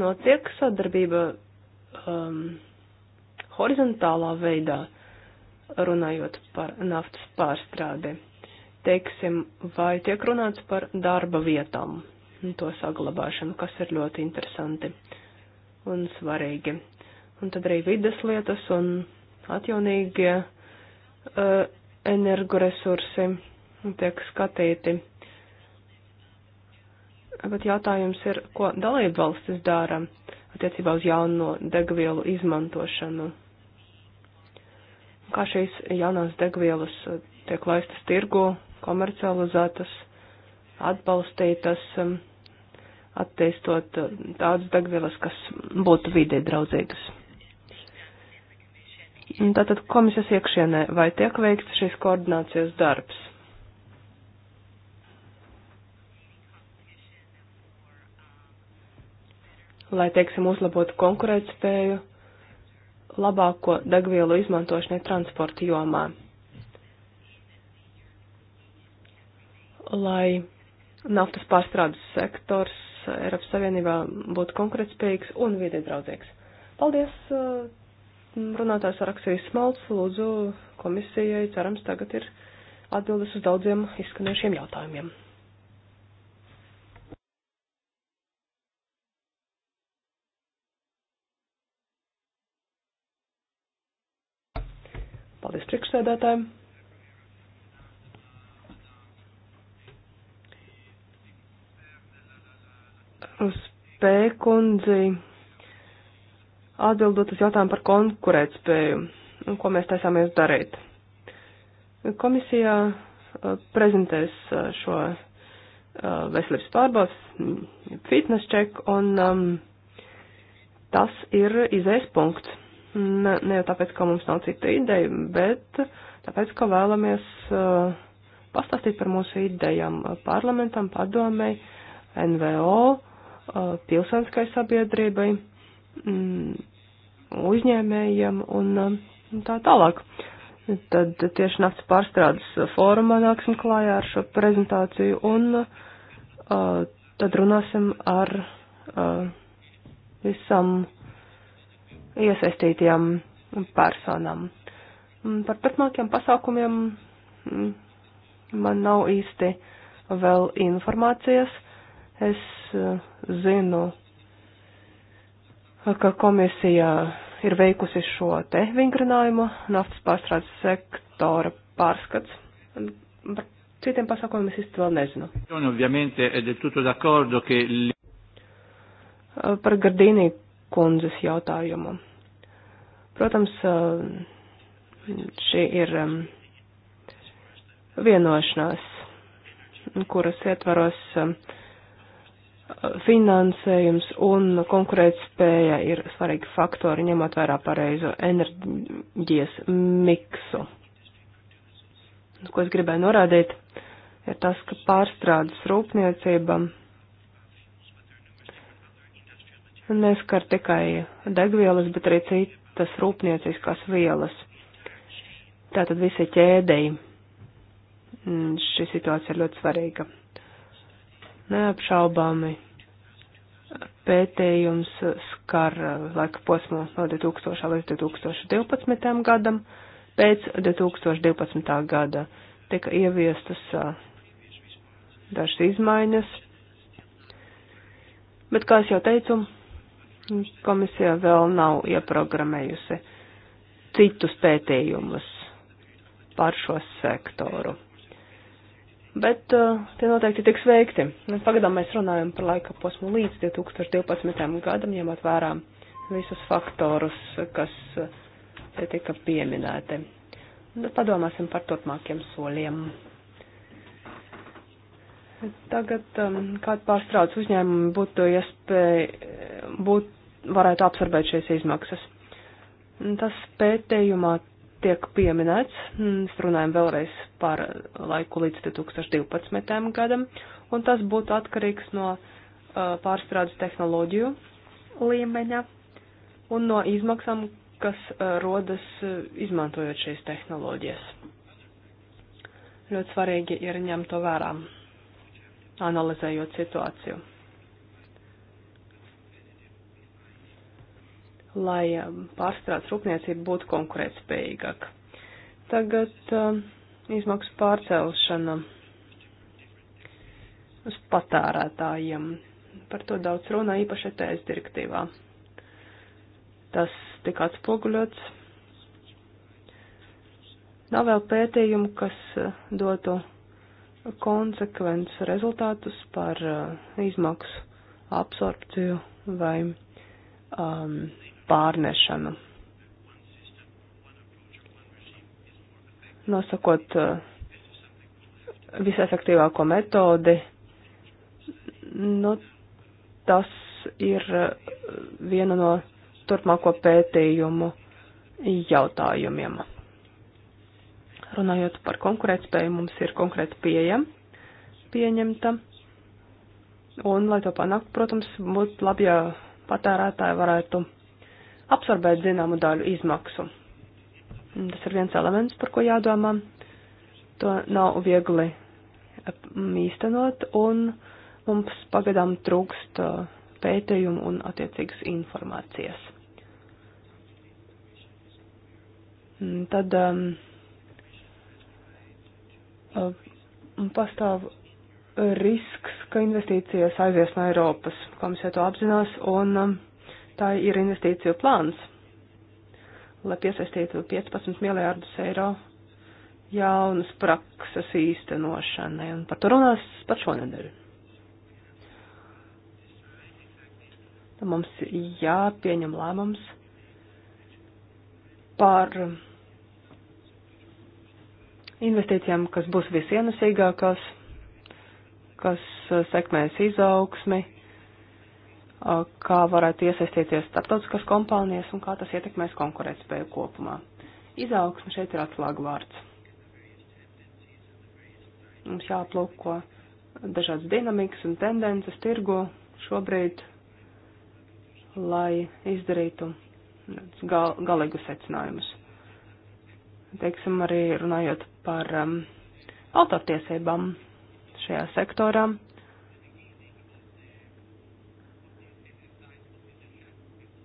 notiek sadarbība um, horizontālā veidā, runājot par naftas pārstrādi? teiksim, vai tiek runāts par darba vietām un to saglabāšanu, kas ir ļoti interesanti un svarīgi. Un tad arī vides lietas un atjaunīgie uh, energoresursi tiek skatīti. Bet jautājums ir, ko dalību valstis dara attiecībā uz jauno degvielu izmantošanu? Kā šīs jaunās degvielas eh, tiek laistas tirgu komercializētas, atbalstītas, um, attīstot uh, tādas degvielas, kas būtu vidē draudzīgas. Tātad komisijas iekšienē vai tiek veikts šīs koordinācijas darbs? Lai, teiksim, uzlabotu konkurētspēju labāko degvielu izmantošanai transporta jomā. lai naftas pārstrādes sektors Eiropas Savienībā būtu konkurētspējīgs un vidē draudzīgs. Paldies! Uh, runātājs rakstījis smalts, lūdzu komisijai, cerams, tagad ir atbildes uz daudziem izskanējušiem jautājumiem. Paldies priekšsēdētājiem! uz P kundzi atbildot uz jautājumu par konkurētspēju un ko mēs taisāmies darīt. Komisija uh, prezentēs uh, šo uh, veselības pārbaudas mm, fitness check un um, tas ir izējas punkts. Ne, ne jau tāpēc, ka mums nav cita ideja, bet tāpēc, ka vēlamies uh, pastāstīt par mūsu idejām parlamentam, padomēji, NVO, uh, Uh, pilsētiskai sabiedrībai, mm, uzņēmējiem uh, un tā tālāk. Tad tieši naktas pārstrādes fórumā nāksim klājā ar šo prezentāciju un uh, tad runāsim ar uh, visam iesaistītajām personām. Mm, par turpmākiem pasākumiem mm, man nav īsti vēl informācijas. Es eh, zinu, ka komisija ir veikusi šo te vingrinājumu naftas pārstrādes sektora pārskats. Par citiem pasākumiem es īsti vēl nezinu. Eh, par Gardīnī kundzes jautājumu. Protams, eh, šī ir vienošanās, kuras ietvaros uh, finansējums un konkurētspēja ir svarīgi faktori, ņemot vērā pareizo enerģijas miksu. Ko es gribēju norādīt, ir tas, ka pārstrādes rūpniecība neskar tikai degvielas, bet arī citas rūpnieciskās vielas. Tātad visi ķēdēji. Mm, šī situācija ir ļoti svarīga. Neapšaubāmi pētījums skar laika posmu no 2000 līdz 2012 gadam. Pēc 2012. gada tika ieviestas dažas izmaiņas, bet, kā es jau teicu, komisija vēl nav ieprogrammējusi citus pētījumus par šo sektoru bet uh, tie noteikti tiks veikti. Pagadām mēs runājam par laika posmu līdz 2012. gadam, ņemot vērā visus faktorus, kas uh, te tika pieminēti. Bet nu, padomāsim par turpmākiem soļiem. Tagad um, kāda pārstrādes uzņēmuma būtu iespēja, būt, varētu absorbēt šīs izmaksas. Tas pētījumā tiek pieminēts, mm, mēs runājam vēlreiz par laiku līdz 2012. gadam, un tas būtu atkarīgs no uh, pārstrādes tehnoloģiju līmeņa un no izmaksām, kas uh, rodas uh, izmantojot šīs tehnoloģijas. Ļoti svarīgi ir ņemt to vērā, analizējot situāciju. lai um, pārstrādes rūpniecība būtu konkurētspējīgāka. Tagad uh, izmaksu pārcelšana uz patērētājiem. Par to daudz runā īpaši ETS direktīvā. Tas tika atspoguļots. Nav vēl pētījumu, kas uh, dotu konsekvences rezultātus par uh, izmaksu absorpciju vai um, pārnešanu. Nosakot eh, visefektīvāko metodi, nu, tas ir eh, viena no turpmāko pētījumu jautājumiem. Runājot par konkurētspēju, mums ir konkrēta pieeja pieņemta. Un, lai to panākt, protams, būtu labi, ja patērētāji varētu absorbēt zināmu daļu izmaksu. Tas ir viens elements, par ko jādomā. To nav viegli īstenot, un mums pagadām trūkst uh, pētījumu un attiecīgas informācijas. Mm, tad um, uh, pastāv risks, ka investīcijas aizies no Eiropas. Komisija to apzinās un um, Tā ir investīciju plāns, lai piesaistītu 15 miljārdus eiro jaunas prakses īstenošanai, un par to runās pat šonedēļ. Tad nu, mums jāpieņem lēmums par investīcijām, kas būs visienesīgākās, kas sekmēs izaugsmi kā varētu iesaistīties starptautiskās kompānijas un kā tas ietekmēs konkurētspēju kopumā. Izaugsme šeit ir atslēga vārds. Mums jāaplūko dažādas dinamikas un tendences tirgu šobrīd, lai izdarītu gal, galīgus secinājumus. Teiksim, arī runājot par um, autortiesībām šajā sektorā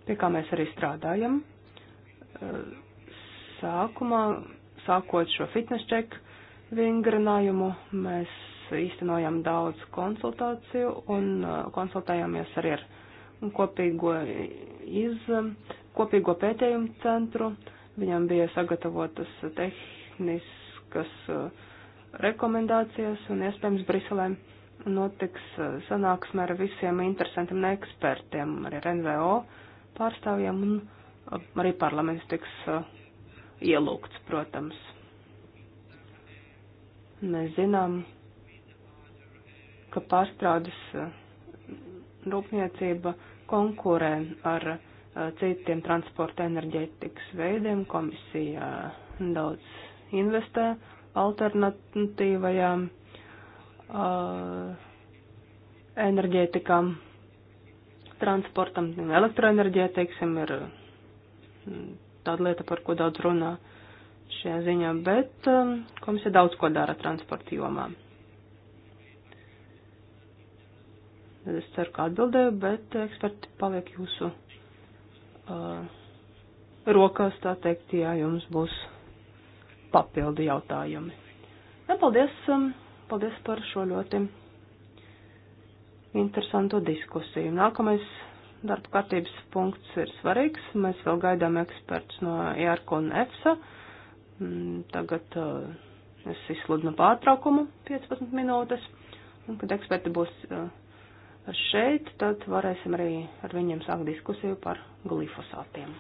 pie kā mēs arī strādājam. Eh, sākumā, sākot šo fitness check vingrinājumu, mēs īstenojam daudz konsultāciju un eh, konsultējāmies arī ar kopīgo, iz, kopīgo pētījumu centru. Viņam bija sagatavotas tehniskas eh, rekomendācijas un iespējams Briselē notiks sanāksme ar visiem interesantiem ekspertiem, arī ar NVO pārstāvjiem, un uh, arī parlaments tiks uh, ielūgts, protams. Mēs zinām, ka pārstrādes uh, rūpniecība konkurē ar citiem transporta enerģētikas veidiem. Komisija daudz investē alternatīvajām enerģētikām transportam, elektroenerģija, teiksim, ir mm, tāda lieta, par ko daudz runā šajā ziņā, bet um, komisija daudz ko dara transporta jomā. Es ceru, ka atbildēju, bet eksperti paliek jūsu uh, rokās, tā teikt, ja jums būs papildi jautājumi. Ja, paldies, um, paldies par šo ļoti interesantu diskusiju. Nākamais darba kārtības punkts ir svarīgs. Mēs vēl gaidām eksperts no ERK un EFSA. Mm, tagad uh, es izsludinu pārtraukumu 15 minūtes, un kad eksperti būs uh, šeit, tad varēsim arī ar viņiem sākt diskusiju par glifosātiem.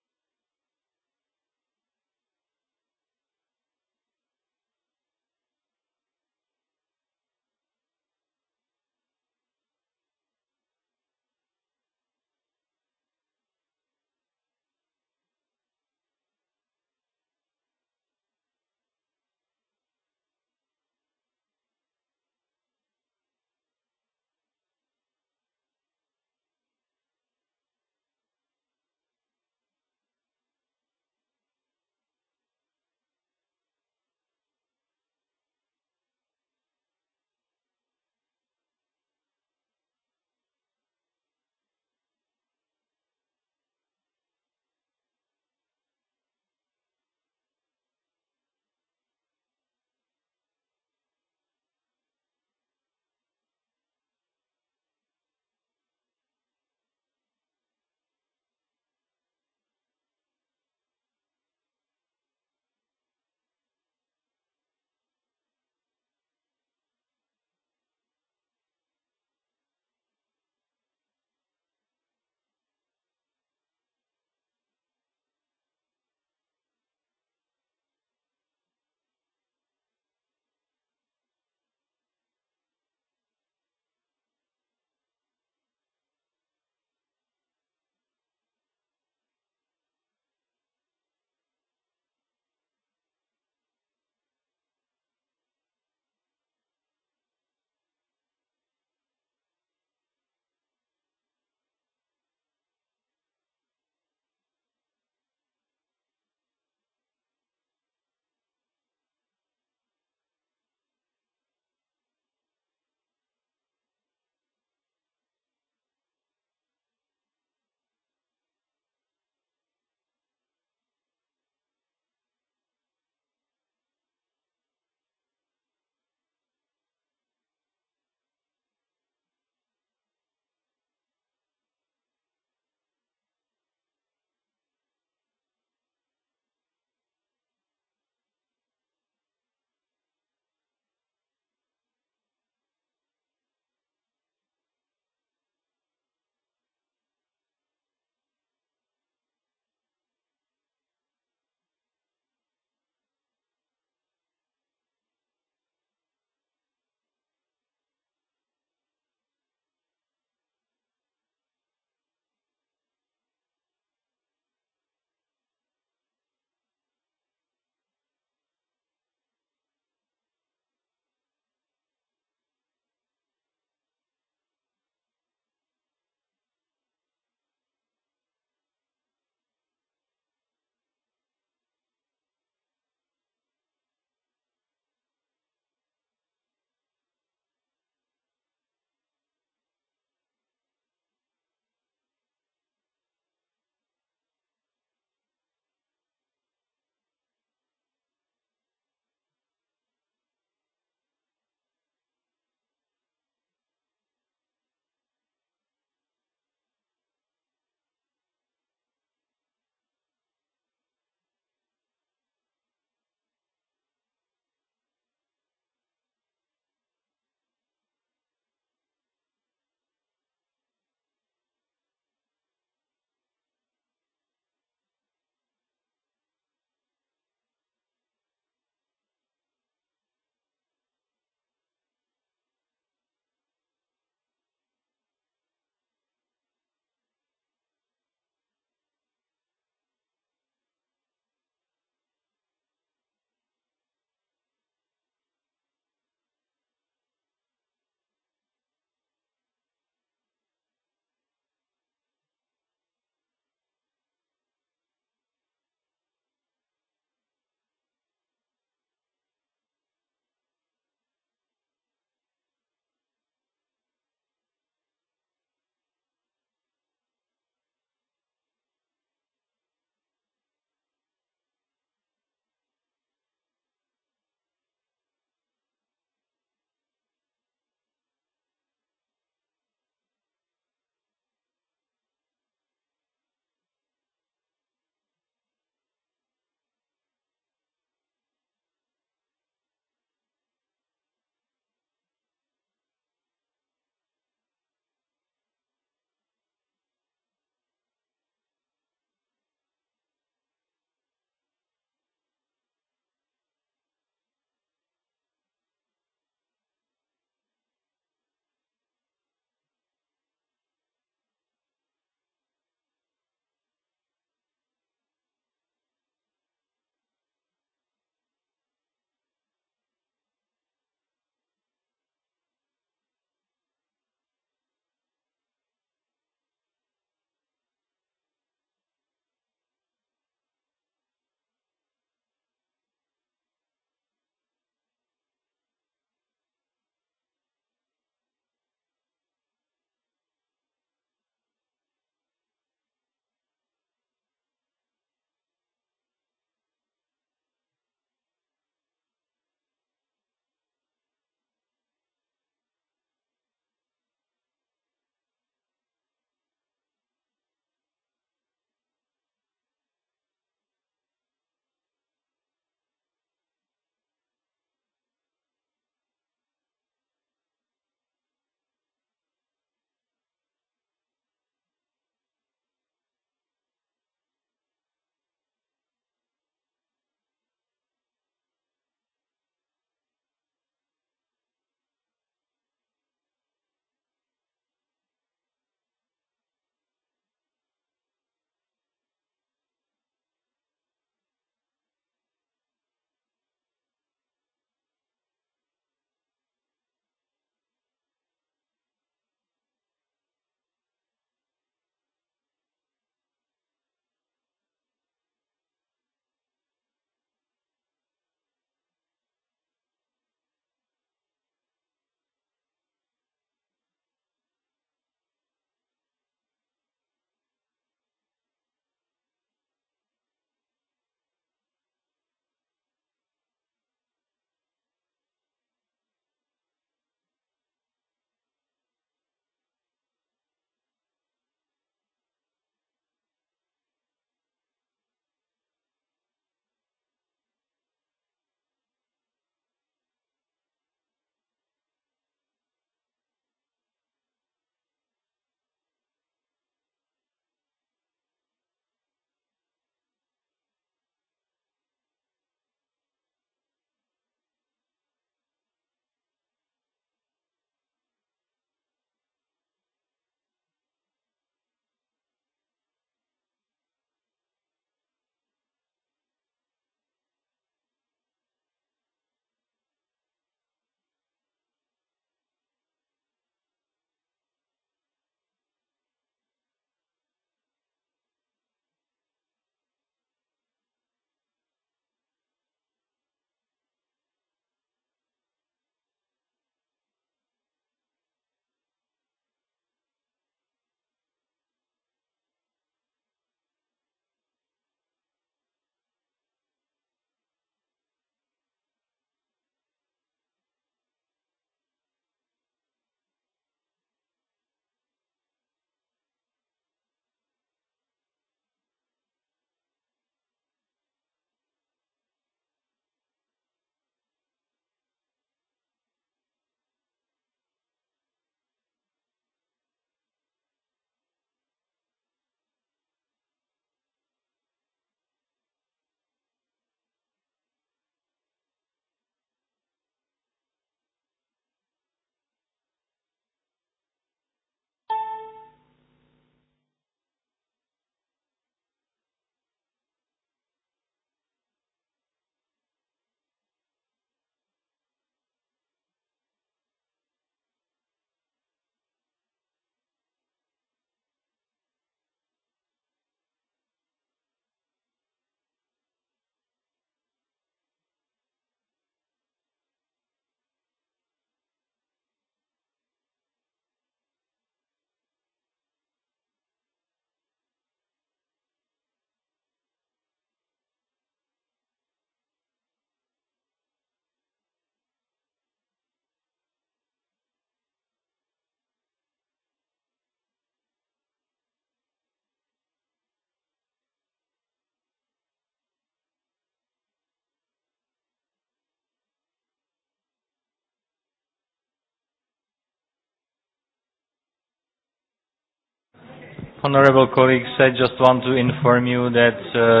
Honorable colleagues, I just want to inform you that. Uh,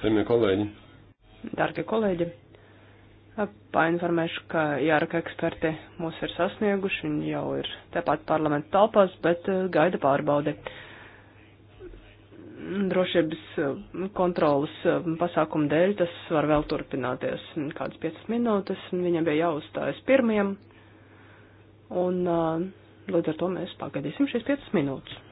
Cienījamie uh... kolēģi. Dārgie kolēģi, painformēšu, ka jāraka eksperti mūs ir sasnieguši, viņi jau ir tepat parlamenta telpās, bet uh, gaida pārbaudi. Drošības uh, kontrolas pasākumu dēļ tas var vēl turpināties kādas 5 minūtes, viņam bija jāuzstājas pirmiem, un līdz ar to mēs pagaidīsim šīs 5 minūtes.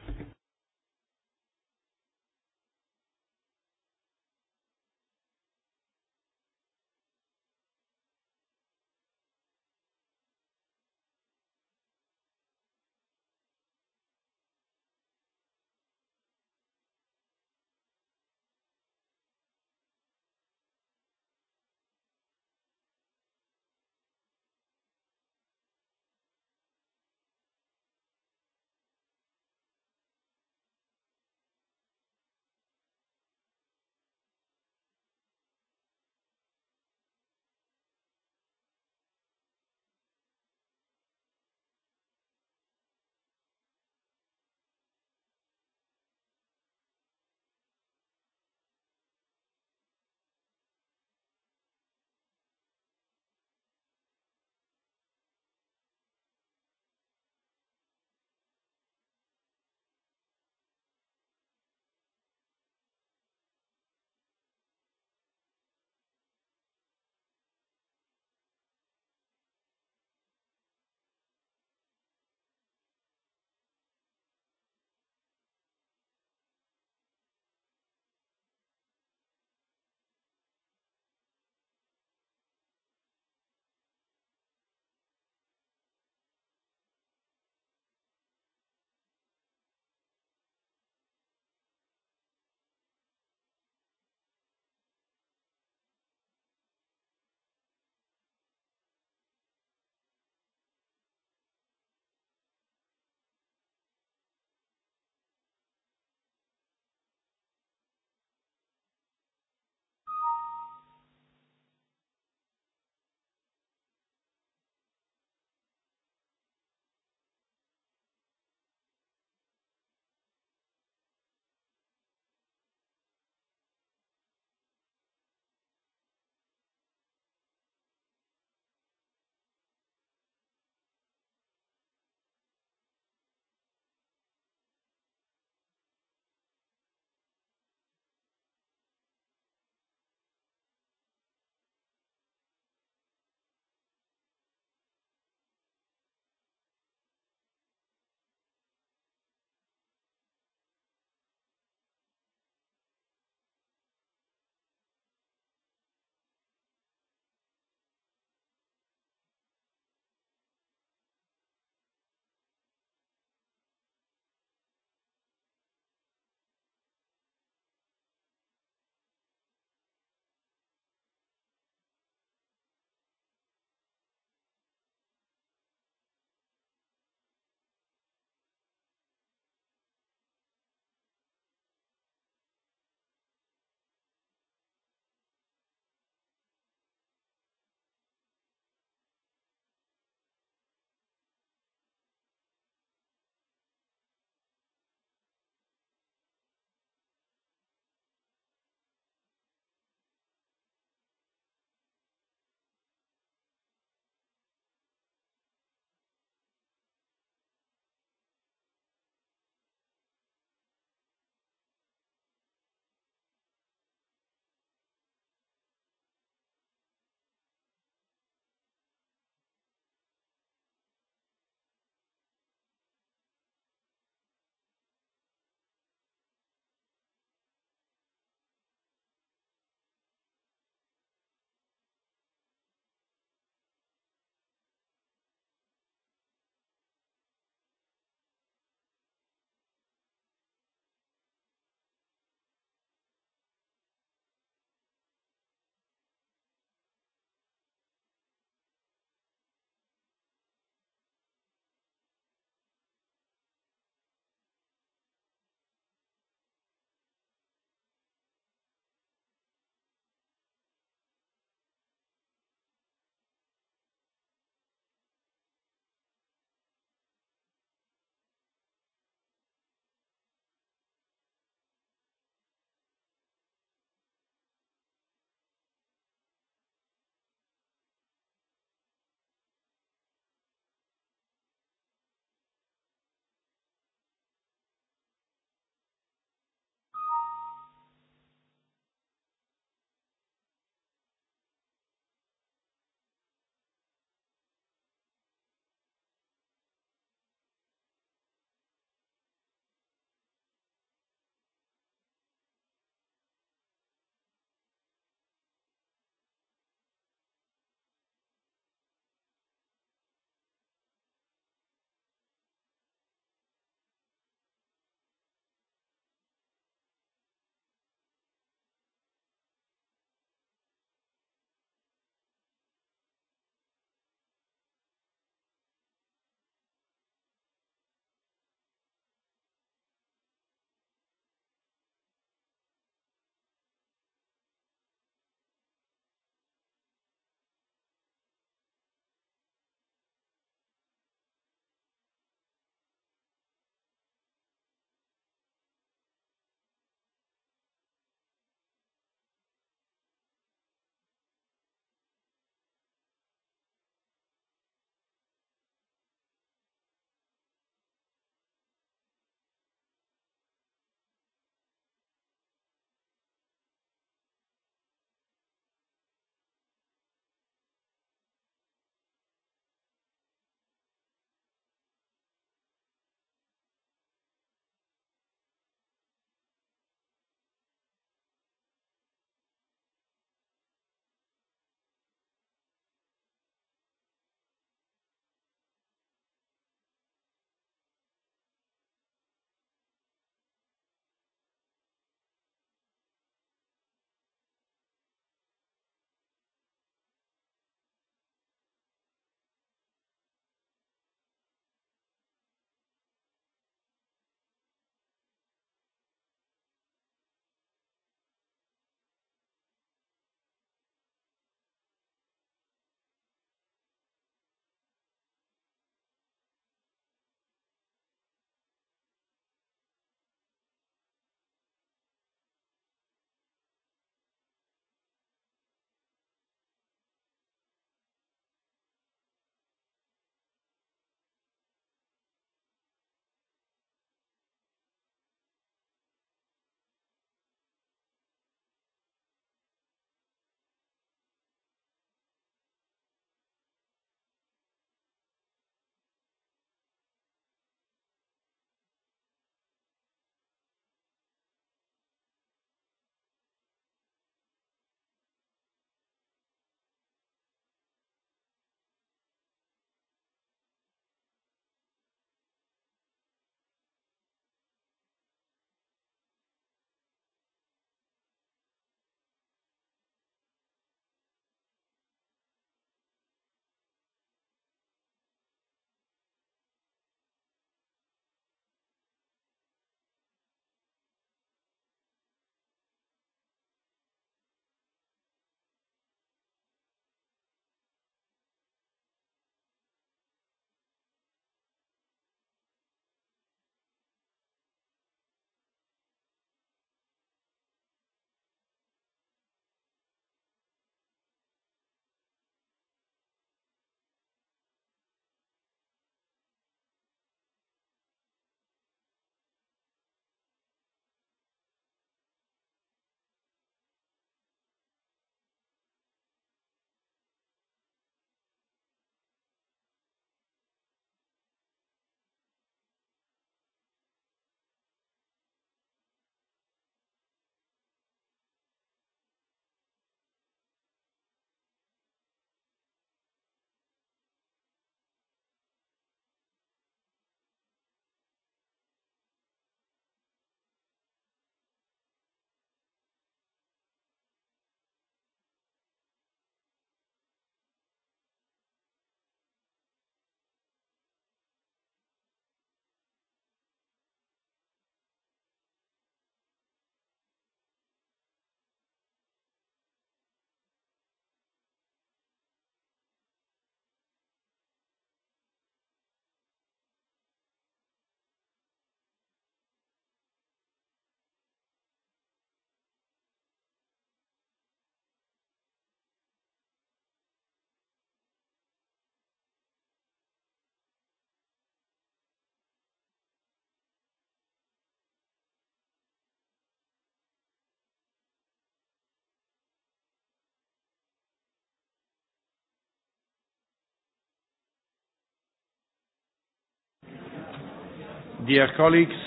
Dear colleagues,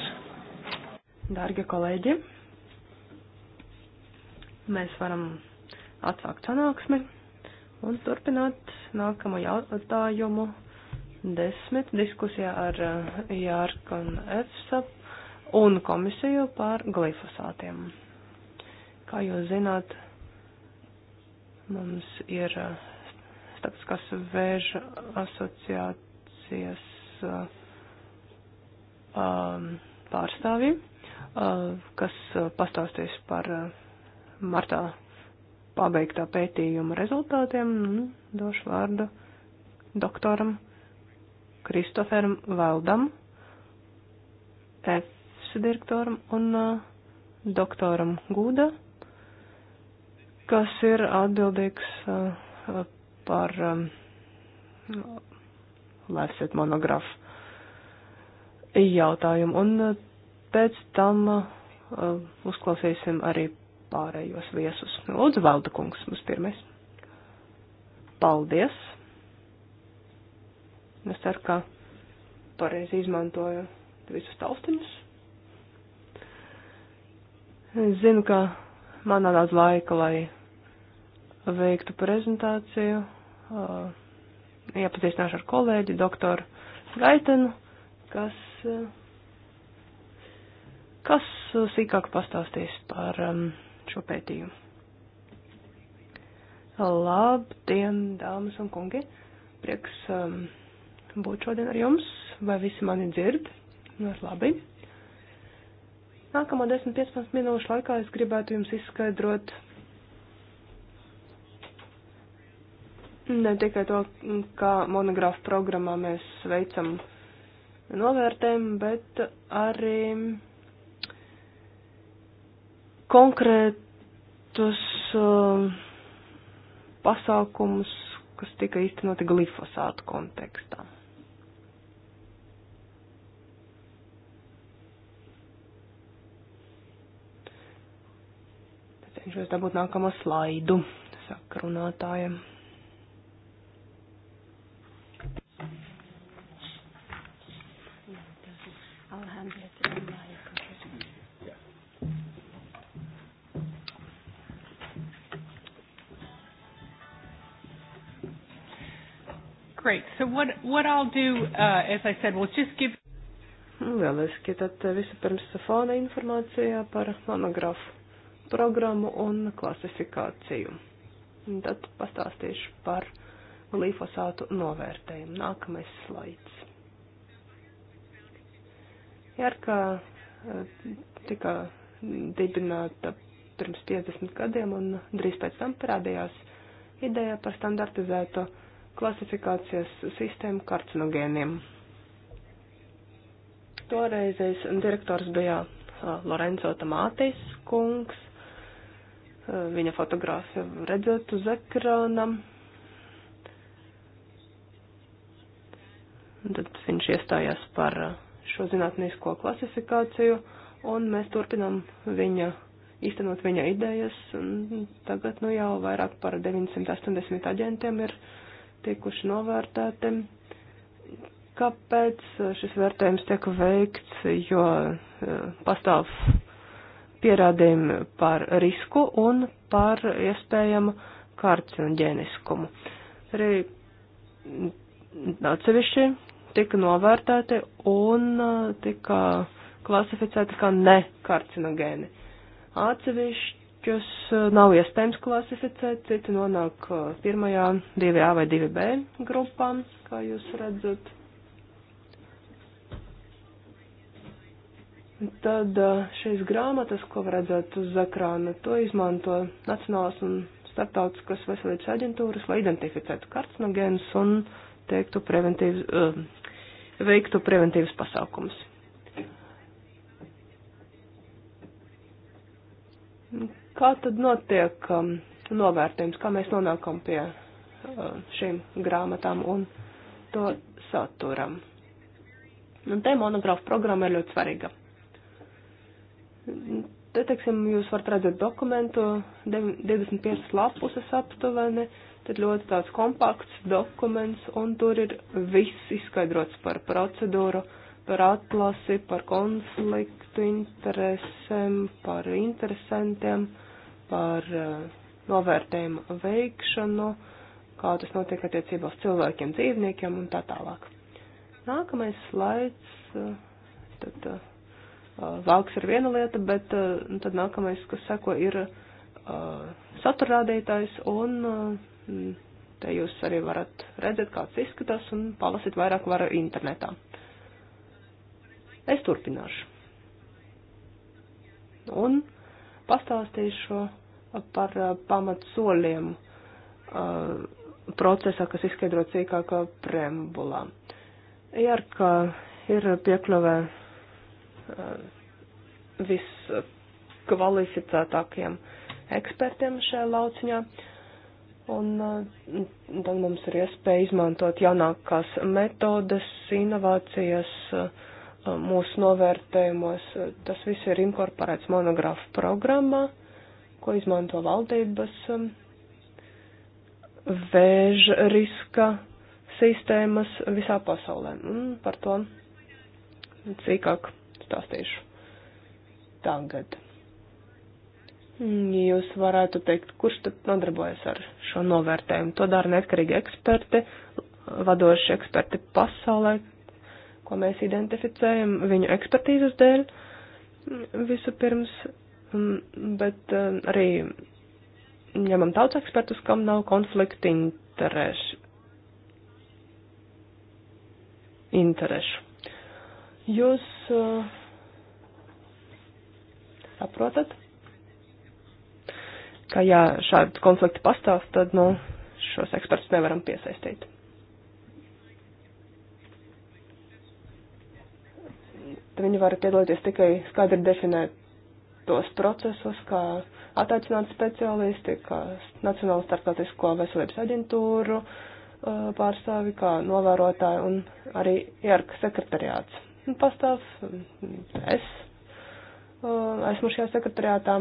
Dārgie kolēģi, mēs varam atsākt sanāksmi un turpināt nākamo jautājumu desmit diskusijā ar uh, Jārku un EFSA un komisiju par glifosātiem. Kā jūs zināt, mums ir uh, Statiskās vēža asociācijas uh, um, pārstāvi, uh, kas uh, pastāstīs par uh, martā pabeigtā pētījuma rezultātiem. Nu, došu vārdu doktoram Kristoferam Veldam, EFS direktoram un uh, doktoram Gūda, kas ir atbildīgs uh, par um, Lifeset monografu jautājumu, un eh, pēc tam eh, uzklausīsim arī pārējos viesus. Lūdzu, Valda kungs, mums pirmais. Paldies! Es ceru, ka pareizi izmantoju visus taustiņus. Es zinu, ka man nav daudz laika, lai veiktu prezentāciju, eh, iepazīstināšu ar kolēģi, doktoru Gaitenu, kas Eh, kas eh, sīkāk pastāstīs par šo pētījumu? Labdien, dāmas un kungi! Prieks būt šodien ar jums. Vai visi mani dzird? Ļoti nu, labi. Nākamā 10-15 minūšu laikā es gribētu jums izskaidrot ne tikai to, kā monogrāfu programmā mēs veicam novērtējumu, bet arī konkrētus uh, pasākumus, kas tika īstenoti glifosātu kontekstā. Cenšos dabūt nākamo slaidu, saka runātājiem. Great. So what, what I'll do, uh, as I said, we'll just give. Lieliski, tad uh, vispirms fona informācijā par monografu programmu un klasifikāciju. Un tad pastāstīšu par glifosātu novērtējumu. Nākamais slaids. Jērkā uh, tika dibināta pirms 50 gadiem un drīz pēc tam parādījās ideja par standartizēto klasifikācijas sistēmu karcinogēniem. Toreizais direktors bija Lorenzo Tamātis kungs. Viņa fotogrāfija redzēt uz ekrāna. Tad viņš iestājās par šo zinātnīsko klasifikāciju, un mēs turpinām viņa, īstenot viņa idejas. Tagad nu jau vairāk par 980 aģentiem ir uh, tikuši novērtēti. Kāpēc šis vērtējums tiek veikts, jo e, pastāv pierādījumi par risku un par iespējamu karcinogēniskumu. Arī atsevišķi tika novērtēti un e, tika klasificēti kā nekarcinogēni. Atsevišķi riskļus eh, nav iespējams klasificēt, citi nonāk eh, pirmajā 2A vai 2B grupā, kā jūs redzat. Tad eh, šīs grāmatas, ko redzat uz ekrāna, to izmanto Nacionālās un Startautiskas veselības aģentūras, lai identificētu karcinogēnus un teiktu preventīvas, uh, veiktu preventīvas pasākumus. Kā tad notiek um, novērtējums, kā mēs nonākam pie uh, šīm grāmatām un to saturam? Un te monogrāfa programma ir ļoti svarīga. Te, teiksim, jūs varat redzēt dokumentu, 25 lapuses aptuveni, tad ļoti tāds kompakts dokuments, un tur ir viss izskaidrots par procedūru, par atlasi, par konfliktu interesēm, par interesantiem. Uh, par eh, novērtējumu veikšanu, kā tas notiek attiecībā uz cilvēkiem, dzīvniekiem un tā tālāk. Nākamais slaids, eh, tad eh, vāks ir viena lieta, bet tad nākamais, kas seko, ir saturrādītājs un te jūs arī varat redzēt, kāds izskatās un palasīt vairāk varu internetā. Es turpināšu. Un pastāstīšu uh, par uh, pamatsoļiem uh, procesā, kas izskaidrots cīkāk preambulā. Jārka ir piekļuvē viskvalificētākiem ekspertiem šajā lauciņā. Un tad mums ir iespēja izmantot jaunākās metodes, inovācijas, uh, mūsu novērtējumos. Tas viss ir inkorporēts monogrāfu programmā, ko izmanto valdības um, vēža riska sistēmas visā pasaulē. Un par to cīkāk stāstīšu tagad. Jūs varētu teikt, kurš tad nodarbojas ar šo novērtējumu? To dara neatkarīgi eksperti, vadoši eksperti pasaulē, ko mēs identificējam viņu ekspertīzes dēļ vispirms, mm, bet eh, arī ņemam daudz ekspertus, kam nav konflikta interešu. interešu. Jūs uh, saprotat, ka ja šādi konflikti pastāv, tad nu, šos ekspertus nevaram piesaistīt. tad viņi var piedalīties tikai skaidri definētos procesos, kā attaicināt speciālisti, kā Nacionālo starptautisko veselības aģentūru uh, pārstāvi, kā novērotāji un arī IRK sekretariāts. Pastāv mm, es, uh, esmu šajā sekretariātā,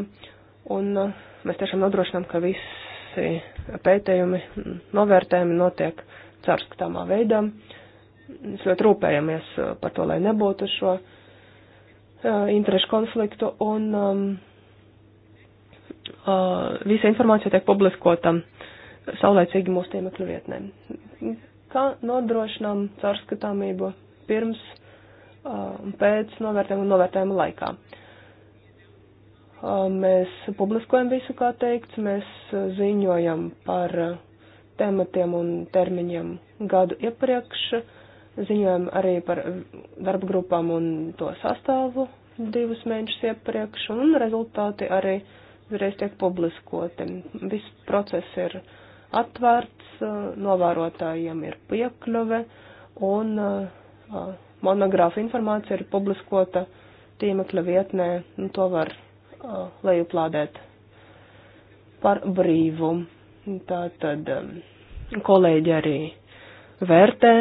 un uh, mēs tiešām nodrošinām, ka visi pētējumi, mm, novērtējumi notiek caurskatāmā veidā. Mēs ļoti rūpējamies par to, lai nebūtu šo uh, Uh, interešu konfliktu un um, uh, visa informācija tiek publiskota saulēcīgi mūsu tiemekļu vietnēm. Kā nodrošinām caurskatāmību pirms uh, un pēc novērtējuma un novērtējuma laikā? Uh, mēs publiskojam visu, kā teikts, mēs uh, ziņojam par uh, tematiem un termiņiem gadu iepriekš. Uh, ziņojumu arī par darba grupām un to sastāvu divus mēnešus iepriekš, un rezultāti arī uzreiz tiek publiskoti. Viss process ir atvērts, novērotājiem ir piekļuve, un monogrāfa informācija ir publiskota tīmekļa vietnē, un to var lejuplādēt par brīvu. Tā tad kolēģi arī vērtē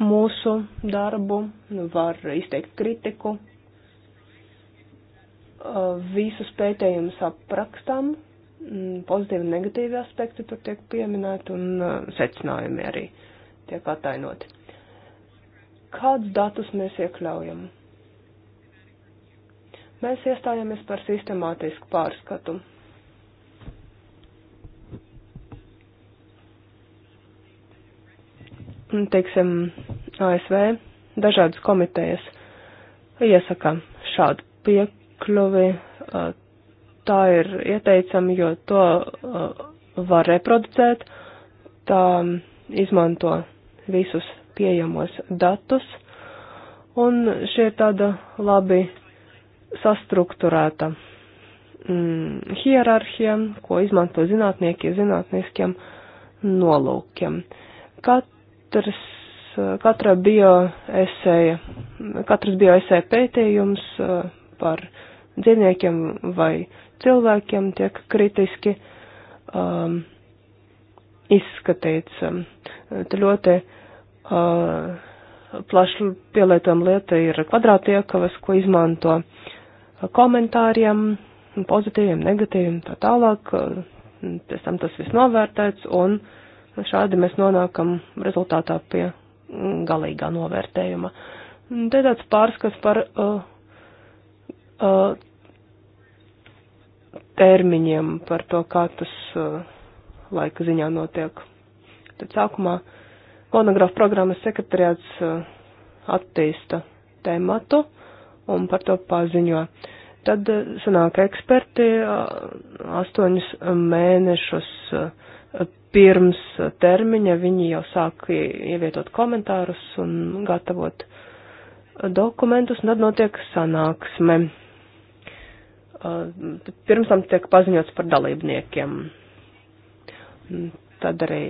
mūsu darbu, var izteikt kritiku. Uh, visus pētījumus aprakstām, mm, pozitīvi un negatīvi aspekti tur tiek pieminēti un uh, secinājumi arī tiek atainoti. Kādus datus mēs iekļaujam? Mēs iestājāmies par sistemātisku pārskatu Nu, teiksim, ASV dažādas komitejas iesaka šādu piekļuvi. Tā ir ieteicama, jo to var reproducēt. Tā izmanto visus pieejamos datus. Un šie ir tāda labi sastruktūrēta mm, hierarhija, ko izmanto zinātnieki zinātniskiem nolūkiem. Kat Katrs, katra bioesēja, katrs bioesēja pētījums eh, par dzīvniekiem vai cilvēkiem tiek kritiski um, izskatīts. Te ļoti uh, plaši pielietojama lieta ir kvadrātiekavas, ko izmanto komentāriem, pozitīviem, negatīviem, tā tālāk. Pēc tam tas viss novērtēts un uh, Šādi mēs nonākam rezultātā pie mm, galīgā novērtējuma. Te tāds pārskats par uh, uh, termiņiem, par to, kā tas uh, laika ziņā notiek. Tad sākumā fonogrāfa programmas sekretariāts uh, attīsta tēmatu un par to paziņo. Tad uh, sanāk eksperti uh, astoņus mēnešus uh, pirms termiņa viņi jau sāk ievietot komentārus un gatavot dokumentus, un tad notiek sanāksme. Uh, pirms tam tiek paziņots par dalībniekiem. Tad arī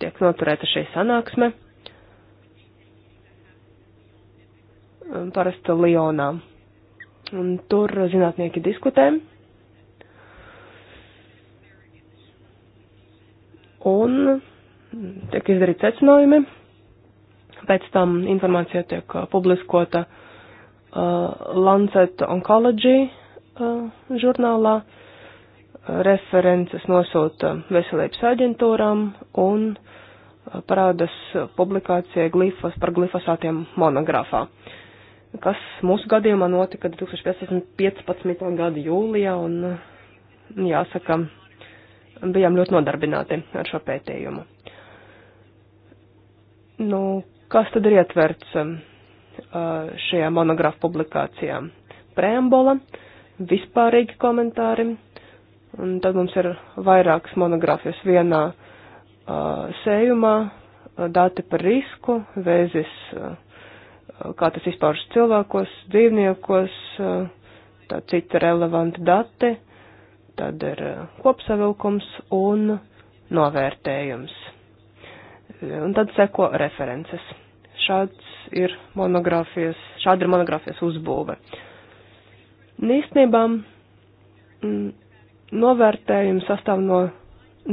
tiek noturēta šī sanāksme. Parasti Lionā. Un tur zinātnieki diskutē. un tiek izdarīti secinājumi. Pēc tam informācija tiek uh, publiskota uh, Lancet Oncology uh, žurnālā. References nosūta veselības aģentūram un uh, parādas publikācija glifos par glifosātiem monogrāfā, kas mūsu gadījumā notika 2015. gada jūlijā un uh, jāsaka, bijām ļoti nodarbināti ar šo pētījumu. Nu, kas tad ir ietverts um, uh, šajā monogrāfa publikācijā? Preambula, vispārīgi komentāri, un tad mums ir vairākas monogrāfijas vienā uh, sējumā, uh, dati par risku, vēzis, kā tas izpaužas cilvēkos, dzīvniekos, tā cita relevanti dati Tad ir eh, kopsavilkums un novērtējums. Eh, un tad seko references. Šāds ir monogrāfijas, šāda ir monogrāfijas uzbūve. Un īstenībā mm, novērtējums sastāv no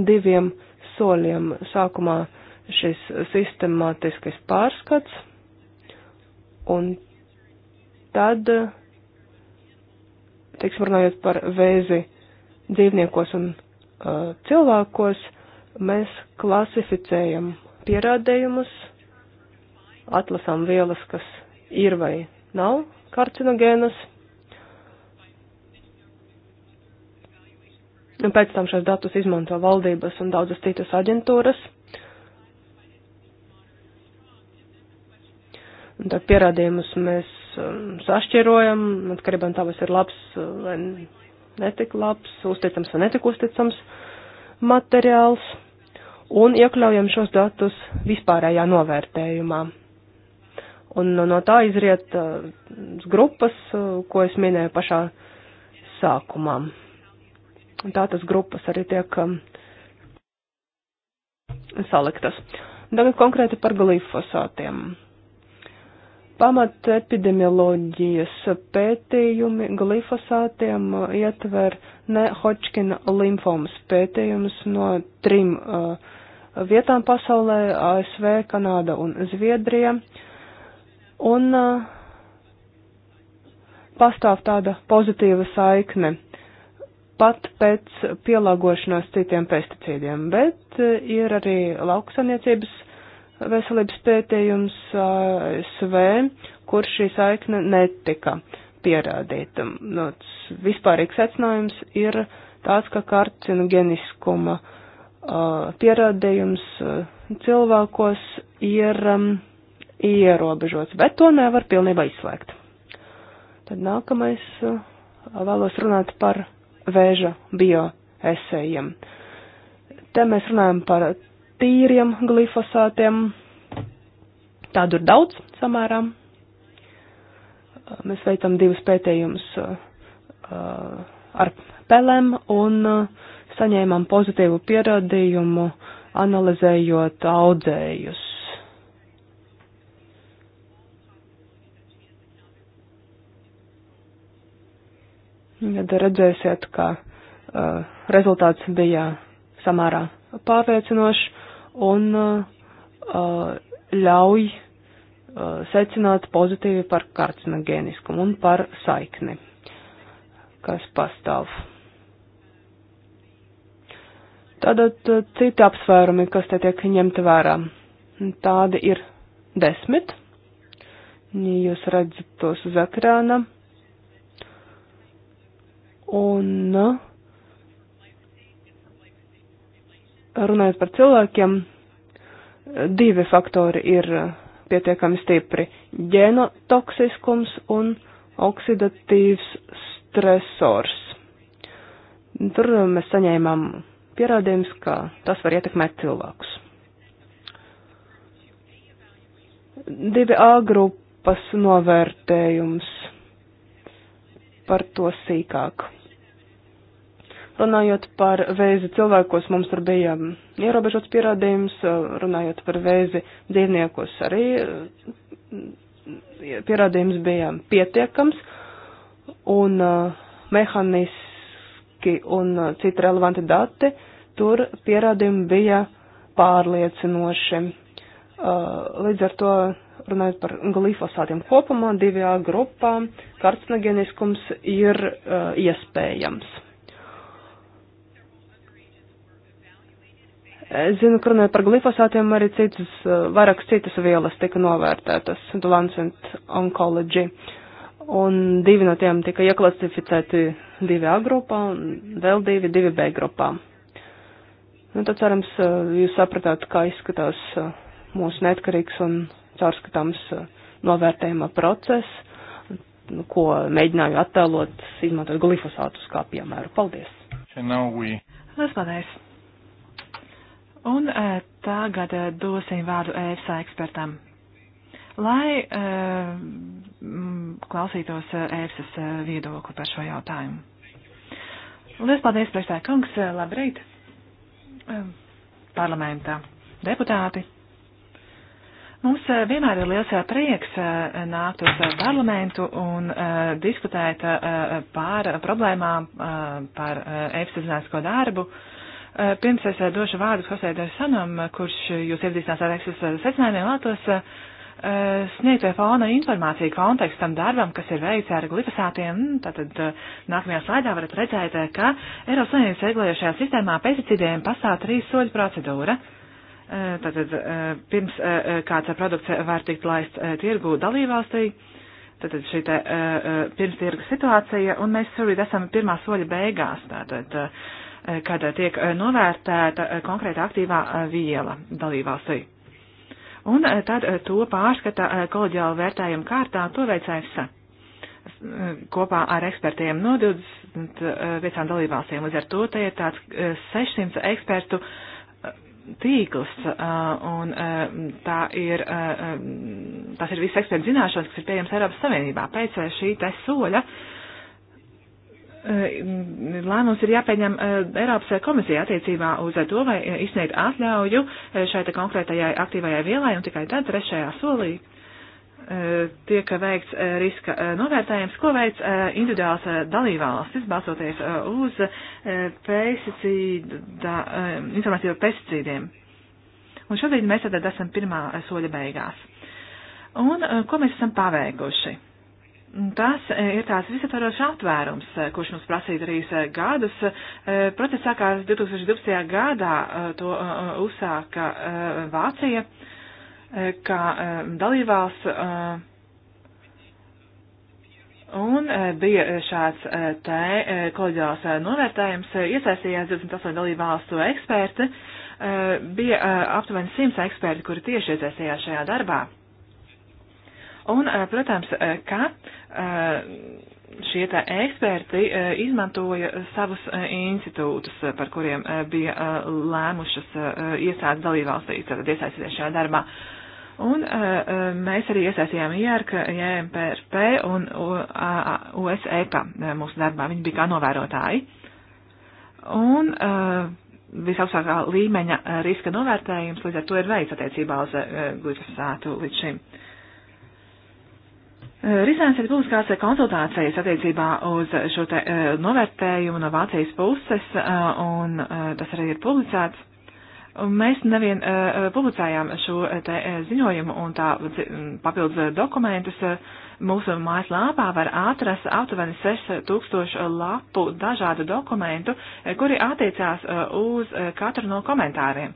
diviem soļiem. Sākumā šis sistemātiskais pārskats, un tad, eh, teiksim, runājot par vēzi dzīvniekos un uh, cilvēkos mēs klasificējam pierādējumus, atlasām vielas, kas ir vai nav karcinogēnas. Un pēc tam šos datus izmanto valdības un daudzas citas aģentūras. Un tad pierādījumus mēs um, sašķirojam, atkarībā no tā, vai tas ir labs vai netik labs, uzticams vai netik uzticams materiāls, un iekļaujam šos datus vispārējā novērtējumā. Un no tā izriet uh, grupas, uh, ko es minēju pašā sākumā. Tā tas grupas arī tiek um, saliktas. Tagad konkrēti par glifosātiem. Pamat epidemioloģijas pētījumi glifosātiem uh, ietver ne Hodžkina limfomas pētījumus no trim uh, vietām pasaulē - ASV, Kanāda un Zviedrija. Un uh, pastāv tāda pozitīva saikne pat pēc pielāgošanās citiem pesticīdiem, bet uh, ir arī lauksaniecības veselības pētījums ASV, kur šī saikne netika pierādīta. No, nu, vispārīgs secinājums ir tāds, ka karcinogeniskuma uh, pierādījums uh, cilvēkos ir um, ierobežots, bet to nevar pilnībā izslēgt. Tad nākamais uh, vēlos runāt par vēža bioesējiem. Te mēs runājam par tīriem glifosātiem. Tādu ir daudz samērā. Mēs veicam divus pētījumus ar pelēm un saņēmām pozitīvu pierādījumu, analizējot audzējus. Tad redzēsiet, ka uh, rezultāts bija samērā pārliecinošs un uh, uh, ļauj uh, secināt pozitīvi par karcinogēniskumu un par saikni, kas pastāv. Tātad uh, citi apsvērumi, kas te tiek ņemti vērā. Tādi ir desmit. Jūs redzat tos uz ekrāna. Un uh, runājot par cilvēkiem, divi faktori ir pietiekami stipri - ģenotoksiskums un oksidatīvs stresors. Tur mēs saņēmām pierādījums, ka tas var ietekmēt cilvēkus. 2A grupas novērtējums par to sīkāk. Runājot par vēzi cilvēkos, mums tur bija um, ierobežots pierādījums, uh, runājot par vēzi dzīvniekus arī uh, pierādījums bija pietiekams, un uh, mehaniski un citi relevanti dati, tur pierādījumi bija pārliecinoši. Līdz ar to runājot par glifosātiem kopumā, divajā grupā karcinogeniskums ir iespējams. Es zinu, ka runājot par glifosātiem, arī citas, eh, vairākas citas vielas tika novērtētas Lancet Oncology. Un divi no tiem tika ieklasificēti divi A grupā un vēl divi, divi B grupā. Nu, tad cerams, eh, jūs sapratāt, kā izskatās eh, mūsu neatkarīgs un caurskatāms novērtējuma process, nu, ko mēģināju attēlot, izmantojot glifosātus kā piemēru. Paldies! Liels paldies! Un e, tagad e, dosim vārdu EFSA ekspertam, lai e, m, klausītos EFSAS e e, viedokli par šo jautājumu. Lielas paldies, priekšstāja kungs, e, labrīt, parlamentā deputāti. Mums vienmēr ir liels prieks nākt uz parlamentu un diskutēt par problēmām, par EFSA zinātnisko darbu Eh, pirms es eh, došu vārdu Hosēdai Sanam, eh, kurš jūs iepazīstinās ar ekslibrācijas secinājumiem, vēlētos sniegt fona informāciju kontekstam darbam, kas ir veikts ar glifosātiem. Mm, tātad nākamajā slaidā varat redzēt, ka Eiropas Savienības regulējošajā sistēmā pesticīdiem pastāv trīs soļu procedūra. Tātad pirms kāds produkts var tikt laists tirgū dalībvalstī, tātad šī te pirms tirga situācija, un mēs šobrīd esam pirmā soļa beigās. Tātad, kad tiek novērtēta konkrēta aktīvā viela dalībvalstī. Un tad to pārskata koleģiāla vērtējuma kārtā, to veic EFSA kopā ar ekspertiem no 25 dalībvalstīm. Līdz ar to te ir tāds 600 e, ekspertu e, tīkls, e, un tā ir, tas ir viss ekspertu zināšanas, kas ir pieejams Eiropas Savienībā. Pēc šī te soļa Eh, lēmums ir jāpieņem eh, Eiropas komisija attiecībā uz to, vai eh, izsniegt atļauju šai konkrētajai aktīvajai vielai, un tikai tad trešajā solī tiek veikts riska novērtējums, ko veids individuāls dalībvalstis, balsoties uz pesticīda, informāciju par pesticīdiem. Un šobrīd mēs tad esam pirmā soļa beigās. Un ko mēs esam paveikuši? Tas e, ir tās visaptvarošs aptvērums, e, kurš mums prasīja trīs e, gadus. Process sākās 2012. gadā, to uzsāka Vācija, kā dalībvalsts. Un bija šāds te koleģiāls novērtējums, iesaistījās 28 dalībvalstu eksperti, bija aptuveni 100 eksperti, kuri tieši iesaistījās šajā darbā. Un, eh, protams, eh, ka eh, šie tā eksperti izmantoja savus institūtus, par kuriem bija lēmušas iestādes dalībvalstīs, tad iesaistīties šajā darbā. Un mēs arī iesaistījām IRK, JMPRP un USEPA e mūsu darbā. Viņi bija kā novērotāji. Un visaugstākā līmeņa riska novērtējums līdz ar to ir veids attiecībā uz glifosātu līdz šim. Uh, Eh, risinājums ir būs kāds konsultācijas attiecībā uz šo te eh, novērtējumu no Vācijas puses, eh, un tas arī ir publicēts. Mēs nevien publicējām šo te ziņojumu un tā mm, papildus dokumentus. Mūsu mājas lāpā var atrast aptuveni 6000 lapu dažādu dokumentu, kuri attiecās uz katru no komentāriem.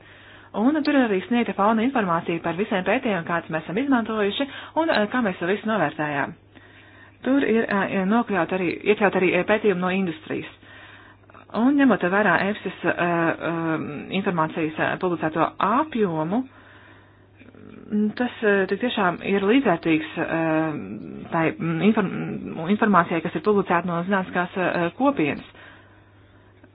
Un tur arī sniegta fauna informācija par visiem pētījumiem, kādus mēs esam izmantojuši un eh, kā mēs to visu novērtējām. Tur ir eh, nokļaut arī, iekļaut arī eh, pētījumi no industrijas. Un ņemot vērā EFSIS uh, uh, informācijas uh, publicēto apjomu, mm, tas tik tiešām ir līdzvērtīgs tai mm, inform, informācijai, kas ir publicēta no zinātniskās kopienas.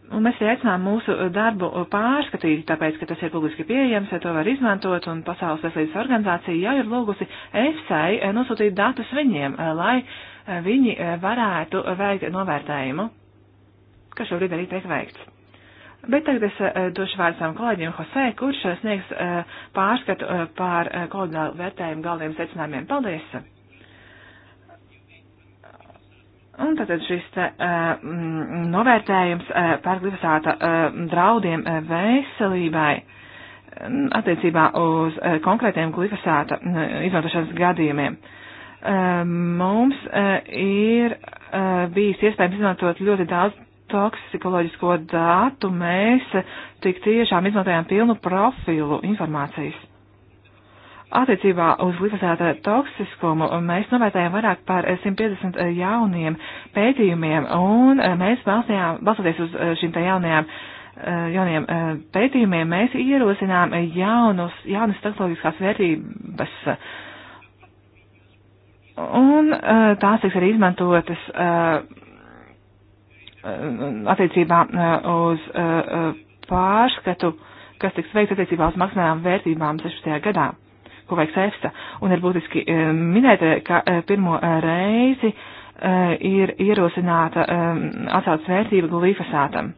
Un mēs arī aicinām mūsu darbu pārskatīt, tāpēc, ka tas ir publiski pieejams, ja to var izmantot, un Pasaules veselības organizācija jau ir lūgusi EFSAI eh, nosūtīt datus viņiem, eh, lai eh, viņi varētu veikt novērtējumu, kas šobrīd arī tiek veikts. Bet tagad es došu vārdu savam kolēģim Hosē, kurš sniegs pārskatu pār kolēģinālu vērtējumu galviem secinājumiem. Paldies! Un tātad šis te, uh, novērtējums uh, par glifosāta uh, draudiem uh, veselībai mm, attiecībā uz uh, konkrētiem glifosāta uh, izmantošanas gadījumiem. Uh, mums uh, ir uh, bijis iespējams izmantot ļoti daudz toksikoloģisko datu. Mēs uh, tik tiešām izmantojām pilnu profilu informācijas. Attiecībā uz glifosāta toksiskumu mēs novērtējam vairāk par 150 jauniem pētījumiem, un mēs balstījām, balstoties uz eh, šīm tā jaunajām, eh, jauniem eh, pētījumiem, mēs ierosinām jaunus, jaunas tehnoloģiskās vērtības, un tās tiks arī izmantotas attiecībā uz pārskatu, kas tiks veikts attiecībā uz maksimālām vērtībām 16. gadā ko veiks EFSA. Un ir būtiski eh, minēt, eh, ka eh, pirmo reizi ir ierosināta atsaucas vērtība glifosātam.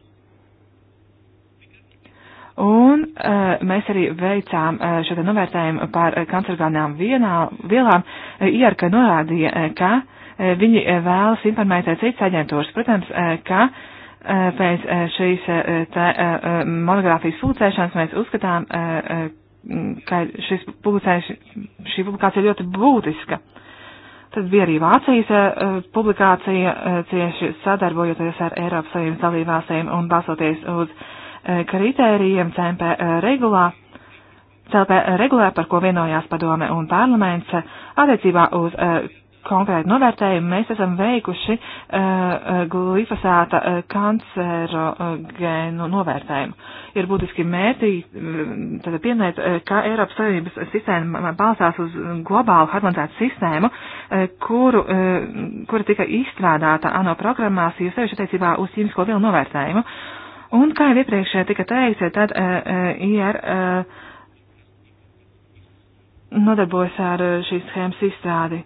Un uh, mēs arī veicām uh, šo te novērtējumu par kancergānām vielām. IRK norādīja, ka uh, viņi vēlas informēt citas aģentūras. Protams, uh, ka uh, pēc šīs te, monogrāfijas pulcēšanas mēs uzskatām, Mm, ka šis šī publikācija ļoti būtiska. Tad bija arī Vācijas uh, publikācija uh, cieši sadarbojoties ar Eiropas Savienības dalībvalstīm un balsoties uz uh, kritērijiem CMP regulā. CLP regulē, par ko vienojās padome un parlaments, attiecībā uz konkrētu novērtējumu mēs esam veikuši uh, uh, glifosāta uh, kancerogēnu novērtējumu. Ir būtiski mērķi mm, pieminēt, uh, ka Eiropas Savienības sistēma balstās uz globālu harmonizētu sistēmu, uh, kuru, uh, kura tika izstrādāta ANO programmās, jo sevišķi attiecībā uz ķīmisko vielu novērtējumu. Un, kā jau iepriekš uh, tika teikts, uh, tad uh, uh, ir. Uh, nodarbojas ar šīs schēmas izstrādi.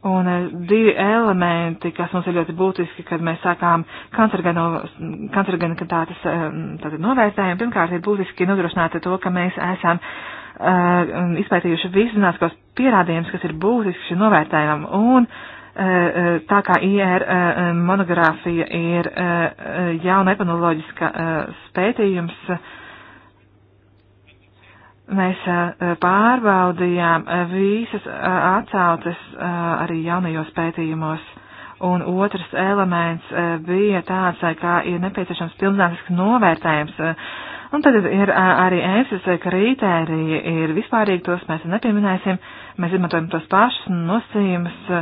Un eh, divi elementi, kas mums ir ļoti būtiski, kad mēs sākām kancerogenitātes eh, novērtējumu, pirmkārt ir būtiski nodrošināt to, ka mēs esam uh, izpētījuši visus zinātniskos pierādījumus, kas ir būtiski šim novērtējumam. Un uh, tā kā IR uh, monogrāfija ir jauna epidemioloģiska spētījums, Mēs pārbaudījām visas atsauces arī jaunajos pētījumos, un otrs elements bija tāds, kā ir nepieciešams pilnzānisks novērtējums. Un tad ir arī ēsis kriteriji, ir vispārīgi tos mēs nepieminēsim, mēs izmantojam tos pašus nosījumus,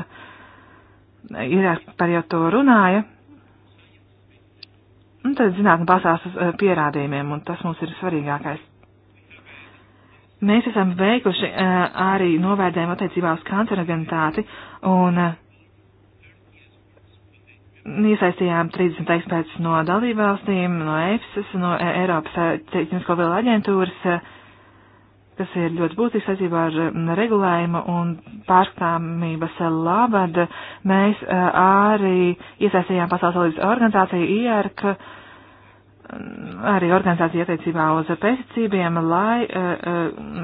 ir par jau to runāja. Un tad zinātni balstās uz pierādījumiem, un tas mums ir svarīgākais. Mēs esam veikuši eh, arī novērtējumu attiecībā uz kancerogenitāti un eh, iesaistījām 30 ekspertus no dalībvalstīm, no EFSAS, no eh, Eiropas Tehnisko vielu aģentūras, kas ir ļoti būtisks saistībā ar mm, regulējumu un pārskatāmības labad. Mēs arī iesaistījām Pasaules valības organizāciju IARC arī organizācija attiecībā uz pesticīdiem, lai eh, eh,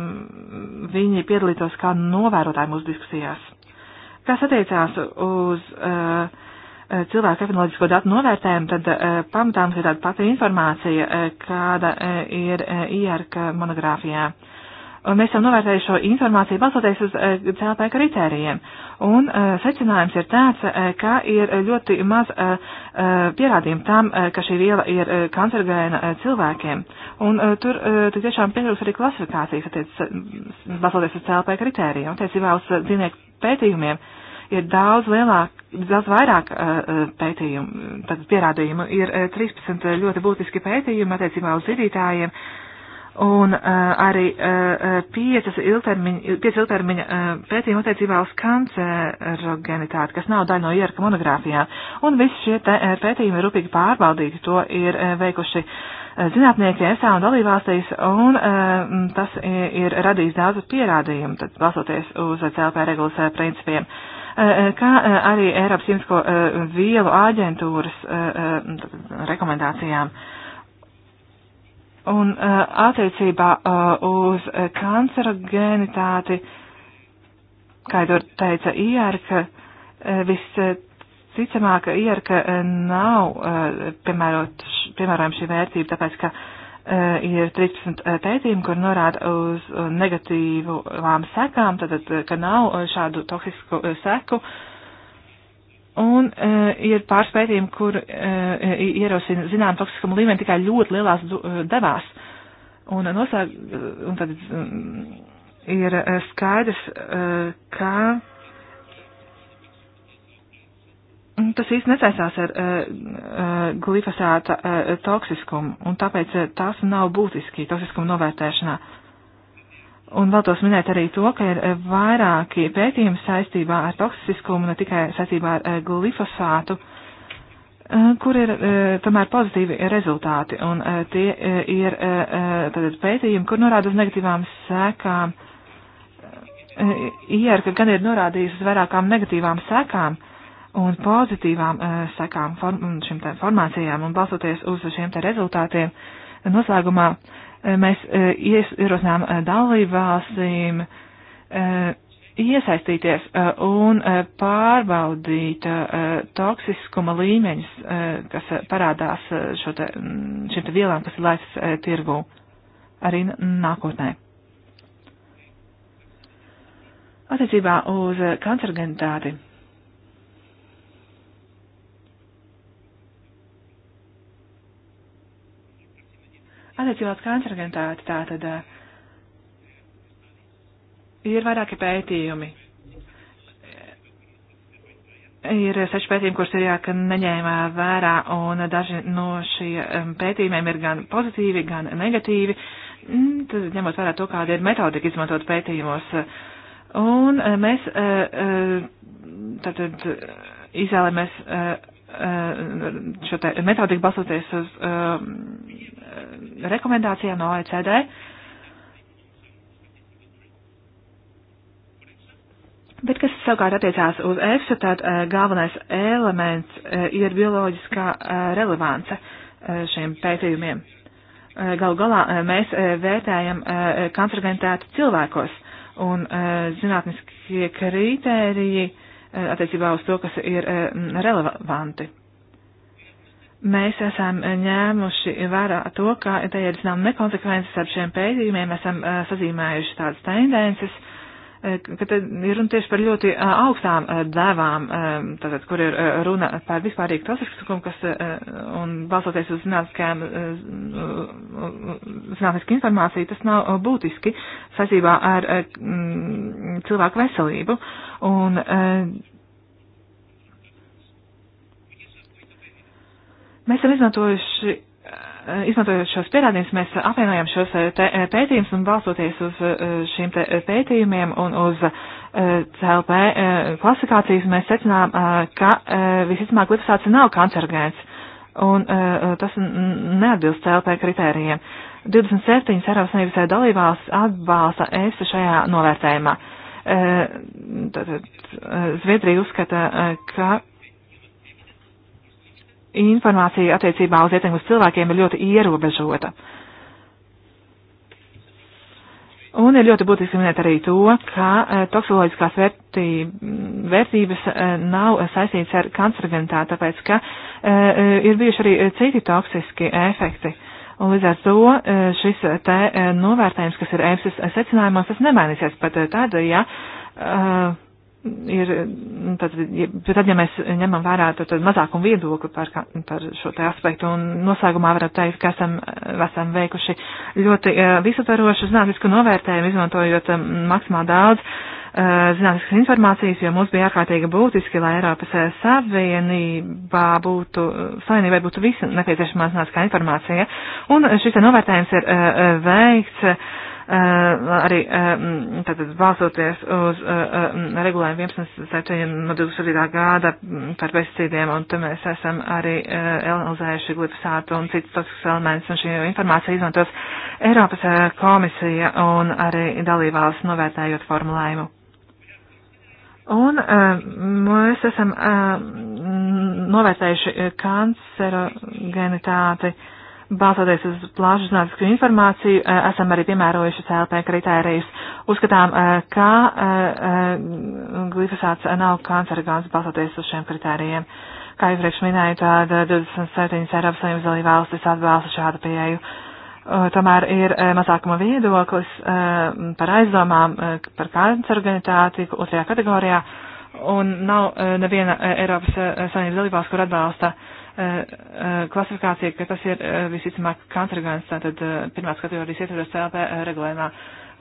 viņi piedalītos kā novērotāji mūsu diskusijās. Kas attiecās uz eh, cilvēku epidemioloģisko datu novērtējumu, tad pamatā mums ir tāda pati informācija, kāda ir IARC monogrāfijā. Uh, Un mēs esam novērtējuši šo informāciju balsoties uz eh, CLP kritērijiem. Un eh, secinājums ir tāds, eh, ka ir ļoti maz pierādījumu tam, ka šī viela ir kancergēna cilvēkiem. Un tur tiešām pietrūks arī klasifikācijas, attiec, balsoties uz CLP kritērijiem, attiecībā uz dzīvnieku pētījumiem. Ir daudz lielāk, daudz vairāk pētījumu, tad pierādījumu. Ir 13 ļoti būtiski pētījumi attiecībā uz zidītājiem, un uh, arī uh, uh piecas ilgtermiņa, piecas ilgtermiņa uh, pētījuma attiecībā uz kancerogenitāti, kas nav daļa no ierka monogrāfijām. Un visi šie te, eh, pētījumi ir rūpīgi pārbaudīti, to ir uh, veikuši eh, zinātnieki ESA un dalībvalstīs, un uh, tas ir radījis daudz pierādījumu, tad balsoties uz CLP regulas principiem. Uh, kā arī Eiropas ķīmisko vielu aģentūras rekomendācijām. Un uh, attiecībā uh, uz kancerogēnitāti, kā jau teica Ierka, uh, visticamāk, ka Ierka nav uh, piemērot, piemērojama šī vērtība, tāpēc, ka uh, ir 13 pētījumi, kur norāda uz negatīvām sekām, tātad, ka nav šādu toksisku seku. Uh, Un uh, ir pārspētījumi, kur uh, ierosina zinām toksiskumu līmeni tikai ļoti lielās uh, e, devās. Un, uh, noslēg, uh, un tad um, ir uh, skaidrs, uh, ka tas īsti nesaistās ar uh, uh, glifosāta uh, toksiskumu, un tāpēc uh, tas nav būtiski toksiskumu novērtēšanā. Uh, Un vēl tos minēt arī to, ka ir eh, vairāki pētījumi saistībā ar toksiskumu, ne tikai saistībā ar eh, glifosātu, eh, kur ir tomēr pozitīvi rezultāti. Un tie ir tātad pētījumi, kur norāda uz negatīvām sekām. Ierka gan ir norādījusi uz vairākām negatīvām sekām un pozitīvām sekām form, šim te formācijām un balsoties uz šiem te rezultātiem noslēgumā Mēs e, ierosinām e, dalībvalstīm e, iesaistīties un pārbaudīt toksiskuma līmeņus, kas parādās šo te, šim te vielām, kas ir laistas tirgū arī nākotnē. Attiecībā uz kancerogenitāti Attiecībā uz kancerogenitāti tātad eh, ir vairāki pētījumi. Ir seši pētījumi, kurus ir jāka neņēmā vērā, un daži no šiem pētījumiem ir gan pozitīvi, gan negatīvi, mm, tad ņemot vērā to, kāda ir metodika izmantot pētījumos. Un eh, mēs eh, tātad izvēlamies šo te metodiku balstoties uz rekomendācijām no OECD. Bet kas savukārt attiecās uz EFSA, tad eh, galvenais elements eh, ir bioloģiskā eh, relevance šiem pētījumiem. Galu galā mēs vērtējam kancerogentētu cilvēkos un zinātniskie kriteriji attiecībā uz to, kas ir relevanti. Mēs esam ņēmuši vērā to, ka te ir zinām nekonsekvences ar šiem pētījumiem, esam eh, sazīmējuši tādas tendences, eh, ka te ir runa tieši par ļoti eh, augstām devām, tātad, kur ir runa par vispārīgu toksiskumu, kas, un balsoties uz zinātniskajām, zinātnisku informāciju, tas nav būtiski saistībā ar cilvēku veselību. Un, Mēs esam izmantojuši, eh, izmantojot šos pierādījumus, mēs apvienojam šos eh, eh, pētījumus un balstoties uz šiem pētījumiem un uz CLP klasifikācijas, mēs secinām, ka visticamāk glifosāts nav kancerogēns un tas neatbilst CLP kritērijiem. 27 Eiropas Savienības dalībvalsts atbalsta ESA šajā novērtējumā. Tātad Zviedrija uzskata, ka informācija attiecībā uz ietekmi uz cilvēkiem ir ļoti ierobežota. Un ir ļoti būtiski minēt arī to, ka e, toksikoloģiskās vērtī, vērtības e, nav saistītas ar kancerogenitāti, tāpēc ka e, ir bijuši arī citi toksiski efekti. Un līdz ar to šis te novērtējums, kas ir EFSAS secinājumos, tas nemainīsies pat tad, ja ir, nu, tad, tad, ja mēs ņemam vērā tad, tad mazākumu viedokli par, par šo te aspektu, un noslēgumā varam teikt, ka esam, esam veikuši ļoti eh, visaptvarošu zinātnisku novērtējumu, izmantojot eh, maksimāli daudz Eh, zinātniskas informācijas, jo mums bija ārkārtīgi būtiski, lai Eiropas eh, Savienībā būtu, eh, Savienībai būtu visa nepieciešamā zinātniskā informācija. Un šis novērtējums ir veikts arī tātad balsoties uz regulējumu 11.7. no 2002. gada par pesticīdiem, un te mēs esam arī analizējuši glifosātu un citas toksiskas elements, un šī informācija izmantos Eiropas komisija un arī dalībvalsts novērtējot formulējumu. Un mēs esam novērtējuši kancerogenitāti. Balstoties uz plašu zinātnisku informāciju, esam arī piemērojuši CLP kritērijus. Uzskatām, ka glifosāts nav kancerogāns balstoties uz šiem kritērijiem. Kā iepriekš minēju, tad 27 Eiropas Savienības dalībvalstis atbalsta šādu pieeju tomēr ir mazākuma viedoklis par aizdomām par kancerogenitāti otrajā kategorijā, un nav neviena Eiropas Savienības dalībās, kur atbalsta klasifikācija, ka tas ir visticamāk kancerogēns, tātad pirmās kategorijas ietveros CLP regulējumā.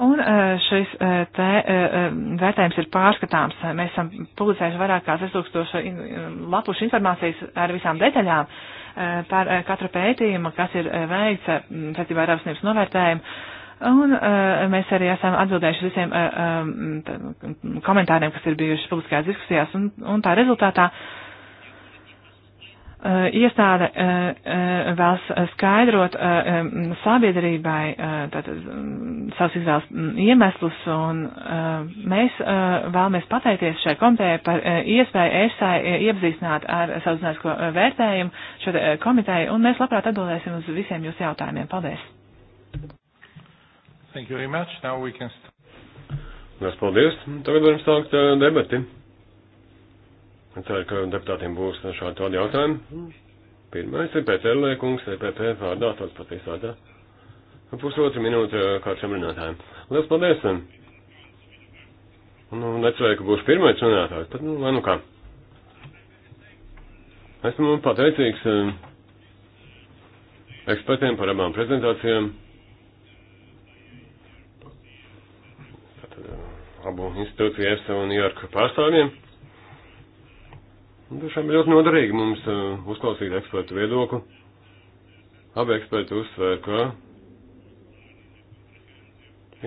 Un šis te vērtējums ir pārskatāms. Mēs esam publicējuši vairāk kā 6000 lapušu informācijas ar visām detaļām Eh, par eh, katru pētījumu, kas ir eh, veikts saistībā ar apsniegšanas novērtējumu. Un uh, mēs arī esam atbildējuši visiem uh, um, komentāriem, kas ir bijuši publiskajās diskusijās, un, un tā rezultātā uh, Eh, iestāde eh, eh, vēlas skaidrot sabiedrībai tātad, mm, savus izvēles mm, iemeslus, un mēs vēlamies pateikties šai komitejai par iespēju ESAI iepazīstināt ar savu zinātnisko vērtējumu šo komiteju, un mēs labprāt atbildēsim uz visiem jūsu jautājumiem. Paldies! Thank you very much. Now we can... Mēs paldies. Tagad varam sākt debati. Ceru, ka deputātiem būs šādi tādi jautājumi. Pirmais ir pēc Erlē kungs, EPP vārdā, tāds patīs vārdā. Pusotru minūti uh, kāršiem runātājiem. Lielas paldies! Nu, necerēju, ka būšu pirmais runātājs, bet nu, vai nu kā. Esmu pateicīgs uh, ekspertiem par abām prezentācijām. Tātad, uh, abu institūciju EFSA un Jorka pārstāvjiem. Nu, tiešām ļoti noderīgi mums uh, uzklausīt ekspertu viedokli. Abi eksperti uzsver, ka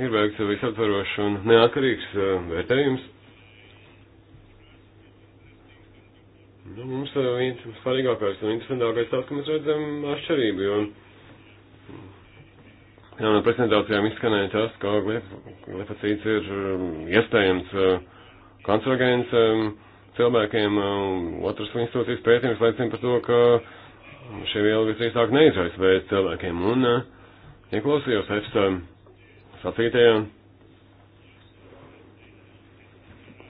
ir veikts visaptvarošs un neatkarīgs uh, vērtējums. Nu, mums uh, svarīgākais un interesantākais tas, ka mēs redzam atšķirību, jo jā, no prezentācijām izskanēja tas, ka glifosīts ir iespējams kancerogēns. Um, cilvēkiem. Uh, Otrs institūcijas pētījums liecina par to, ka šie vieli visdrīzāk neizraisa vēzi cilvēkiem. Un ieklausījos uh, ja EFSA sacītajā.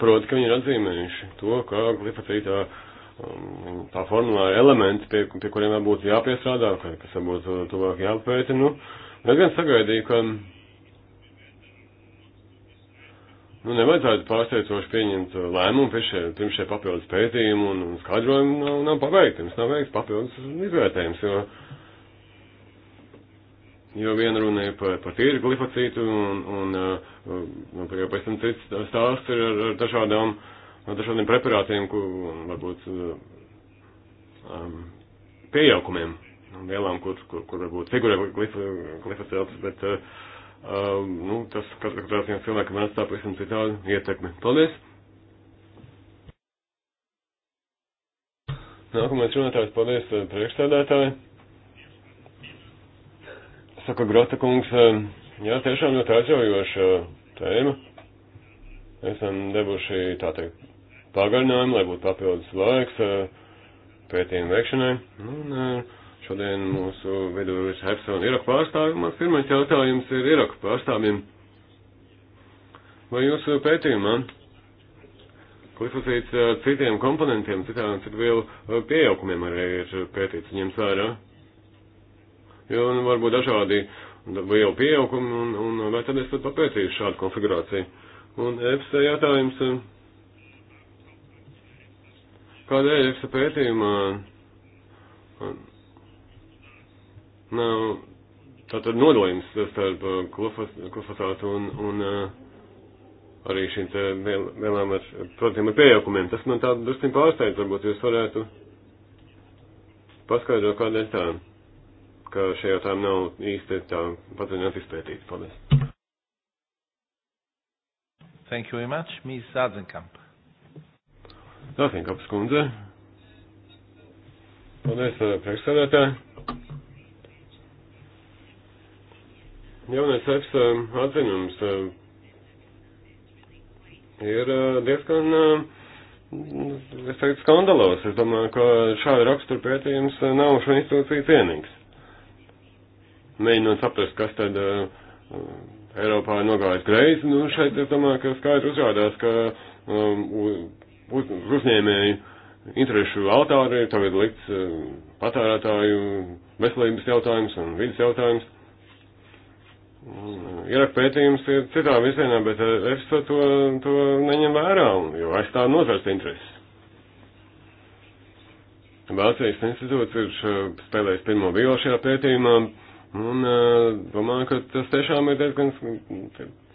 Proti, ka viņi ir atzīmējuši to, ka glifocītā um, tā formulā ir elementi, pie, pie kuriem varbūt jāpiestrādā, kas varbūt uh, tuvāk jāpēta. Nu, es gan sagaidīju, ka Nu, nevajadzētu pārsteidzoši pieņemt lēmumu pie šie, pirms šie papildus pētījumi un skaidrojumi nav, nav paveikti. Mums nav veikts papildus izvērtējums, jo jo viena runa ir par, par tīru glifocītu, un, un, uh, un, un jau pēc tam cits stāsts ir ar, ar dažādām, ar dažādiem preparātiem, ku, un varbūt uh, um, pieaugumiem, vielām, kur, kur, kur varbūt figurē glifocīts, bet uh, Uh, nu, tas katrā ziņā cilvēkam atstāja pavisam citādu ietekmi. Paldies! Nākamais runātājs, paldies eh, priekšstādātāji. Saka Grota kungs, eh, jā, tiešām ļoti aizraujoša eh, tēma. Esam devuši, tā teikt, pagarinājumu, lai būtu papildus laiks pētījumu veikšanai. Un, uh, Šodien mūsu vidū ir Hepsona Iraka pārstāvja. Mans pirmais jautājums ir Iraka pārstāvjiem. Vai jūsu pētījumā glifosīts citiem komponentiem, citām citvielu pieaukumiem arī ir pētīts ņemts vērā? Jo nu, varbūt dažādi vielu pieaugumi un, un vai tad es tad papētīšu šādu konfigurāciju. Un EPSA jautājums, kādēļ EPSA pētījumā nav tātad nodalījums starp glifosātu uh, un, un uh, arī šīm te vielām ar produktiem ar piejaukumiem. Tas man tādu drusku pārsteidz, varbūt jūs varētu paskaidrot, kādēļ tā, ka šie jautājumi nav īsti tā padziļināti izpētīti. Paldies. Thank you very much, Ms. Zazenkamp. Zazenkamp skundze. Paldies, uh, priekšsēdētāji. Jaunais EFSA um, atzinums um, ir uh, diezgan, um, es teiktu, skandalos. Es domāju, ka šāda rakstura pētījums uh, nav šo institūciju cienīgs. Mēģinot saprast, kas tad uh, Eiropā ir nogājis greizi, nu šeit es domāju, ka skaidri uzrādās, ka uz, uzņēmēju interešu altāri ir tagad likts patērētāju veselības jautājums un vidas jautājums. Ir pētījums ir citā virzienā, bet EFSA eh, to, to neņem vērā, jo aizstāv nozars intereses. Vācijas institūts ir eh, spēlējis pirmo vīlu šajā pētījumā, un eh, domāju, ka tas tiešām ir diezgan,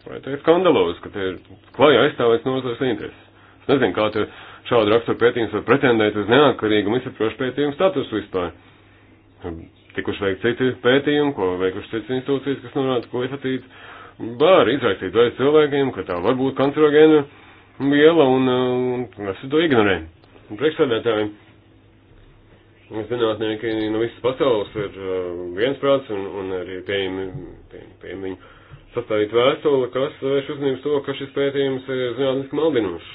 vai teikt, skandalos, ka te ir klajā aizstāvēts nozars intereses. Es nezinu, kā te šādu raksturu pētījums var pretendēt uz neatkarīgu un izsaprošu pētījumu statusu vispār tikuši veikti citi pētījumi, ko veikuši citas institūcijas, kas norāda, ko efetīts var izraisīt aiz cilvēkiem, ka tā var būt kancerogēna viela, un, un mēs to ignorējam. Priekšsēdētāji, zinātnieki no visas pasaules ir uh, viensprāts, un, un arī pieejami, pieejami, pieejami viņu sastādīt vēstuli, kas vērš uzmanības to, ka šis pētījums ir zinātniski maldinošs.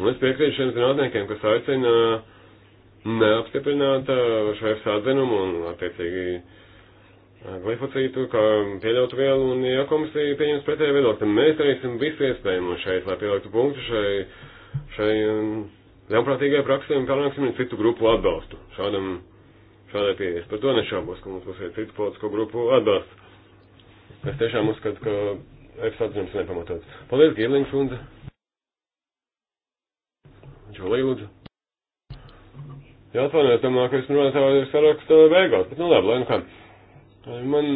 Un es piekrītu šiem zinātniekiem, kas aicina uh, neapstiprināta šo EFSA atzinumu un, attiecīgi, glifocītu, kā pieļautu vielu, un, ja komisija pieņems pretēju viedokli, tad mēs darīsim visu iespējamo šeit, lai pieliktu punktu šai, šai um, ļaunprātīgai praksē un panāksim citu grupu atbalstu. Šādam, šādai pieejas. Par to nešaubos, ka mums būs arī citu politisko grupu atbalsts. Es tiešām uzskatu, ka EFSA atzinums nepamatots. Paldies, Gīlings, lūdzu. Džolī, lūdzu. Jā, atvainojiet, domāju, ka es runāju ar sarakstu beigās, bet nu labi, lai nu kā. Man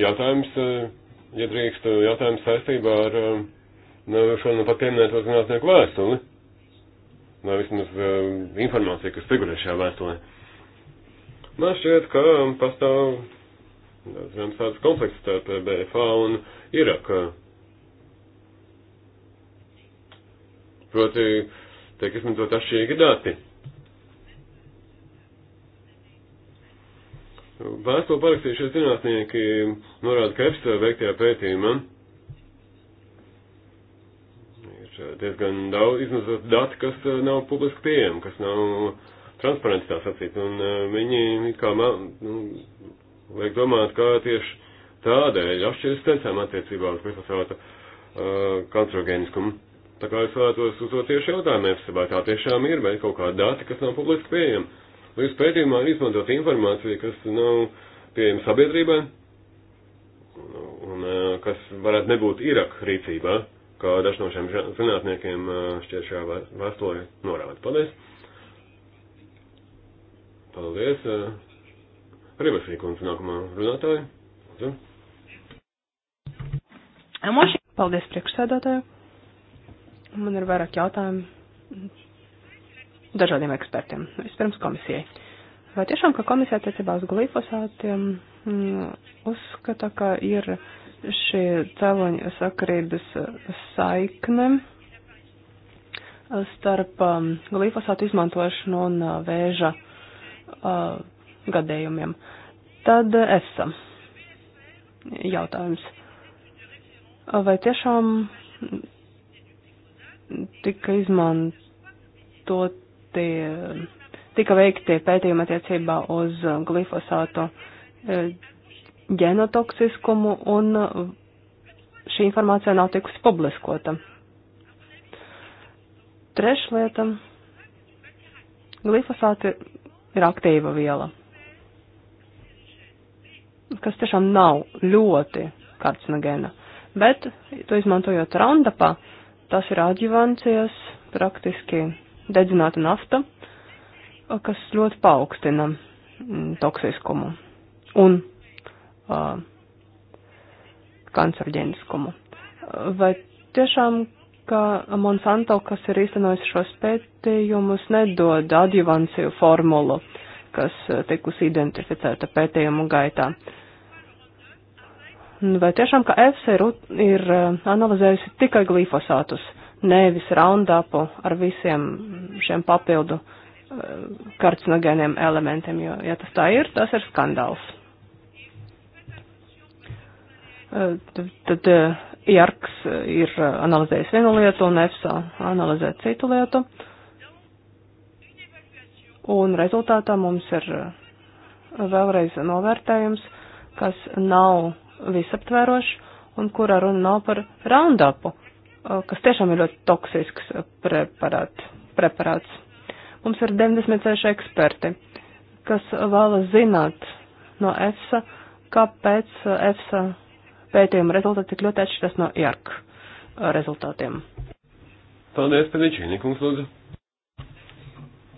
jautājums, eh, ja drīkst, jautājums saistībā ar eh, nu, šo nu pat pieminēto zinātnieku vēstuli, vai vismaz eh, informāciju, kas figurē šajā vēstulē. Man šķiet, ka pastāv, zināms, tāds konflikts starp BFA un Iraka. Proti, tiek izmantot atšķirīgi dati. Vēstuli parakstījušie zinātnieki norāda, ka EPSA veiktajā pētījumā ir diezgan daudz izmazot dati, kas eh, nav publiski pieejami, kas nav transparenti tā sacīt, un eh, viņi kā man, nu, liek domāt, kā tieši tādēļ atšķiras tencēm attiecībā uz glifosāta uh, kancerogēniskumu. Tā kā es vēlētos uzdot tieši jautājumu EPSA, vai tā tiešām ir, vai kaut kādi dati, kas nav publiski pieejami līdz pētījumā izmantot informāciju, kas nav pieejama sabiedrībai un eh, kas varētu nebūt Irak rīcībā, kā daži no šiem zinātniekiem eh, šķiet šajā vēstulē norāda. Paldies! Paldies! Eh, Ribasī kundze nākamā runātāja. Lūdzu. Paldies priekšsēdētāju. Man ir vairāk jautājumu dažādiem ekspertiem. Vispirms komisijai. Vai tiešām, ka komisija attiecībā uz glifosātiem mm, uzskata, ka ir šī cēloņa sakarības saikne starp mm, glifosātu izmantošanu un mm, vēža uh, gadījumiem? Tad esam. Jautājums. Vai tiešām tika izmantot veikti, tika veikti pētījumi attiecībā uz glifosātu ģenotoksiskumu, e, un šī informācija nav tikusi publiskota. Trešlieta - glifosāti ir aktīva viela, kas tiešām nav ļoti karcinogēna, bet to izmantojot randapā, tas ir aģivancijas praktiski dedzināta nafta, kas ļoti paaugstina mm, toksiskumu un uh, kancerģēniskumu. Vai tiešām, ka Monsanto, kas ir īstenojis šos pētījumus, nedod adjuvanciju formulu, kas tikusi identificēta pētījumu gaitā? Vai tiešām, ka EFSA ir, ir analizējusi tikai glifosātus? nevis raundapu ar visiem šiem papildu eh, karcinogēniem elementiem, jo, ja tas tā ir, tas ir skandāls. Eh, tad, tad IARCS eh, ir analizējis vienu lietu un EFSA analizē citu lietu. Un rezultātā mums ir vēlreiz novērtējums, kas nav visaptverošs un kurā runa nav par raundapu kas tiešām ir ļoti toksisks preparāt, preparāts. Mums ir 96 eksperti, kas vēlas zināt no EFSA, kāpēc EFSA pētījuma rezultāti tik ļoti atšķiras no IARC rezultātiem. Paldies, Pedičīni, kungs, lūdzu.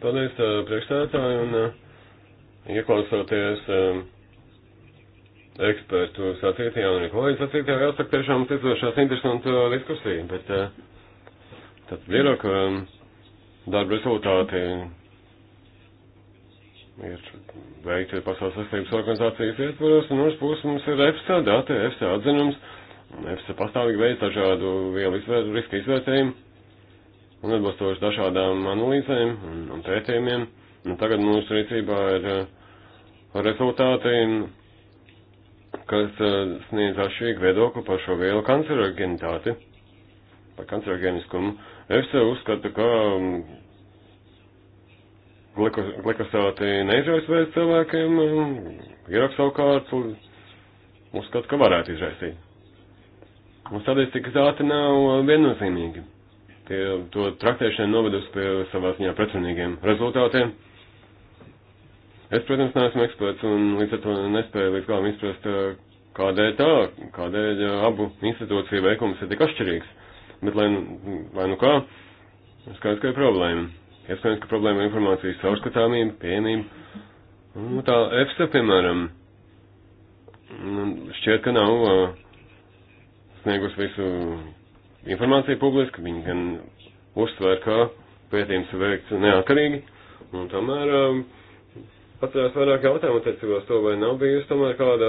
Paldies, priekšstādātāji, un ieklausoties. Uh, ekspertu sacītajā un kolēģi sacītajā, jāsaka, tiešām mums izdošās interesanta uh, diskusija, bet uh, tad vairāk um, darba rezultāti ir veikti Pasaules veselības organizācijas ietvaros, un otrs puses mums ir EFSA dati, EFSA atzinums, un EFSA pastāvīgi veids dažādu vielu izvēr, riska izvērtējumu, un atbalstoši dažādām analīzēm un, un pētījumiem, un tagad mūsu rīcībā ir uh, rezultāti, kas eh, sniedz atšķirīgu viedokli par šo vielu kancerogenitāti, par kancerogēniskumu. EFSA eh, uzskata, ka mm, glikosāti neizraisvēs cilvēkiem, mm, Iraks savukārt uzskata, ka varētu izraisīt. Un statistika zāti nav eh, viennozīmīgi. Tie, to traktēšana novedusi pie savā ziņā pretrunīgiem rezultātiem. Es, protams, neesmu eksperts un līdz ar to nespēju līdz galam izprast, eh, kādēļ tā, kādēļ eh, abu institūciju veikums ir tik atšķirīgs. Bet, lai, nu, lai nu kā, skaidrs, ka ir problēma. Iespējams, ka problēma ir informācijas caurskatāmība, pieejamība. Nu, tā EFSA, piemēram, nu, šķiet, ka nav uh, sniegus visu informāciju publiski, viņi gan uzsver, ka pētījums veikts neatkarīgi, un tomēr uh, Atcerās vairāk jautājumu attiecībās to, vai nav bijusi tomēr kāda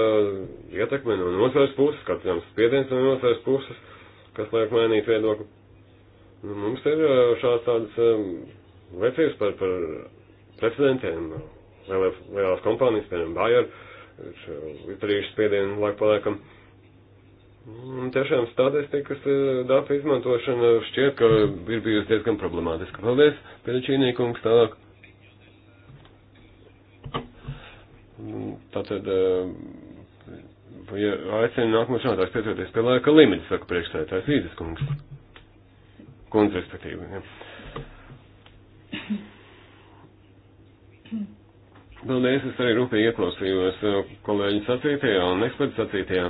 ietekme no nosvērs puses, kāds jām spiediens no nosvērs puses, kas liek mainīt viedokli. Nu, mums ir šāds tādas um, vecības par, par precedentiem. Lielās, lielās kompānijas, piemēram, Bayer, ir izdarījuši spiedienu laiku paliekam. Un tiešām statistikas datu izmantošana šķiet, ka ir bijusi diezgan problemātiska. Paldies, Pēdējā Čīnīkungs, tālāk. Nu, tātad ja eh, aicinu nākamos runātājs pieturēties pie laika limita, saka priekšsētājs Vīdas kungs. Kundze, respektīvi. Ja. Paldies, es arī rūpīgi ieklausījos eh, kolēģi sacītajā un eksperti sacītajā.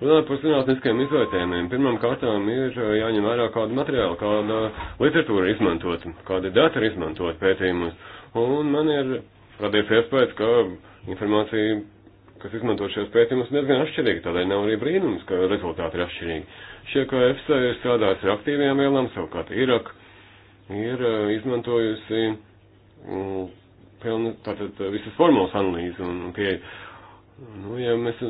Runājot par zinātniskiem izvērtējumiem, pirmām kārtām ir eh, jāņem vērā kāda materiāla, kāda literatūra izmantot, kādi dati ir izmantot pētījumus. Un man ir radies iespējas, ka informācija, kas izmanto šajos pētījumus, diezgan atšķirīga, tādēļ nav arī brīnums, ka rezultāti ir atšķirīgi. Šie, ka EFSA ir strādājusi ar aktīvajām vielām, savukārt Irak ir eh, izmantojusi m, mm, pilnu, tātad eh, visas formulas analīzi un pieeja. Nu, ja mēs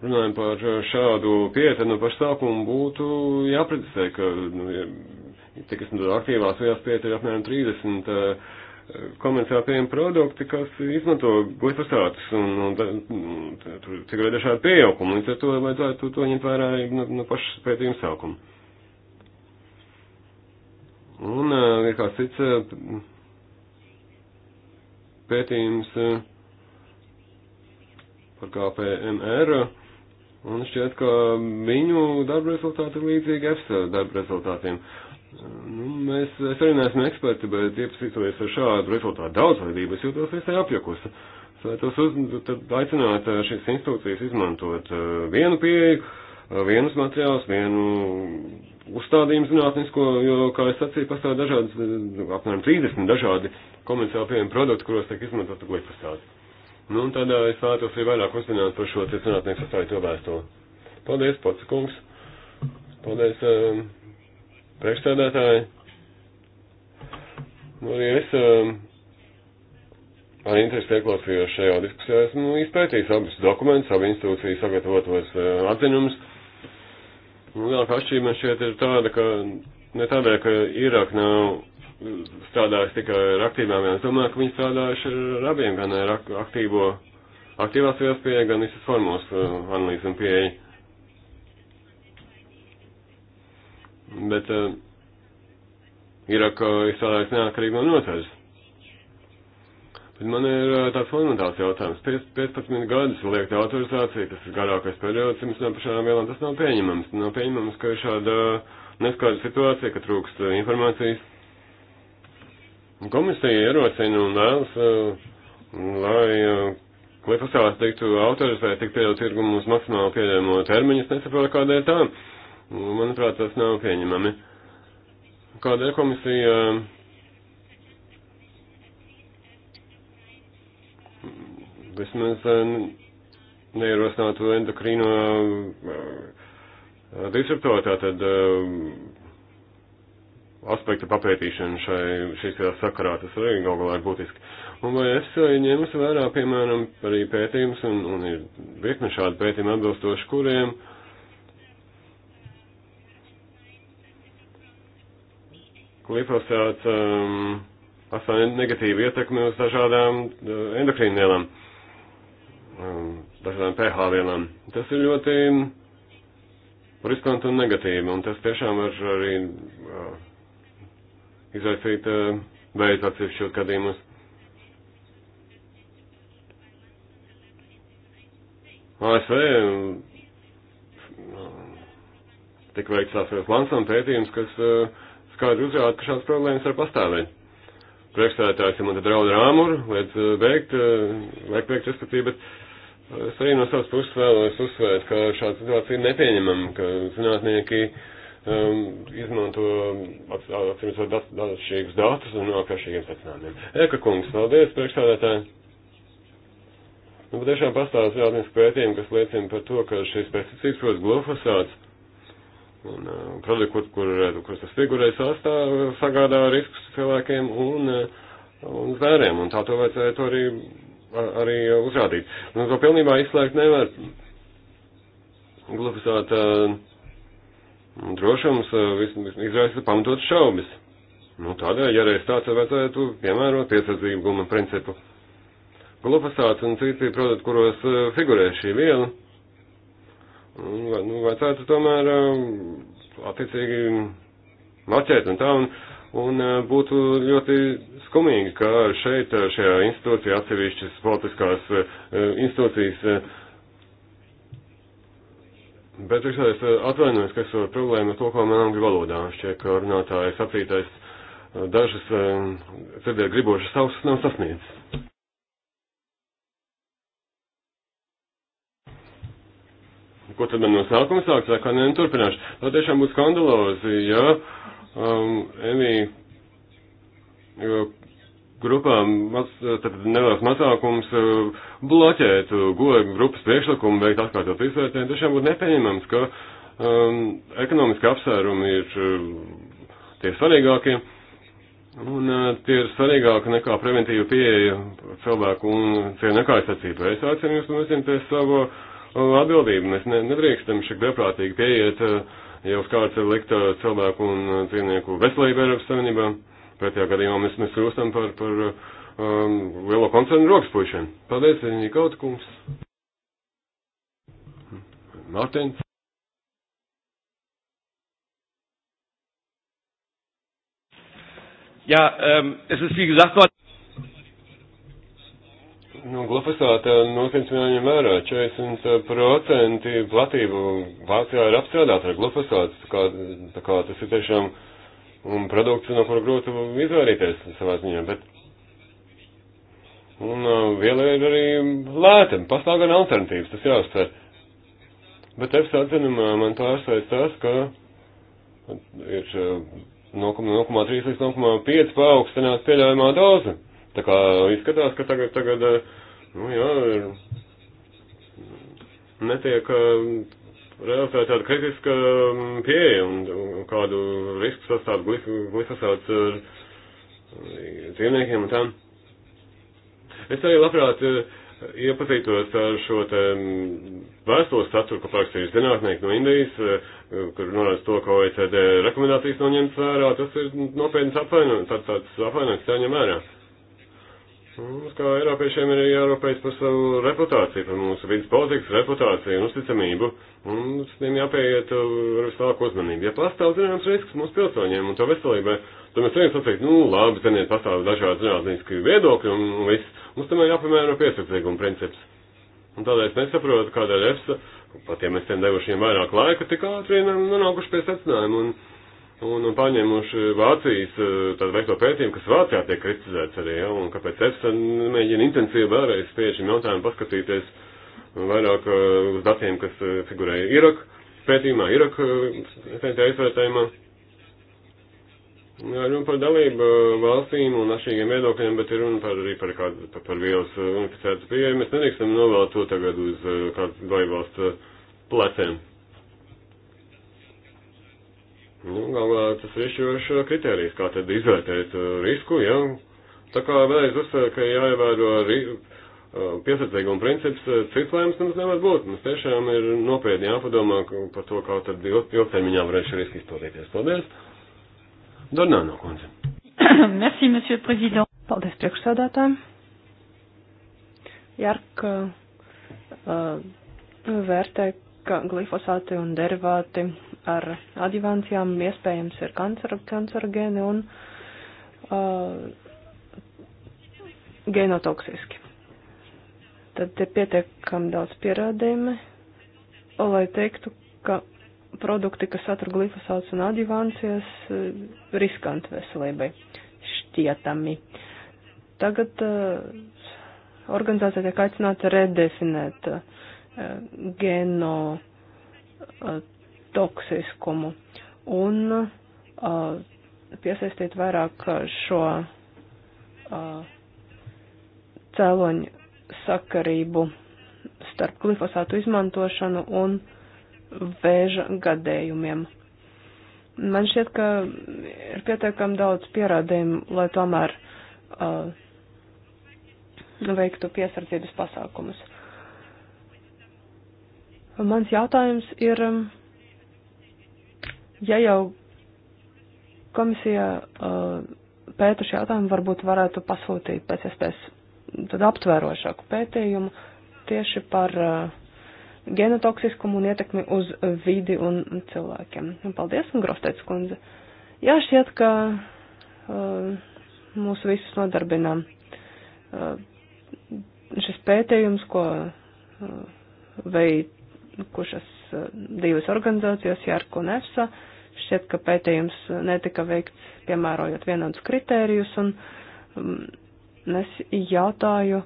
runājam par šādu pieeju, tad no paša sākuma būtu jāprecizē, ka, nu, ja, tikai aktīvās vielas pieeja ir apmēram 30 komerciāli pieejami produkti, kas izmanto glifosātus un, un, un tur tiek arī dažādi pieaugumi, līdz ar to vajadzētu to, to ņemt vērā arī no, no pašas pētījuma sākuma. Un uh, ir kāds cits uh, pētījums uh, par KPMR, un šķiet, ka viņu darba rezultāti ir līdzīgi EFSA darba rezultātiem. Uh, Nu, mēs, es arī neesmu eksperti, bet iepazīstoties ar šādu rezultātu daudzveidību, es jūtos visai apjukus. Tos uz, nu, tad aicināt šīs institūcijas izmantot vienu pieeju, vienus materiālus, vienu uzstādījumu zinātnisko, jo, kā es sacīju, pastāv dažādas, nu, apmēram 30 dažādi komerciāli pieejami produkti, kuros tiek izmantot glifosāti. Nu, un tādā es vēlētos arī vairāk uzzināt par šo zinātnieku sastāvīto vēstuli. Paldies, pats kungs! Paldies! Um, priekšstādātāji. Nu, arī es um, ar interesi ieklausījos šajā diskusijā. Esmu izpētījis abus dokumentus, abu institūciju sagatavotos uh, atziņumus. Lielākā atšķirība man šeit ir tāda, ka ne tādēļ, ka Irāk nav strādājis tikai ar aktīvām, es domāju, ka viņi strādājuši ar abiem, gan ar aktīvo, aktīvās vielas pieeja, gan visas formos uh, analīzes un pieeja. bet uh, eh, Iraka izstrādājas neatkarīgi no nozares. Bet man ir uh, tāds fundamentāls jautājums. 15 gadus liekta autorizācija, tas ir garākais periods, jums nav par šādām vielām, tas nav pieņemams. Nav pieņemams, ka ir šāda eh, neskaidra situācija, ka trūkst uh, informācijas. Komisija ierosina un vēlas, uh, lai uh, glifosāts tiktu autorizēts, tik pieļaut tirgumu uz maksimāli pieļaujamo termiņu. Es nesaprotu, kādēļ tā. Uh, Manuprāt, tas nav pieņemami. Kādēļ komisija mm, vismaz mm, neierosinātu endokrīno mm, disruptoru, tātad aspektu papētīšanu šai, šīs sakarā, tas arī galu galā ir būtiski. Un vai es eh, ņēmu vērā, piemēram, arī pētījumus, un, un ir virkni šādi pētījumi atbilstoši, kuriem uh, glifosāts um, atstāja negatīvu ietekmi uz dažādām uh, endokrīnvielām, um, dažādām pH vielām. Tas ir ļoti riskanti un negatīvi, un tas tiešām var arī uh, izraisīt uh, veids atsevišķos gadījumus. ASV um, tika veikts tās Lansam pētījums, kas uh, kādi uzrāda, ka šādas problēmas var pastāvēt. Priekšstādātājs ir man te draudz rāmuru, liedz eh, beigt, vajag eh, beigt uzskatīt, bet eh, es arī no savas puses vēlos uzsvērt, ka šāda situācija ir nepieņemama, ka zinātnieki um, izmanto atsimot dat, dat, šīs datus un nāk ar šiem secinājumiem. Eka kungs, paldies, priekšstādātāji! Nu, patiešām pastāv zinātnisku pētījumu, kas liecina par to, ka šis pesticīds, protams, glofosāts, Un uh, produkti, kur, kur, uh, kur tas figurē sastāv, sagādā riskus cilvēkiem un, uh, un zvēriem, un tā to vajadzētu arī, arī uzrādīt. Nu, to pilnībā izslēgt nevar. Glifosāta uh, drošums uh, vis, vis, izraisa pamatot šaubas. Nu, tādēļ, ja reiz tāds vajadzētu piemērot piesardzīguma principu. Glifosāts un citi produkti, kuros uh, figurē šī viela nu, vajadzētu tomēr um, attiecīgi maķēt un tā, un, un uh, būtu ļoti skumīgi, ka šeit, uh, šajā institūcijā atsevišķas politiskās uh, institūcijas Bet es atvainojos, ka es varu problēmu ar to, ko man angļu valodā šķiet, ka runātājs aprītais dažas dzirdēt um, gribošas savas nav sasniedzis. ko tad man no sākuma sākt, vai kā ne, nu, turpināšu. Tā nu, tiešām būs skandalozi, ja um, Emī grupām maz, nevēlas mazākums uh, bloķēt goja grupas priekšlikumu, veikt atkārtot izvērtējumu. Tiešām būtu nepieņemams, ka um, ekonomiski apsvērumi ir uh, tie svarīgākie. Un uh, tie ir svarīgāki nekā preventīva pieeja cilvēku un cienu nekā aizsacībai. Es aicinu jūs nosimties savu uh, Eh, atbildību. Mēs ne, nedrīkstam šeit brīvprātīgi pieiet, eh, ja uz kāds ir likta cilvēku un eh, dzīvnieku veselība Eiropas Savienībā. Pretējā gadījumā mēs, mēs rūstam par, par um, lielo koncernu rokaspušiem. Paldies, Viņa kaut kungs. Mārtiņš. Ja, ähm, es ist wie gesagt worden no glifosāta nokrits jāņem vērā. 40% platību Vācijā ir apstrādāta ar glifosātu, tā kā, tā kā tas ir tiešām un mm, produkts, no kura grūti izvairīties savā ziņā. Bet, un eh, viela ir arī lēta, pastāv gan alternatīvas, tas jāuztver. Bet EFSA atzinumā man pārsteidz tas, ka ir 0,3 līdz 0,5 paaugstināt pieļaujamā doza. Tā kā izskatās, ka tagad, tagad eh, nu jā, ir netiek eh, realizēta tāda kritiska mm, pieeja un, un kādu risku sastāv glif, glifosāts eh, dzīvniekiem un tam. Es arī labprāt iepazītos ar šo te mm, vēstules saturu, ko parakstījuši zinātnieki no Indijas, kur norāda to, ka OECD rekomendācijas noņemts vērā, tas ir nopietns apvainojums, tāds, tāds apvainojums jāņem vērā. Tā Mums kā Eiropiešiem ir jārūpējas par savu reputāciju, par mūsu vidas politikas reputāciju un uzticamību. Mums tiem jāpieiet uh, ar vislāku uzmanību. Ja pastāv zināms risks mūsu pilsoņiem un to veselībai, tad mēs varam sacīt, nu labi, ziniet, pastāv dažādi zinātniski viedokļi un, un viss. Mums tam ir jāpiemēro piesardzīguma princips. Un tādēļ es nesaprotu, kādēļ EFSA, pat ja mēs tiem devušiem vairāk laika, tik ātri nonākuši pie secinājuma. Un, Un, un paņēmuši Vācijas eh, tādu veikto pētījumu, kas Vācijā tiek kritizēts arī, ja, un kāpēc EFSA mēģina intensīvi vēlreiz pie šim jautājumu paskatīties vairāk eh, uz datiem, kas eh, figurēja Irak pētījumā, Irak centrā izvērtējumā. Runa par dalību valstīm un atšķirīgiem viedokļiem, bet ir runa par, arī par, kādu, par, par vielas unificētu pieeju. Mēs nedrīkstam novēlēt to tagad uz kādu dalību valstu pleciem. Nu, galvā tas ir izšķirošs uh, kriterijs, kā tad izvērtēt uh, risku, jā. Tā kā vēlreiz uzsver, ka jāievēro ri, uh, piesardzīguma princips, uh, cits lēmums mums nevar būt. Mums tiešām ir nopietni jāpadomā par to, kā tad ilgtermiņā varētu šī riska izpildīties. Paldies! Dornāno kundze. Merci, monsieur prezident. Paldies priekšsēdētājiem. Jārka uh, uh, vērtē, ka glifosāti un derivāti ar adjuvancijām iespējams ir kancer, kancerogēni un uh, genotoksiski. Tad ir pietiekami daudz pierādījumi, lai teiktu, ka produkti, kas satur glifosāts un adjuvancijas, ir uh, riskanti veselībai, šķietami. Tagad uh, organizācija tiek aicināta redefinēt uh, geno uh, toksiskumu un uh, piesaistīt vairāk šo uh, cēloņu sakarību starp glifosātu izmantošanu un vēža gadējumiem. Man šķiet, ka ir pietiekami daudz pierādījumu, lai tomēr uh, veiktu piesardzības pasākumus. Mans jautājums ir. Um, Ja jau komisija uh, pēta šo jautājumu, varbūt varētu pasūtīt pēc iespējas aptvērošāku pētījumu tieši par uh, genotoksiskumu un ietekmi uz vidi un cilvēkiem. Nu, paldies, un Grostēts kundze. Jā, šķiet, ka uh, mūs visus nodarbina uh, šis pētījums, ko uh, veic kušas uh, divas organizācijas, Jārko un EFSA. Uh, Šķiet, ka pētījums netika veikts piemērojot vienādus kritērijus, un mm, es jautāju,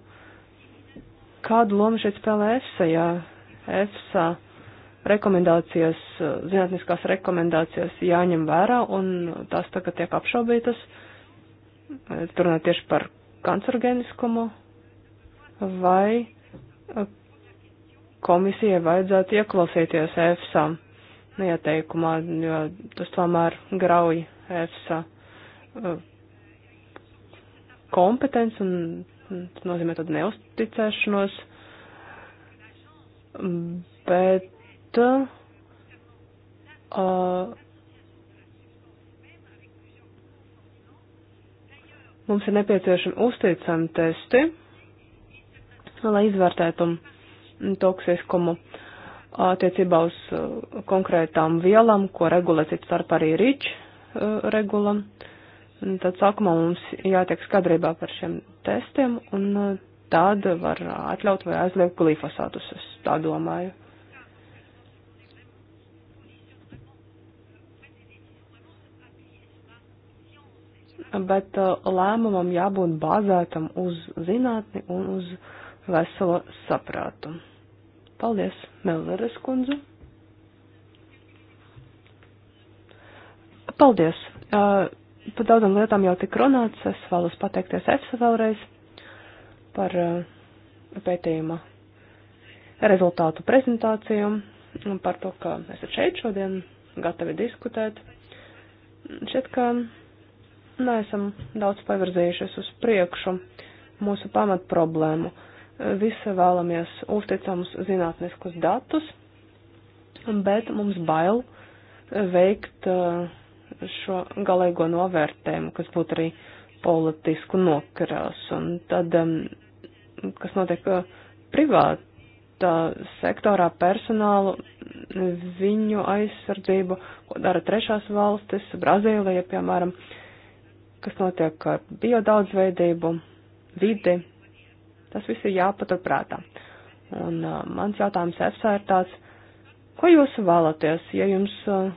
kādu lomu šeit spēlē EFSA, ja EFSA rekomendācijas, zinātniskās rekomendācijas jāņem vērā, un tās tagad tiek apšaubītas. Tur runā tieši par kancerogēniskumu, vai komisijai vajadzētu ieklausīties EFSA ieteikumā, jo tas tomēr grauj EFSA uh, kompetenci un tas nozīmē tādu neusticēšanos. Mm, bet uh, mums ir nepieciešami uzticami testi, lai izvērtētu toksiskumu. Uh, attiecībā uz uh, konkrētām vielām, ko regulē citu starp arī rīč uh, regula. Un tad sākumā mums jātiek skadrībā par šiem testiem, un uh, tad var atļaut vai aizliegt glifosātus, es tā domāju. Bet lēmumam jābūt bāzētam uz zinātni un uz veselo saprātu. Paldies, Melleres kundze. Paldies. Uh, par daudzām lietām jau tik runāts. Es vēlos pateikties EFSA vēlreiz par uh, pētījuma rezultātu prezentāciju un par to, ka esat šeit šodien gatavi diskutēt. Šķiet, ka neesam daudz pavirzījušies uz priekšu mūsu pamat problēmu. Uh, visi vēlamies uzticamus zinātniskus datus, bet mums bail eh, veikt eh, šo galīgo novērtējumu, kas būtu arī politisku nokrās. Un tad, kas notiek eh, privātā sektorā personālu, viņu aizsardzību, ko dara trešās valstis, Brazīlija, piemēram, kas notiek ar biodaudzveidību, vidi, Tas viss ir jāpaturprātā. Un uh, mans jautājums EFSA ir tāds, ko jūs vēlaties, ja jums uh,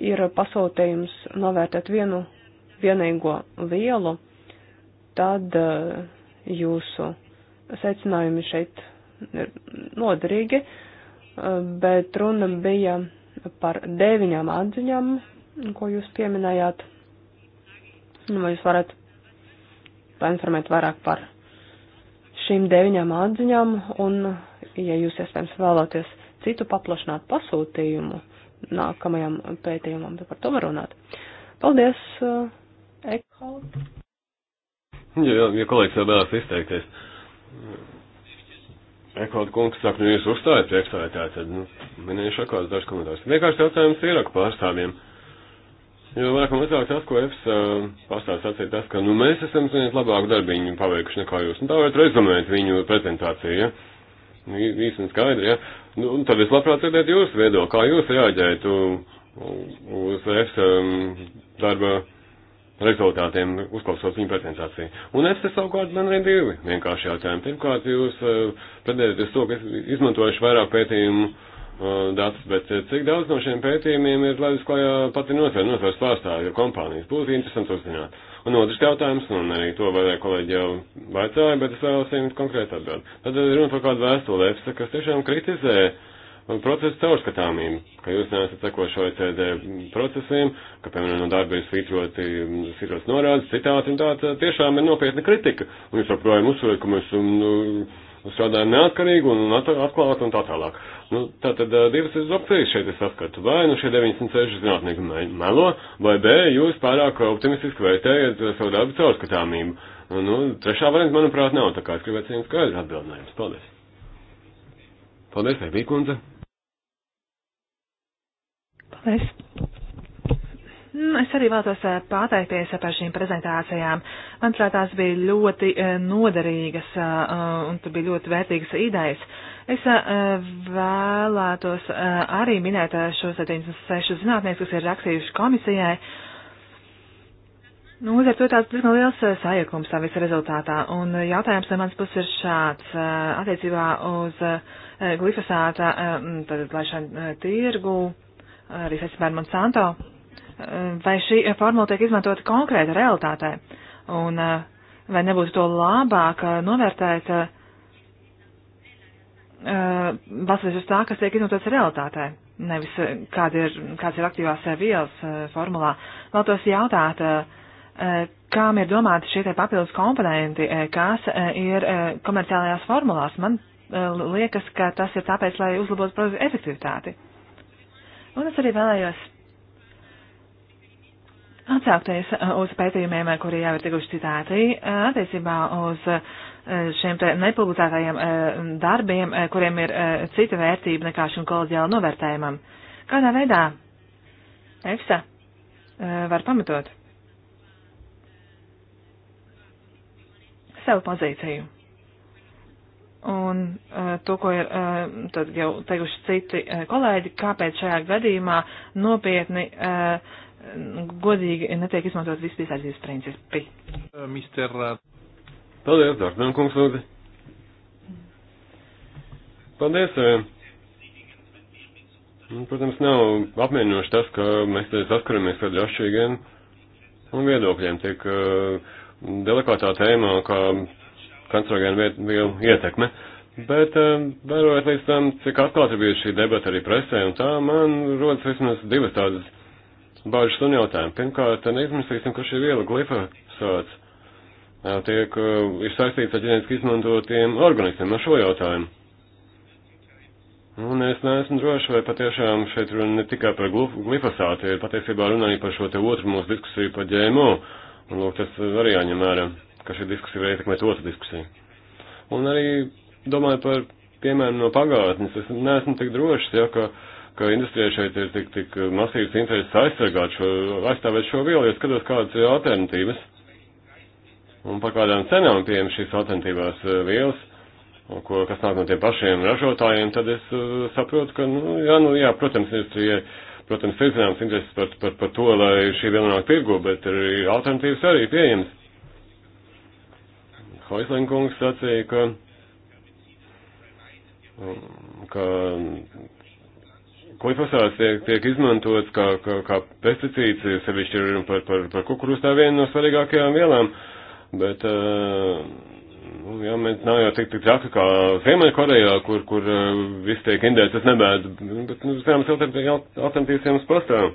ir pasūtījums novērtēt vienu vienīgo vielu, tad uh, jūsu secinājumi šeit ir noderīgi, uh, bet runa bija par deviņām atziņām, ko jūs pieminējāt. Nu, vai jūs varat painformēt vairāk par šīm deviņām atziņām, un, ja jūs iespējams vēlaties citu paplašināt pasūtījumu nākamajam pētījumam, tad par to var runāt. Paldies, uh, eh, Ekhold. Ja, ja, ja kolēģis vēl vēlas izteikties. Ekhold kungs saka, nu jūs uzstājat priekšstājā, tad, nu, minējuši akvārds dažs komentārs. Vienkārši jautājums Iraku pārstāvjiem. Uh, Jo vairāk un vairāk tas, ko EFSA pastāv sacīt, tas, ka nu, mēs esam saņemt labāku darbiņu paveikuši nekā jūs. Un nu, tā varētu rezumēt viņu prezentāciju, ja? Nu, īsi un skaidri, ja? Nu, tad es labprāt dzirdētu jūsu viedokli, kā jūs reaģētu uz EFSA darba rezultātiem, uzklausot viņu prezentāciju. Un es te savukārt man arī divi vienkārši jautājumi. Pirmkārt, jūs pretendējat uz to, ka izmantojuši vairāk pētījumu Uh, datus, bet uh, cik daudz no šiem pētījumiem ir laidus klajā pati nozara, nozars pārstāvju kompānijas? Būtu interesanti uzzināt. Un otrs jautājums, un arī to varēja kolēģi jau vaicāja, bet es vēlos jums konkrēti atbildēt. Tad uh, runa par kādu vēstuli, kas tiešām kritizē procesu caurskatāmību, ka jūs neesat sekoši OECD procesiem, ka, piemēram, no darba ir svītroti, svītrots norādes, citāti, un tā tiešām ir nopietna kritika. Un jūs joprojām uzsverat, ka mēs um, nu, strādāja neatkarīgi un atklāti un tā tālāk. Nu, tā tad divas ir opcijas šeit es saskatu. Vai nu šie 96 zinātnieki melo, vai B, jūs pārāk optimistiski vērtējat savu darbu caurskatāmību. Nu, nu, trešā variants, manuprāt, nav, tā kā es gribētu saņemt skaidru atbildinājumus. Paldies. Paldies, Eivī kundze. Paldies. Nu, es arī vēlos eh, pateikties eh, par šīm prezentācijām. Manuprāt, tās bija ļoti eh, noderīgas un tur bija ļoti vērtīgas idejas. Es vēlētos arī minēt šos 76 zinātniekus, kas ir rakstījuši komisijai. Nu, līdz ar to tāds diezgan liels sajukums tā visa rezultātā. Un jautājums no manas puses ir šāds attiecībā uz glifosāta, tad laišana tirgu, arī saistībā ar Monsanto Eh, vai šī formula tiek izmantota konkrēta realitātē, un eh, vai nebūtu to labāk eh, novērtēt balstoties uz tā, kas tiek izmantots realitātē, nevis kāda ir, kāds ir aktīvās vielas formulā. Vēlētos jautāt, kām ir domāti šie te papildus komponenti, kas ir komerciālajās formulās. Man liekas, ka tas ir tāpēc, lai uzlabotu produktu efektivitāti. Un es arī vēlējos Atsaukties uh, uz pētījumiem, uh, kuri jau ir tikuši citāti, uh, attiecībā uz šiem te nepublicētajiem darbiem, kuriem ir cita vērtība nekā šim kolēģiāla novērtējumam. Kādā veidā EFSA var pamatot savu pozīciju? un uh, to, ko ir uh, tad jau teikuši citi uh, kolēģi, kāpēc šajā gadījumā nopietni uh, godīgi netiek izmantot visi piesardzības principi. Uh, mister. Uh, Paldies, Dārgnām kungs, lūdzu. Paldies. Eh. Nu, protams, nav apmienoši tas, ka mēs saskaramies ar ļašķīgiem un viedokļiem. Tiek eh, delikātā tēmā, kā kancerogēna vielu ietekme. Bet, eh, vērojot līdz tam, cik atklāta bija šī debata arī presē, un tā man rodas vismaz divas tādas bāžas un jautājumu. Pirmkārt, neizmirsīsim, ka šī viela glifosāts tiek, ir saistīts ar ģenētiski izmantotiem organismiem ar šo jautājumu. Un es neesmu droši, vai patiešām šeit runa ne tikai par glifosātu, ir patiesībā runa arī par šo te otru mūsu diskusiju par ģēmo. Un, lūk, tas arī jāņem vērā, ka šī diskusija var ietekmēt otru diskusiju. Un arī domāju par piemēram no pagātnes. Es neesmu tik drošs, ja, ka uh, ka industrijai šeit ir tik, tik masīvs intereses aizsargāt šo, aizstāvēt šo vielu, ja skatos, kādas ir alternatīvas un par kādām cenām pieejam šīs alternatīvās eh, vielas, ko, kas nāk no tiem pašiem ražotājiem, tad es uh, saprotu, ka, nu, jā, nu, jā, protams, industrijai, protams, ir zināms intereses par, par, par to, lai šī viela nāk tirgu, bet ir alternatīvas arī pieejams. Hoislinkungs sacīja, ka ka glifosāts tiek, tiek izmantots kā, kā, kā pesticīds, sevišķi ir par, par, par kukurūzu tā viena no svarīgākajām vielām, bet, eh, nu, jā, mēs nav jau tik, tik traki kā Ziemeļkorejā, kur, kur eh, viss tiek indēts, tas nebēd, bet, nu, zināms, alternatīvas jums pastāv.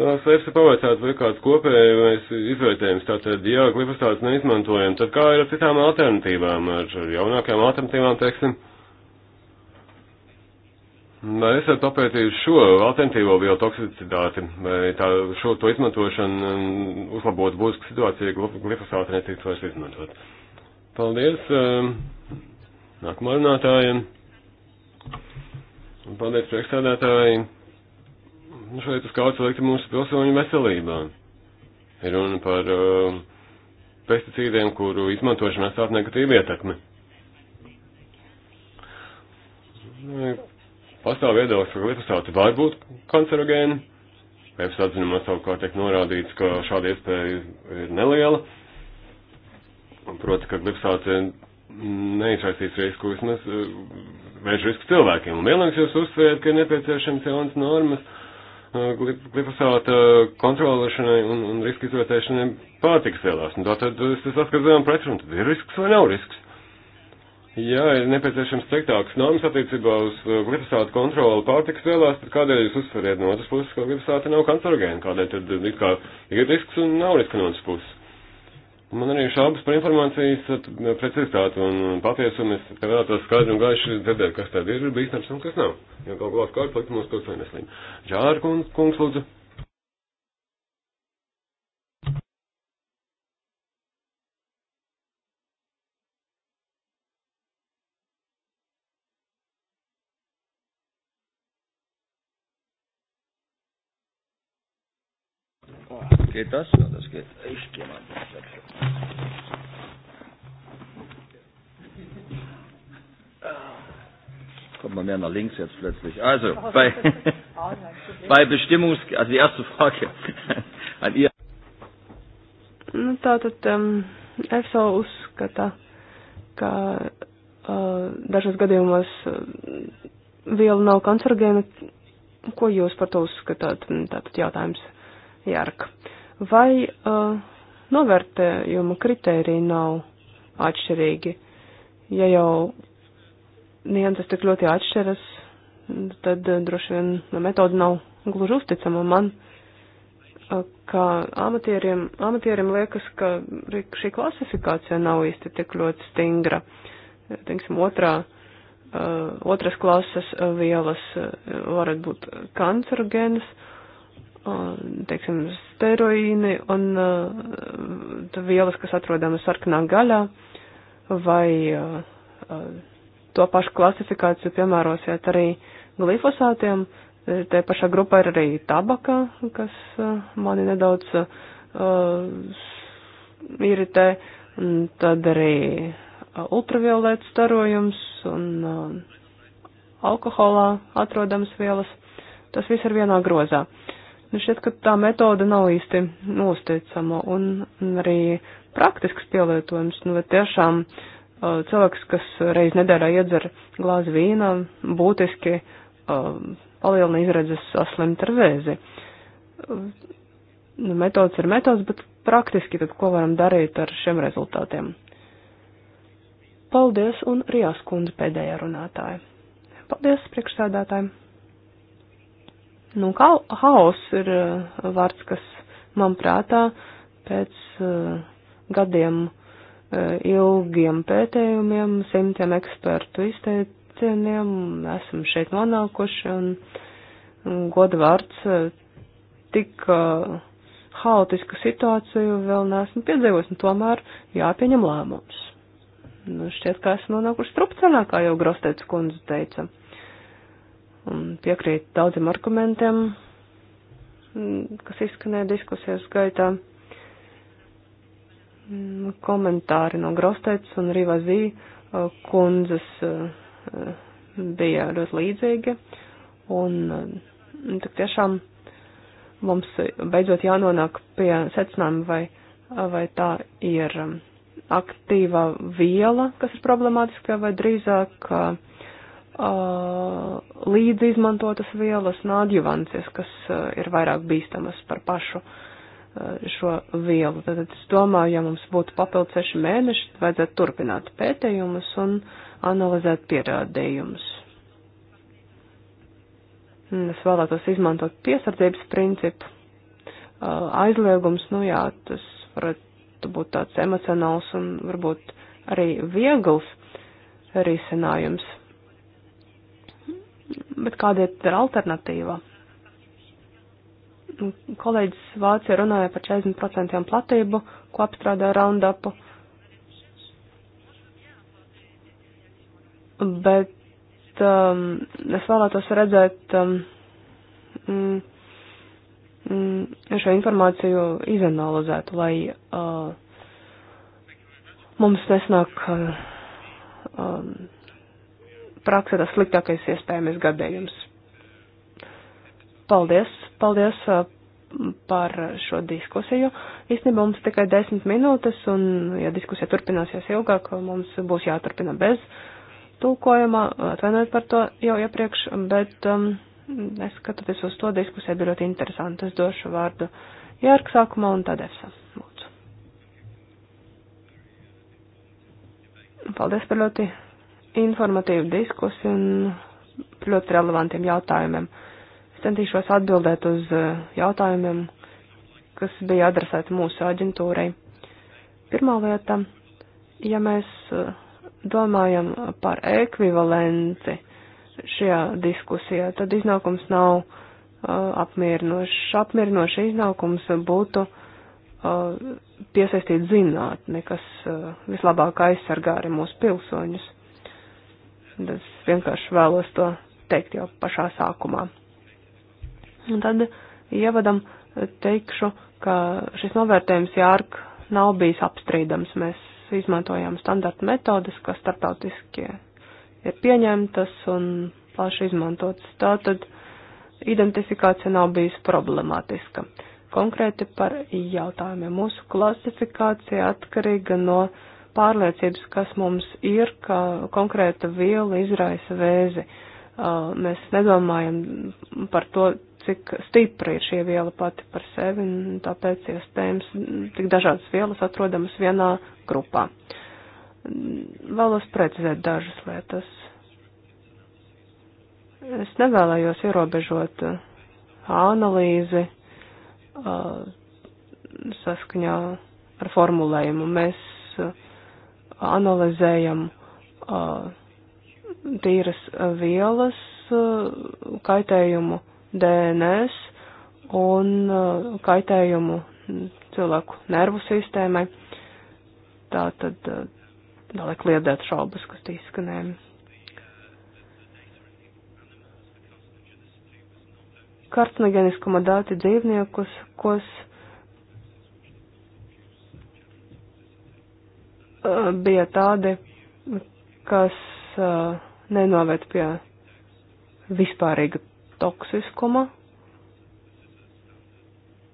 Sveiks ir pavaicāts, vai kāds kopēji mēs izvērtējums, tātad, jā, glifosāts neizmantojam, tad kā ir ar citām alternatīvām, ar, ar jaunākajām alternatīvām, teiksim? Vai nu, esat papētījuši šo alternatīvo biotoksicitāti, vai tā, šo to izmantošanu um, uzlabot būtisku situāciju, ja glifosāta netiks vairs izmantot? Paldies um, nākamā runātājiem. Un paldies priekšstādātāji. Nu, šeit uz kauts likt mūsu pilsoņu veselībā. Ir runa par uh, pesticīdiem, kuru izmantošana atstāta negatīvu ietekmi. Pastāv viedoklis, ka glifosāti var būt kancerogēni. EFS atzinumā savukārt tiek norādīts, ka šāda iespēja ir neliela. Proti, ka glifosāti neizraisīs risku vismaz eh, vēža risku cilvēkiem. Un vienlaiks jūs uzsvērjat, ka ir nepieciešams jaunas normas eh, glifosāta kontrolēšanai un, un riska izvērtēšanai pārtiks vielās. Un tātad eh, es saskatām pretrunu, tad ir risks vai nav risks. Ja ir nepieciešams striktākas normas attiecībā uz uh, glifosātu kontroli pārtikas vielās, tad kādēļ jūs uzsveriet no otras puses, ka glifosāti nav kancerogēni? Kādēļ tad uh, it kā ir risks un nav riska no otras puses? Man arī šaubas par informācijas uh, precizitāti un patiesumu. Es te vēlētos skaidri un gaiši dzirdēt, kas tad ir bīstams un kas nav. Jo ja kaut kāds konflikts mūsu pilsēneslim. Žāra kungs, kungs, lūdzu. Geht das? Ja, das geht. Ich gehe mal. Kommt man mehr nach links jetzt plötzlich. Also, bei, bei Bestimmungs... Also die erste Frage an ihr. Nu, tātad um, EFSA uzskata, ka uh, dažos gadījumos uh, viela nav kancerogēna. Ko jūs par to uzskatāt? Mm, tātad jautājums Jārka. Uh, vai uh, novērtējuma kritērija nav atšķirīgi. Ja jau nianses tik ļoti atšķiras, tad uh, droši vien metoda nav gluži uzticama man, uh, kā amatieriem, amatieriem liekas, ka šī klasifikācija nav īsti tik ļoti stingra. Teiksim, otrā, uh, otras klases vielas varat būt kancerogēnas, teiksim, steroīni un uh, vielas, kas atrodamas sarkanā gaļā, vai uh, to pašu klasifikāciju piemērosiet arī glifosātiem. Te pašā grupā ir arī tabaka, kas uh, mani nedaudz uh, iritē, un tad arī ultraviolēts starojums un uh, alkoholā atrodamas vielas. Tas viss ir vienā grozā. Uh, Nu, šķiet, ka tā metode nav īsti uzticama un arī praktisks pielietojums. Nu, vai tiešām uh, cilvēks, kas reiz nedēļā iedzer glāzi vīna, būtiski uh, palielina izredzes saslimt ar vēzi. Uh, nu, metodas ir metodas, bet praktiski tad ko varam darīt ar šiem rezultātiem? Paldies un Rijās kundze pēdējā runātāja. Paldies priekšsēdētājiem! Nu, kā haos ir eh, vārds, kas man prātā pēc eh, gadiem eh, ilgiem pētējumiem, simtiem ekspertu izteicieniem, esam šeit nonākuši un goda vārds tik haotisku situāciju vēl neesmu piedzīvojis, un tomēr jāpieņem lēmums. Nu, šķiet, ka esmu nonākuši strupcenākā, jau Grostēts kundze teica piekrīt daudziem argumentiem, kas izskanēja diskusijas gaitā. Komentāri no Grosteits un Rivazī uh, kundzes uh, bija ļoti līdzīgi. Un uh, tik tiešām mums beidzot jānonāk pie secinājuma, vai, vai tā ir um, aktīva viela, kas ir problemātiska, vai drīzāk uh, uh, līdz izmantotas vielas un adjuvances, kas uh, ir vairāk bīstamas par pašu uh, šo vielu. Tad es domāju, ja mums būtu papildus seši mēneši, tad vajadzētu turpināt pētījumus un analizēt pierādījumus. Es vēlētos izmantot piesardzības principu. Uh, aizliegums, nu jā, tas varētu būt tāds emocionāls un varbūt arī viegls risinājums Bet kāda ir alternatīva? Nu, kolēģis Vācija runāja par 40% platību, ko apstrādā Roundupu. Bet um, es vēlētos redzēt um, mm, mm, šo informāciju izanalizētu, lai uh, mums nesnāk. Uh, um, praksē tas sliktākais iespējamais gadījums. Paldies, paldies uh, par šo diskusiju. Īstenībā mums tikai desmit minūtes, un ja diskusija turpināsies ilgāk, mums būs jāturpina bez tulkojuma, atvainojiet par to jau iepriekš, bet um, es skatoties uz to diskusiju, bija ļoti interesanti. Es došu vārdu Jārk sākumā un tad Efsa. Lūdzu. Paldies par ļoti informatīvu diskusiju un ļoti relevantiem jautājumiem. Es centīšos atbildēt uz eh, jautājumiem, kas bija adresēti mūsu aģentūrai. Pirmā lieta, ja mēs eh, domājam par ekvivalenci šajā diskusijā, tad iznākums nav eh, apmierinošs. Apmierinošs iznākums būtu piesaistīt zinātni, kas vislabāk aizsargā arī mūsu pilsoņus. Es vienkārši vēlos to teikt jau pašā sākumā. Un tad ievadam teikšu, ka šis novērtējums jārk nav bijis apstrīdams. Mēs izmantojām standarta metodas, kas starptautiski ir pieņemtas un plaši izmantotas. Tātad identifikācija nav bijis problemātiska. Konkrēti par jautājumiem. Mūsu klasifikācija atkarīga no uh, pārliecības, kas mums ir, ka konkrēta viela izraisa vēzi. Uh, mēs nedomājam par to, cik stipra ir šī viela pati par sevi, un tāpēc iespējams tik dažādas vielas atrodamas vienā grupā. Vēlos precizēt dažas lietas. Es nevēlējos ierobežot uh, analīzi uh, saskaņā ar formulējumu. Mēs analizējam tīras vielas kaitējumu DNS un kaitējumu cilvēku nervu sistēmai. Tā tad liek liedēt šaubas, kas te izskanēja. Karcinogēniskuma dati dzīvniekus, kos Eh, bija tādi, kas eh, nenovērt pie vispārīga toksiskuma.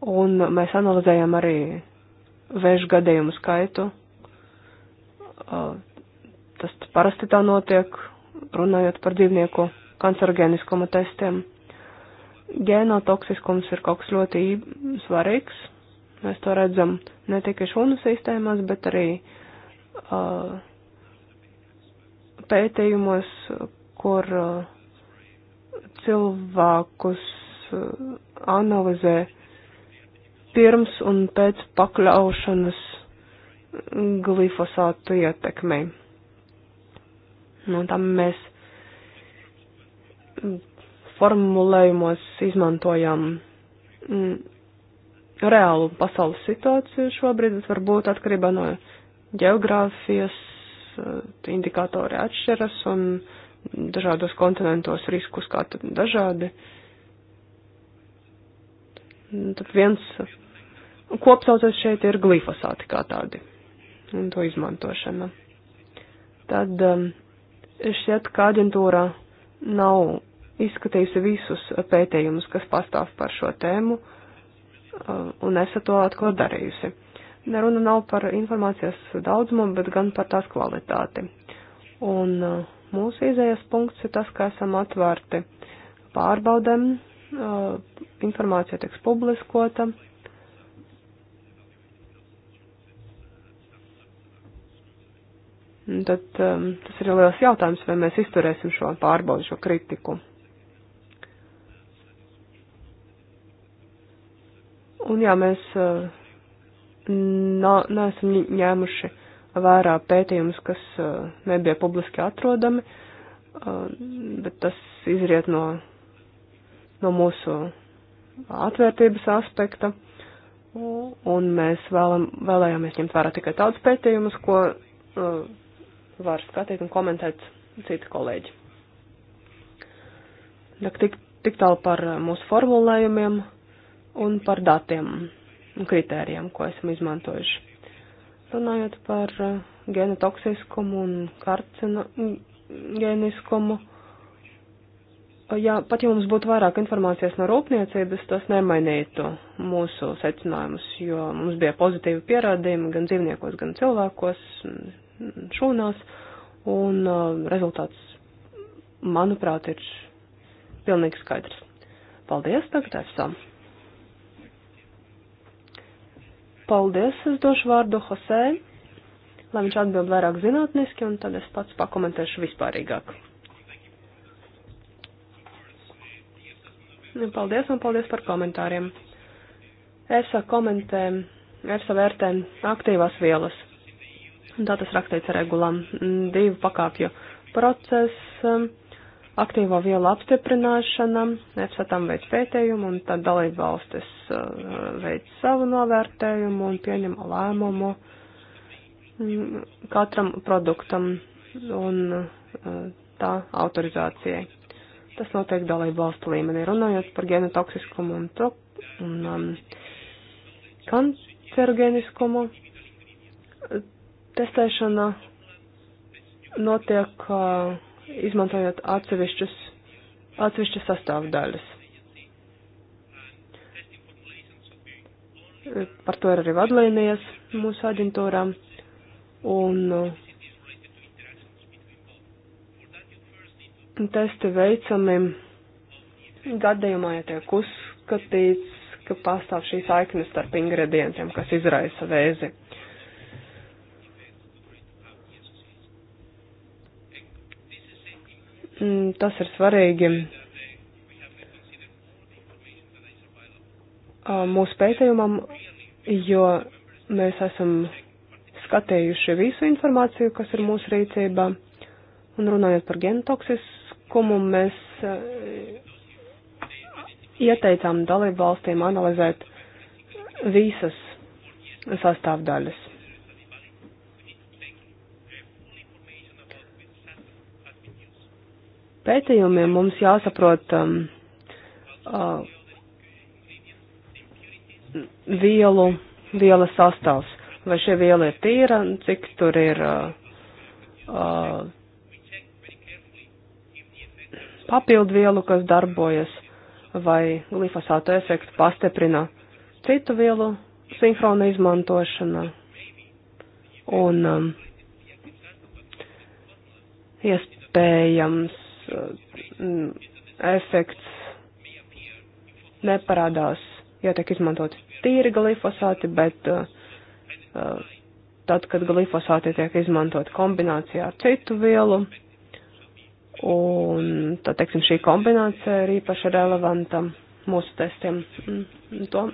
Un mēs analizējam arī vēža gadījumu skaitu. Eh, tas parasti tā notiek, runājot par dzīvnieku kancerogēniskuma testiem. Gēnotoksiskums ir kaut kas ļoti svarīgs. Mēs to redzam ne tikai šūnu sistēmās, bet arī uh, Uh, pētījumos, kur uh, cilvēkus uh, analizē pirms un pēc pakļaušanas glifosātu ietekmei. Nu, tam mēs formulējumos izmantojam mm, reālu pasaules situāciju šobrīd, tas varbūt atkarībā no geogrāfijas eh, indikātori atšķiras un dažādos kontinentos risku skata dažādi. Tad viens kopsaucējs šeit ir glifosāti kā tādi un to izmantošana. Tad eh, šķiet, ka aģentūra nav izskatījusi visus pētījumus, kas pastāv par šo tēmu, eh, un esat to atklāt darījusi Runa nav par informācijas daudzumu, bet gan par tās kvalitāti. Un uh, mūsu izējas punkts ir tas, ka esam atvērti pārbaudēm, uh, informācija tiks publiskota. Tad um, tas ir liels jautājums, vai mēs izturēsim šo pārbaudu, šo kritiku. Un jā, mēs uh, neesam ņēmuši vērā pētījumus, kas uh, nebija publiski atrodami, uh, bet tas izriet no, no mūsu atvērtības aspekta, un mēs vēlam, vēlējāmies ņemt vērā tikai tādus pētījumus, ko uh, var skatīt un komentēt citi kolēģi. Tik, tik tālu par uh, mūsu formulējumiem un par datiem kritērijiem, ko esam izmantojuši. Runājot par eh, genotoksiskumu un karcinogēniskumu, mm, eh, jā, pat ja mums būtu vairāk informācijas no rūpniecības, tas nemainītu mūsu secinājumus, jo mums bija pozitīvi pierādījumi gan dzīvniekos, gan cilvēkos, mm, šūnās, un eh, rezultāts, manuprāt, ir pilnīgi skaidrs. Paldies, tagad esam! Paldies, es došu vārdu Hosē, lai viņš atbild vairāk zinātniski, un tad es pats pakomentēšu vispārīgāk. Nu, paldies un paldies par komentāriem. ESA komentē, ESA vērtē aktīvās vielas. Un tā tas rakstīts regulām. Divu pakāpju process. Um, aktīvo vielu apstiprināšana, EFSA tam veic pētījumu un tad dalība valstis uh, veic savu novērtējumu un pieņem lēmumu mm, katram produktam un uh, tā autorizācijai. Tas notiek dalību valstu līmenī, runājot par genotoksiskumu un, to, un um, kancerogēniskumu. Testēšana notiek uh, izmantojot atsevišķus, atsevišķas sastāvdaļas. Par to ir arī vadlīnijas mūsu aģentūrām. Un uh, testi veicami gadījumā, ja tiek uzskatīts, ka pastāv šī saikne starp ingredientiem, kas izraisa vēzi. Mm, tas ir svarīgi mūsu pētījumam, jo mēs esam skatējuši visu informāciju, kas ir mūsu rīcībā, un runājot par genotoksiskumu, mēs ieteicām dalību valstīm analizēt visas sastāvdaļas. pētījumiem mums jāsaprot um, uh, vielu, viela sastāvs. Vai šī viela ir tīra, cik tur ir uh, uh, papildvielu, kas darbojas, vai glifosāta efektu pastiprina citu vielu sinhrona izmantošana. Un um, iespējams Uh, efekts neparādās, ja tiek izmantot tīri glifosāti, bet uh, uh, tad, kad glifosāti tiek izmantot kombinācijā ar citu vielu, un tad, teiksim, šī kombinācija ir īpaši relevanta mūsu testiem, to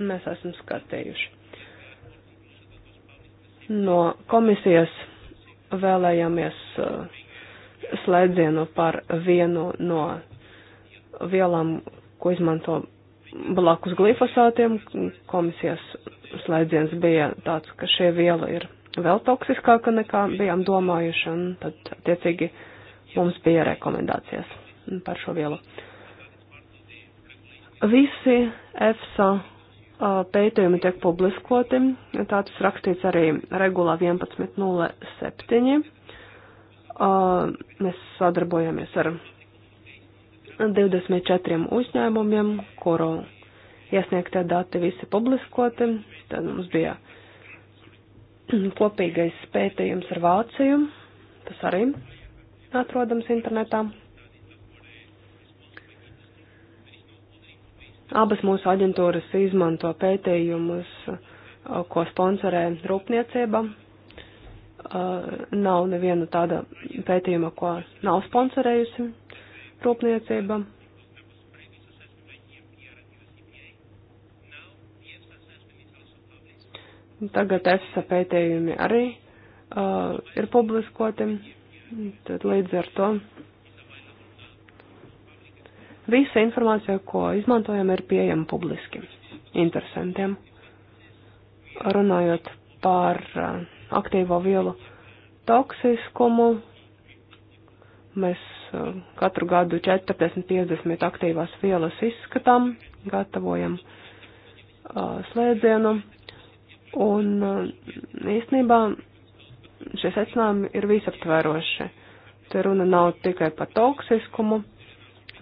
mēs esam skatījuši. No komisijas vēlējāmies uh, slēdzienu par vienu no vielām, ko izmanto blakus glifosātiem. Komisijas slēdziens bija tāds, ka šie viela ir vēl toksiskāka nekā bijām domājuši, un tad attiecīgi mums bija rekomendācijas par šo vielu. Visi EFSA pētījumi tiek publiskoti, tā tas rakstīts arī regulā 11.07 Uh, mēs sadarbojamies ar 24 uzņēmumiem, kuru iesniegtie dati visi publiskoti. Tad mums bija kopīgais pētījums ar Vāciju, tas arī atrodams internetā. Abas mūsu aģentūras izmanto pētījumus, uh, ko sponsorē rūpniecība, Uh, nav neviena tāda pētījuma, ko nav sponsorējusi rūpniecība. Tagad ESA pētījumi arī uh, ir publiskoti, tad līdz ar to visa informācija, ko izmantojam, ir pieejama publiski interesantiem. Runājot par uh, aktīvo vielu toksiskumu. Mēs uh, katru gadu 40-50 aktīvās vielas izskatām, gatavojam uh, slēdzienu. Un uh, īstenībā šie secinājumi ir visaptveroši. Te runa nav tikai par toksiskumu,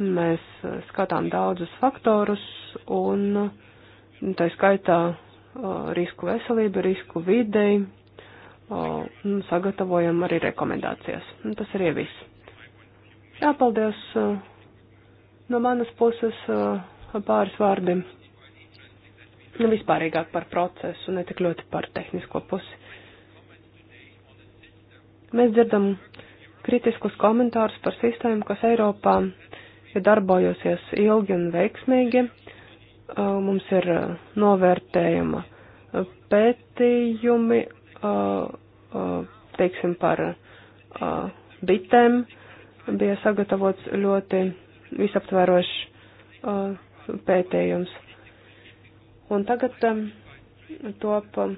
mēs skatām daudzus faktorus un tā skaitā risku veselību, risku videi, sagatavojam arī rekomendācijas. Tas arī viss. Jā, paldies. No manas puses pāris vārdi vispārīgāk par procesu, ne tik ļoti par tehnisko pusi. Mēs dzirdam kritiskus komentārus par sistēmu, kas Eiropā ir darbojusies ilgi un veiksmīgi. Mums ir novērtējuma pētījumi Uh, uh, teiksim, par uh, bitēm bija sagatavots ļoti visaptverošs pētījums. Un tagad um, top um,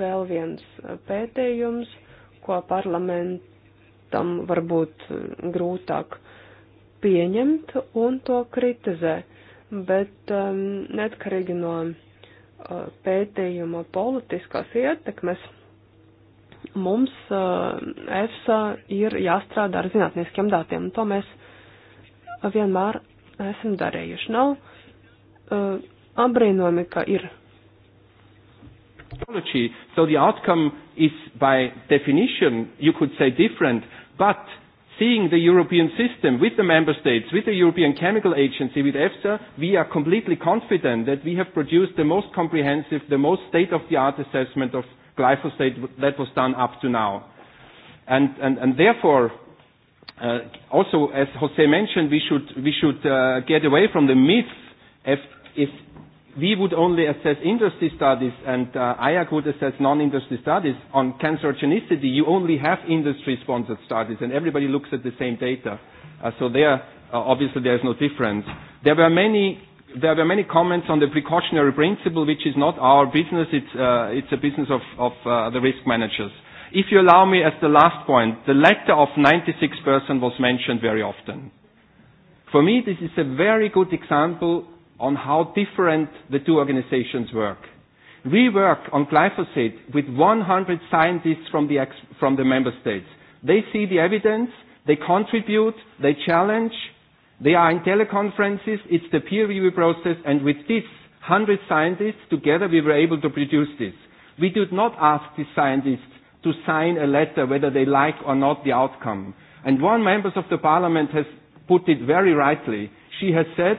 vēl viens pētījums, ko parlamentam varbūt grūtāk pieņemt un to kritizē, bet um, netkarīgi no Uh, pētījuma politiskās ietekmes, mums uh, EFSA ir jāstrādā ar zinātniskiem datiem, un to mēs vienmēr esam darījuši. Nav uh, apbrīnojami, ka ir. So the outcome is by definition, you could say different, but seeing the European system with the member states, with the European Chemical Agency, with EFSA, we are completely confident that we have produced the most comprehensive, the most state-of-the-art assessment of glyphosate that was done up to now. And, and, and therefore, uh, also, as José mentioned, we should, we should uh, get away from the myth if, if we would only assess industry studies and uh, IAC would assess non-industry studies on cancerogenicity. You only have industry-sponsored studies and everybody looks at the same data. Uh, so there, uh, obviously, there is no difference. There were many there were many comments on the precautionary principle, which is not our business. It's, uh, it's a business of, of uh, the risk managers. If you allow me, as the last point, the letter of 96% was mentioned very often. For me, this is a very good example on how different the two organizations work. We work on glyphosate with 100 scientists from the, ex- from the member states. They see the evidence, they contribute, they challenge, they are in teleconferences, it's the peer review process, and with this 100 scientists together we were able to produce this. We did not ask the scientists to sign a letter whether they like or not the outcome. And one member of the parliament has put it very rightly. She has said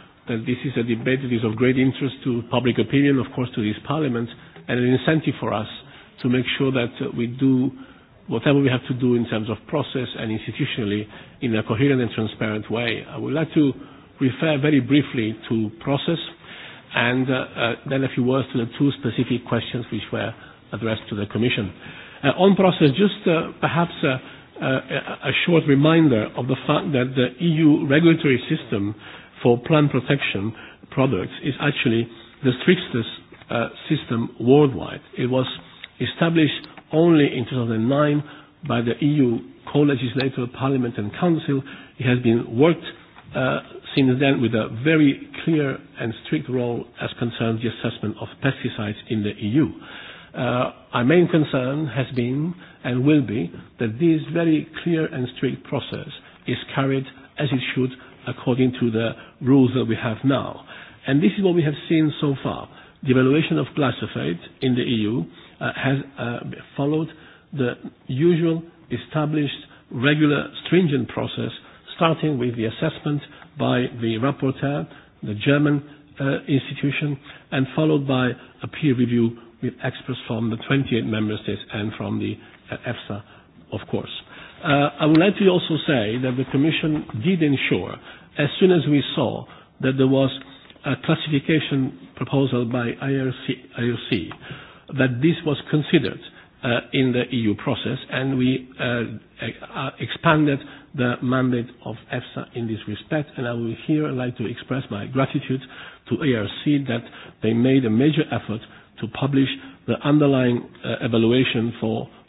that this is a debate that is of great interest to public opinion, of course, to these parliaments, and an incentive for us to make sure that uh, we do whatever we have to do in terms of process and institutionally in a coherent and transparent way. I would like to refer very briefly to process and uh, uh, then a few words to the two specific questions which were addressed to the Commission. Uh, on process, just uh, perhaps uh, uh, a short reminder of the fact that the EU regulatory system uh, for plant protection products is actually the strictest uh, system worldwide. It was established only in 2009 by the EU co-legislator, Parliament and Council. It has been worked uh, since then with a very clear and strict role as concerns the assessment of pesticides in the EU. Uh, our main concern has been and will be that this very clear and strict process is carried as it should according to the rules that we have now. And this is what we have seen so far. The evaluation of glyphosate in the EU uh, has uh, followed the usual established regular stringent process, starting with the assessment by the rapporteur, the German uh, institution, and followed by a peer review with experts from the 28 member states and from the uh, EFSA, of course. Uh, I would like to also say that the Commission did ensure, as soon as we saw that there was a classification proposal by IRC, IRC that this was considered uh, in the EU process, and we uh, e, uh, expanded the mandate of EFSA in this respect. And I would here like to express my gratitude to IRC that they made a major effort to publish the underlying uh, evaluation for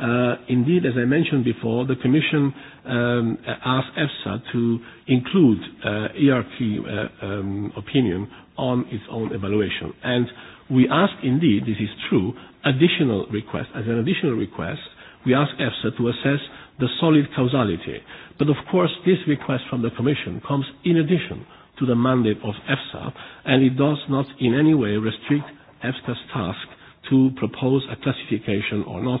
Uh, indeed, as I mentioned before, the Commission um, asked EFSA to include uh, ERQ uh, um, opinion on its own evaluation. And we asked, indeed, this is true, additional request. As an additional request, we asked EFSA to assess the solid causality. But of course, this request from the Commission comes in addition to the mandate of EFSA, and it does not in any way restrict EFSA's task to propose a classification or not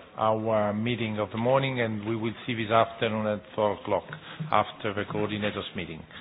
our meeting of the morning, and we will see this afternoon at 4:00 P.M. after the coordinators meeting.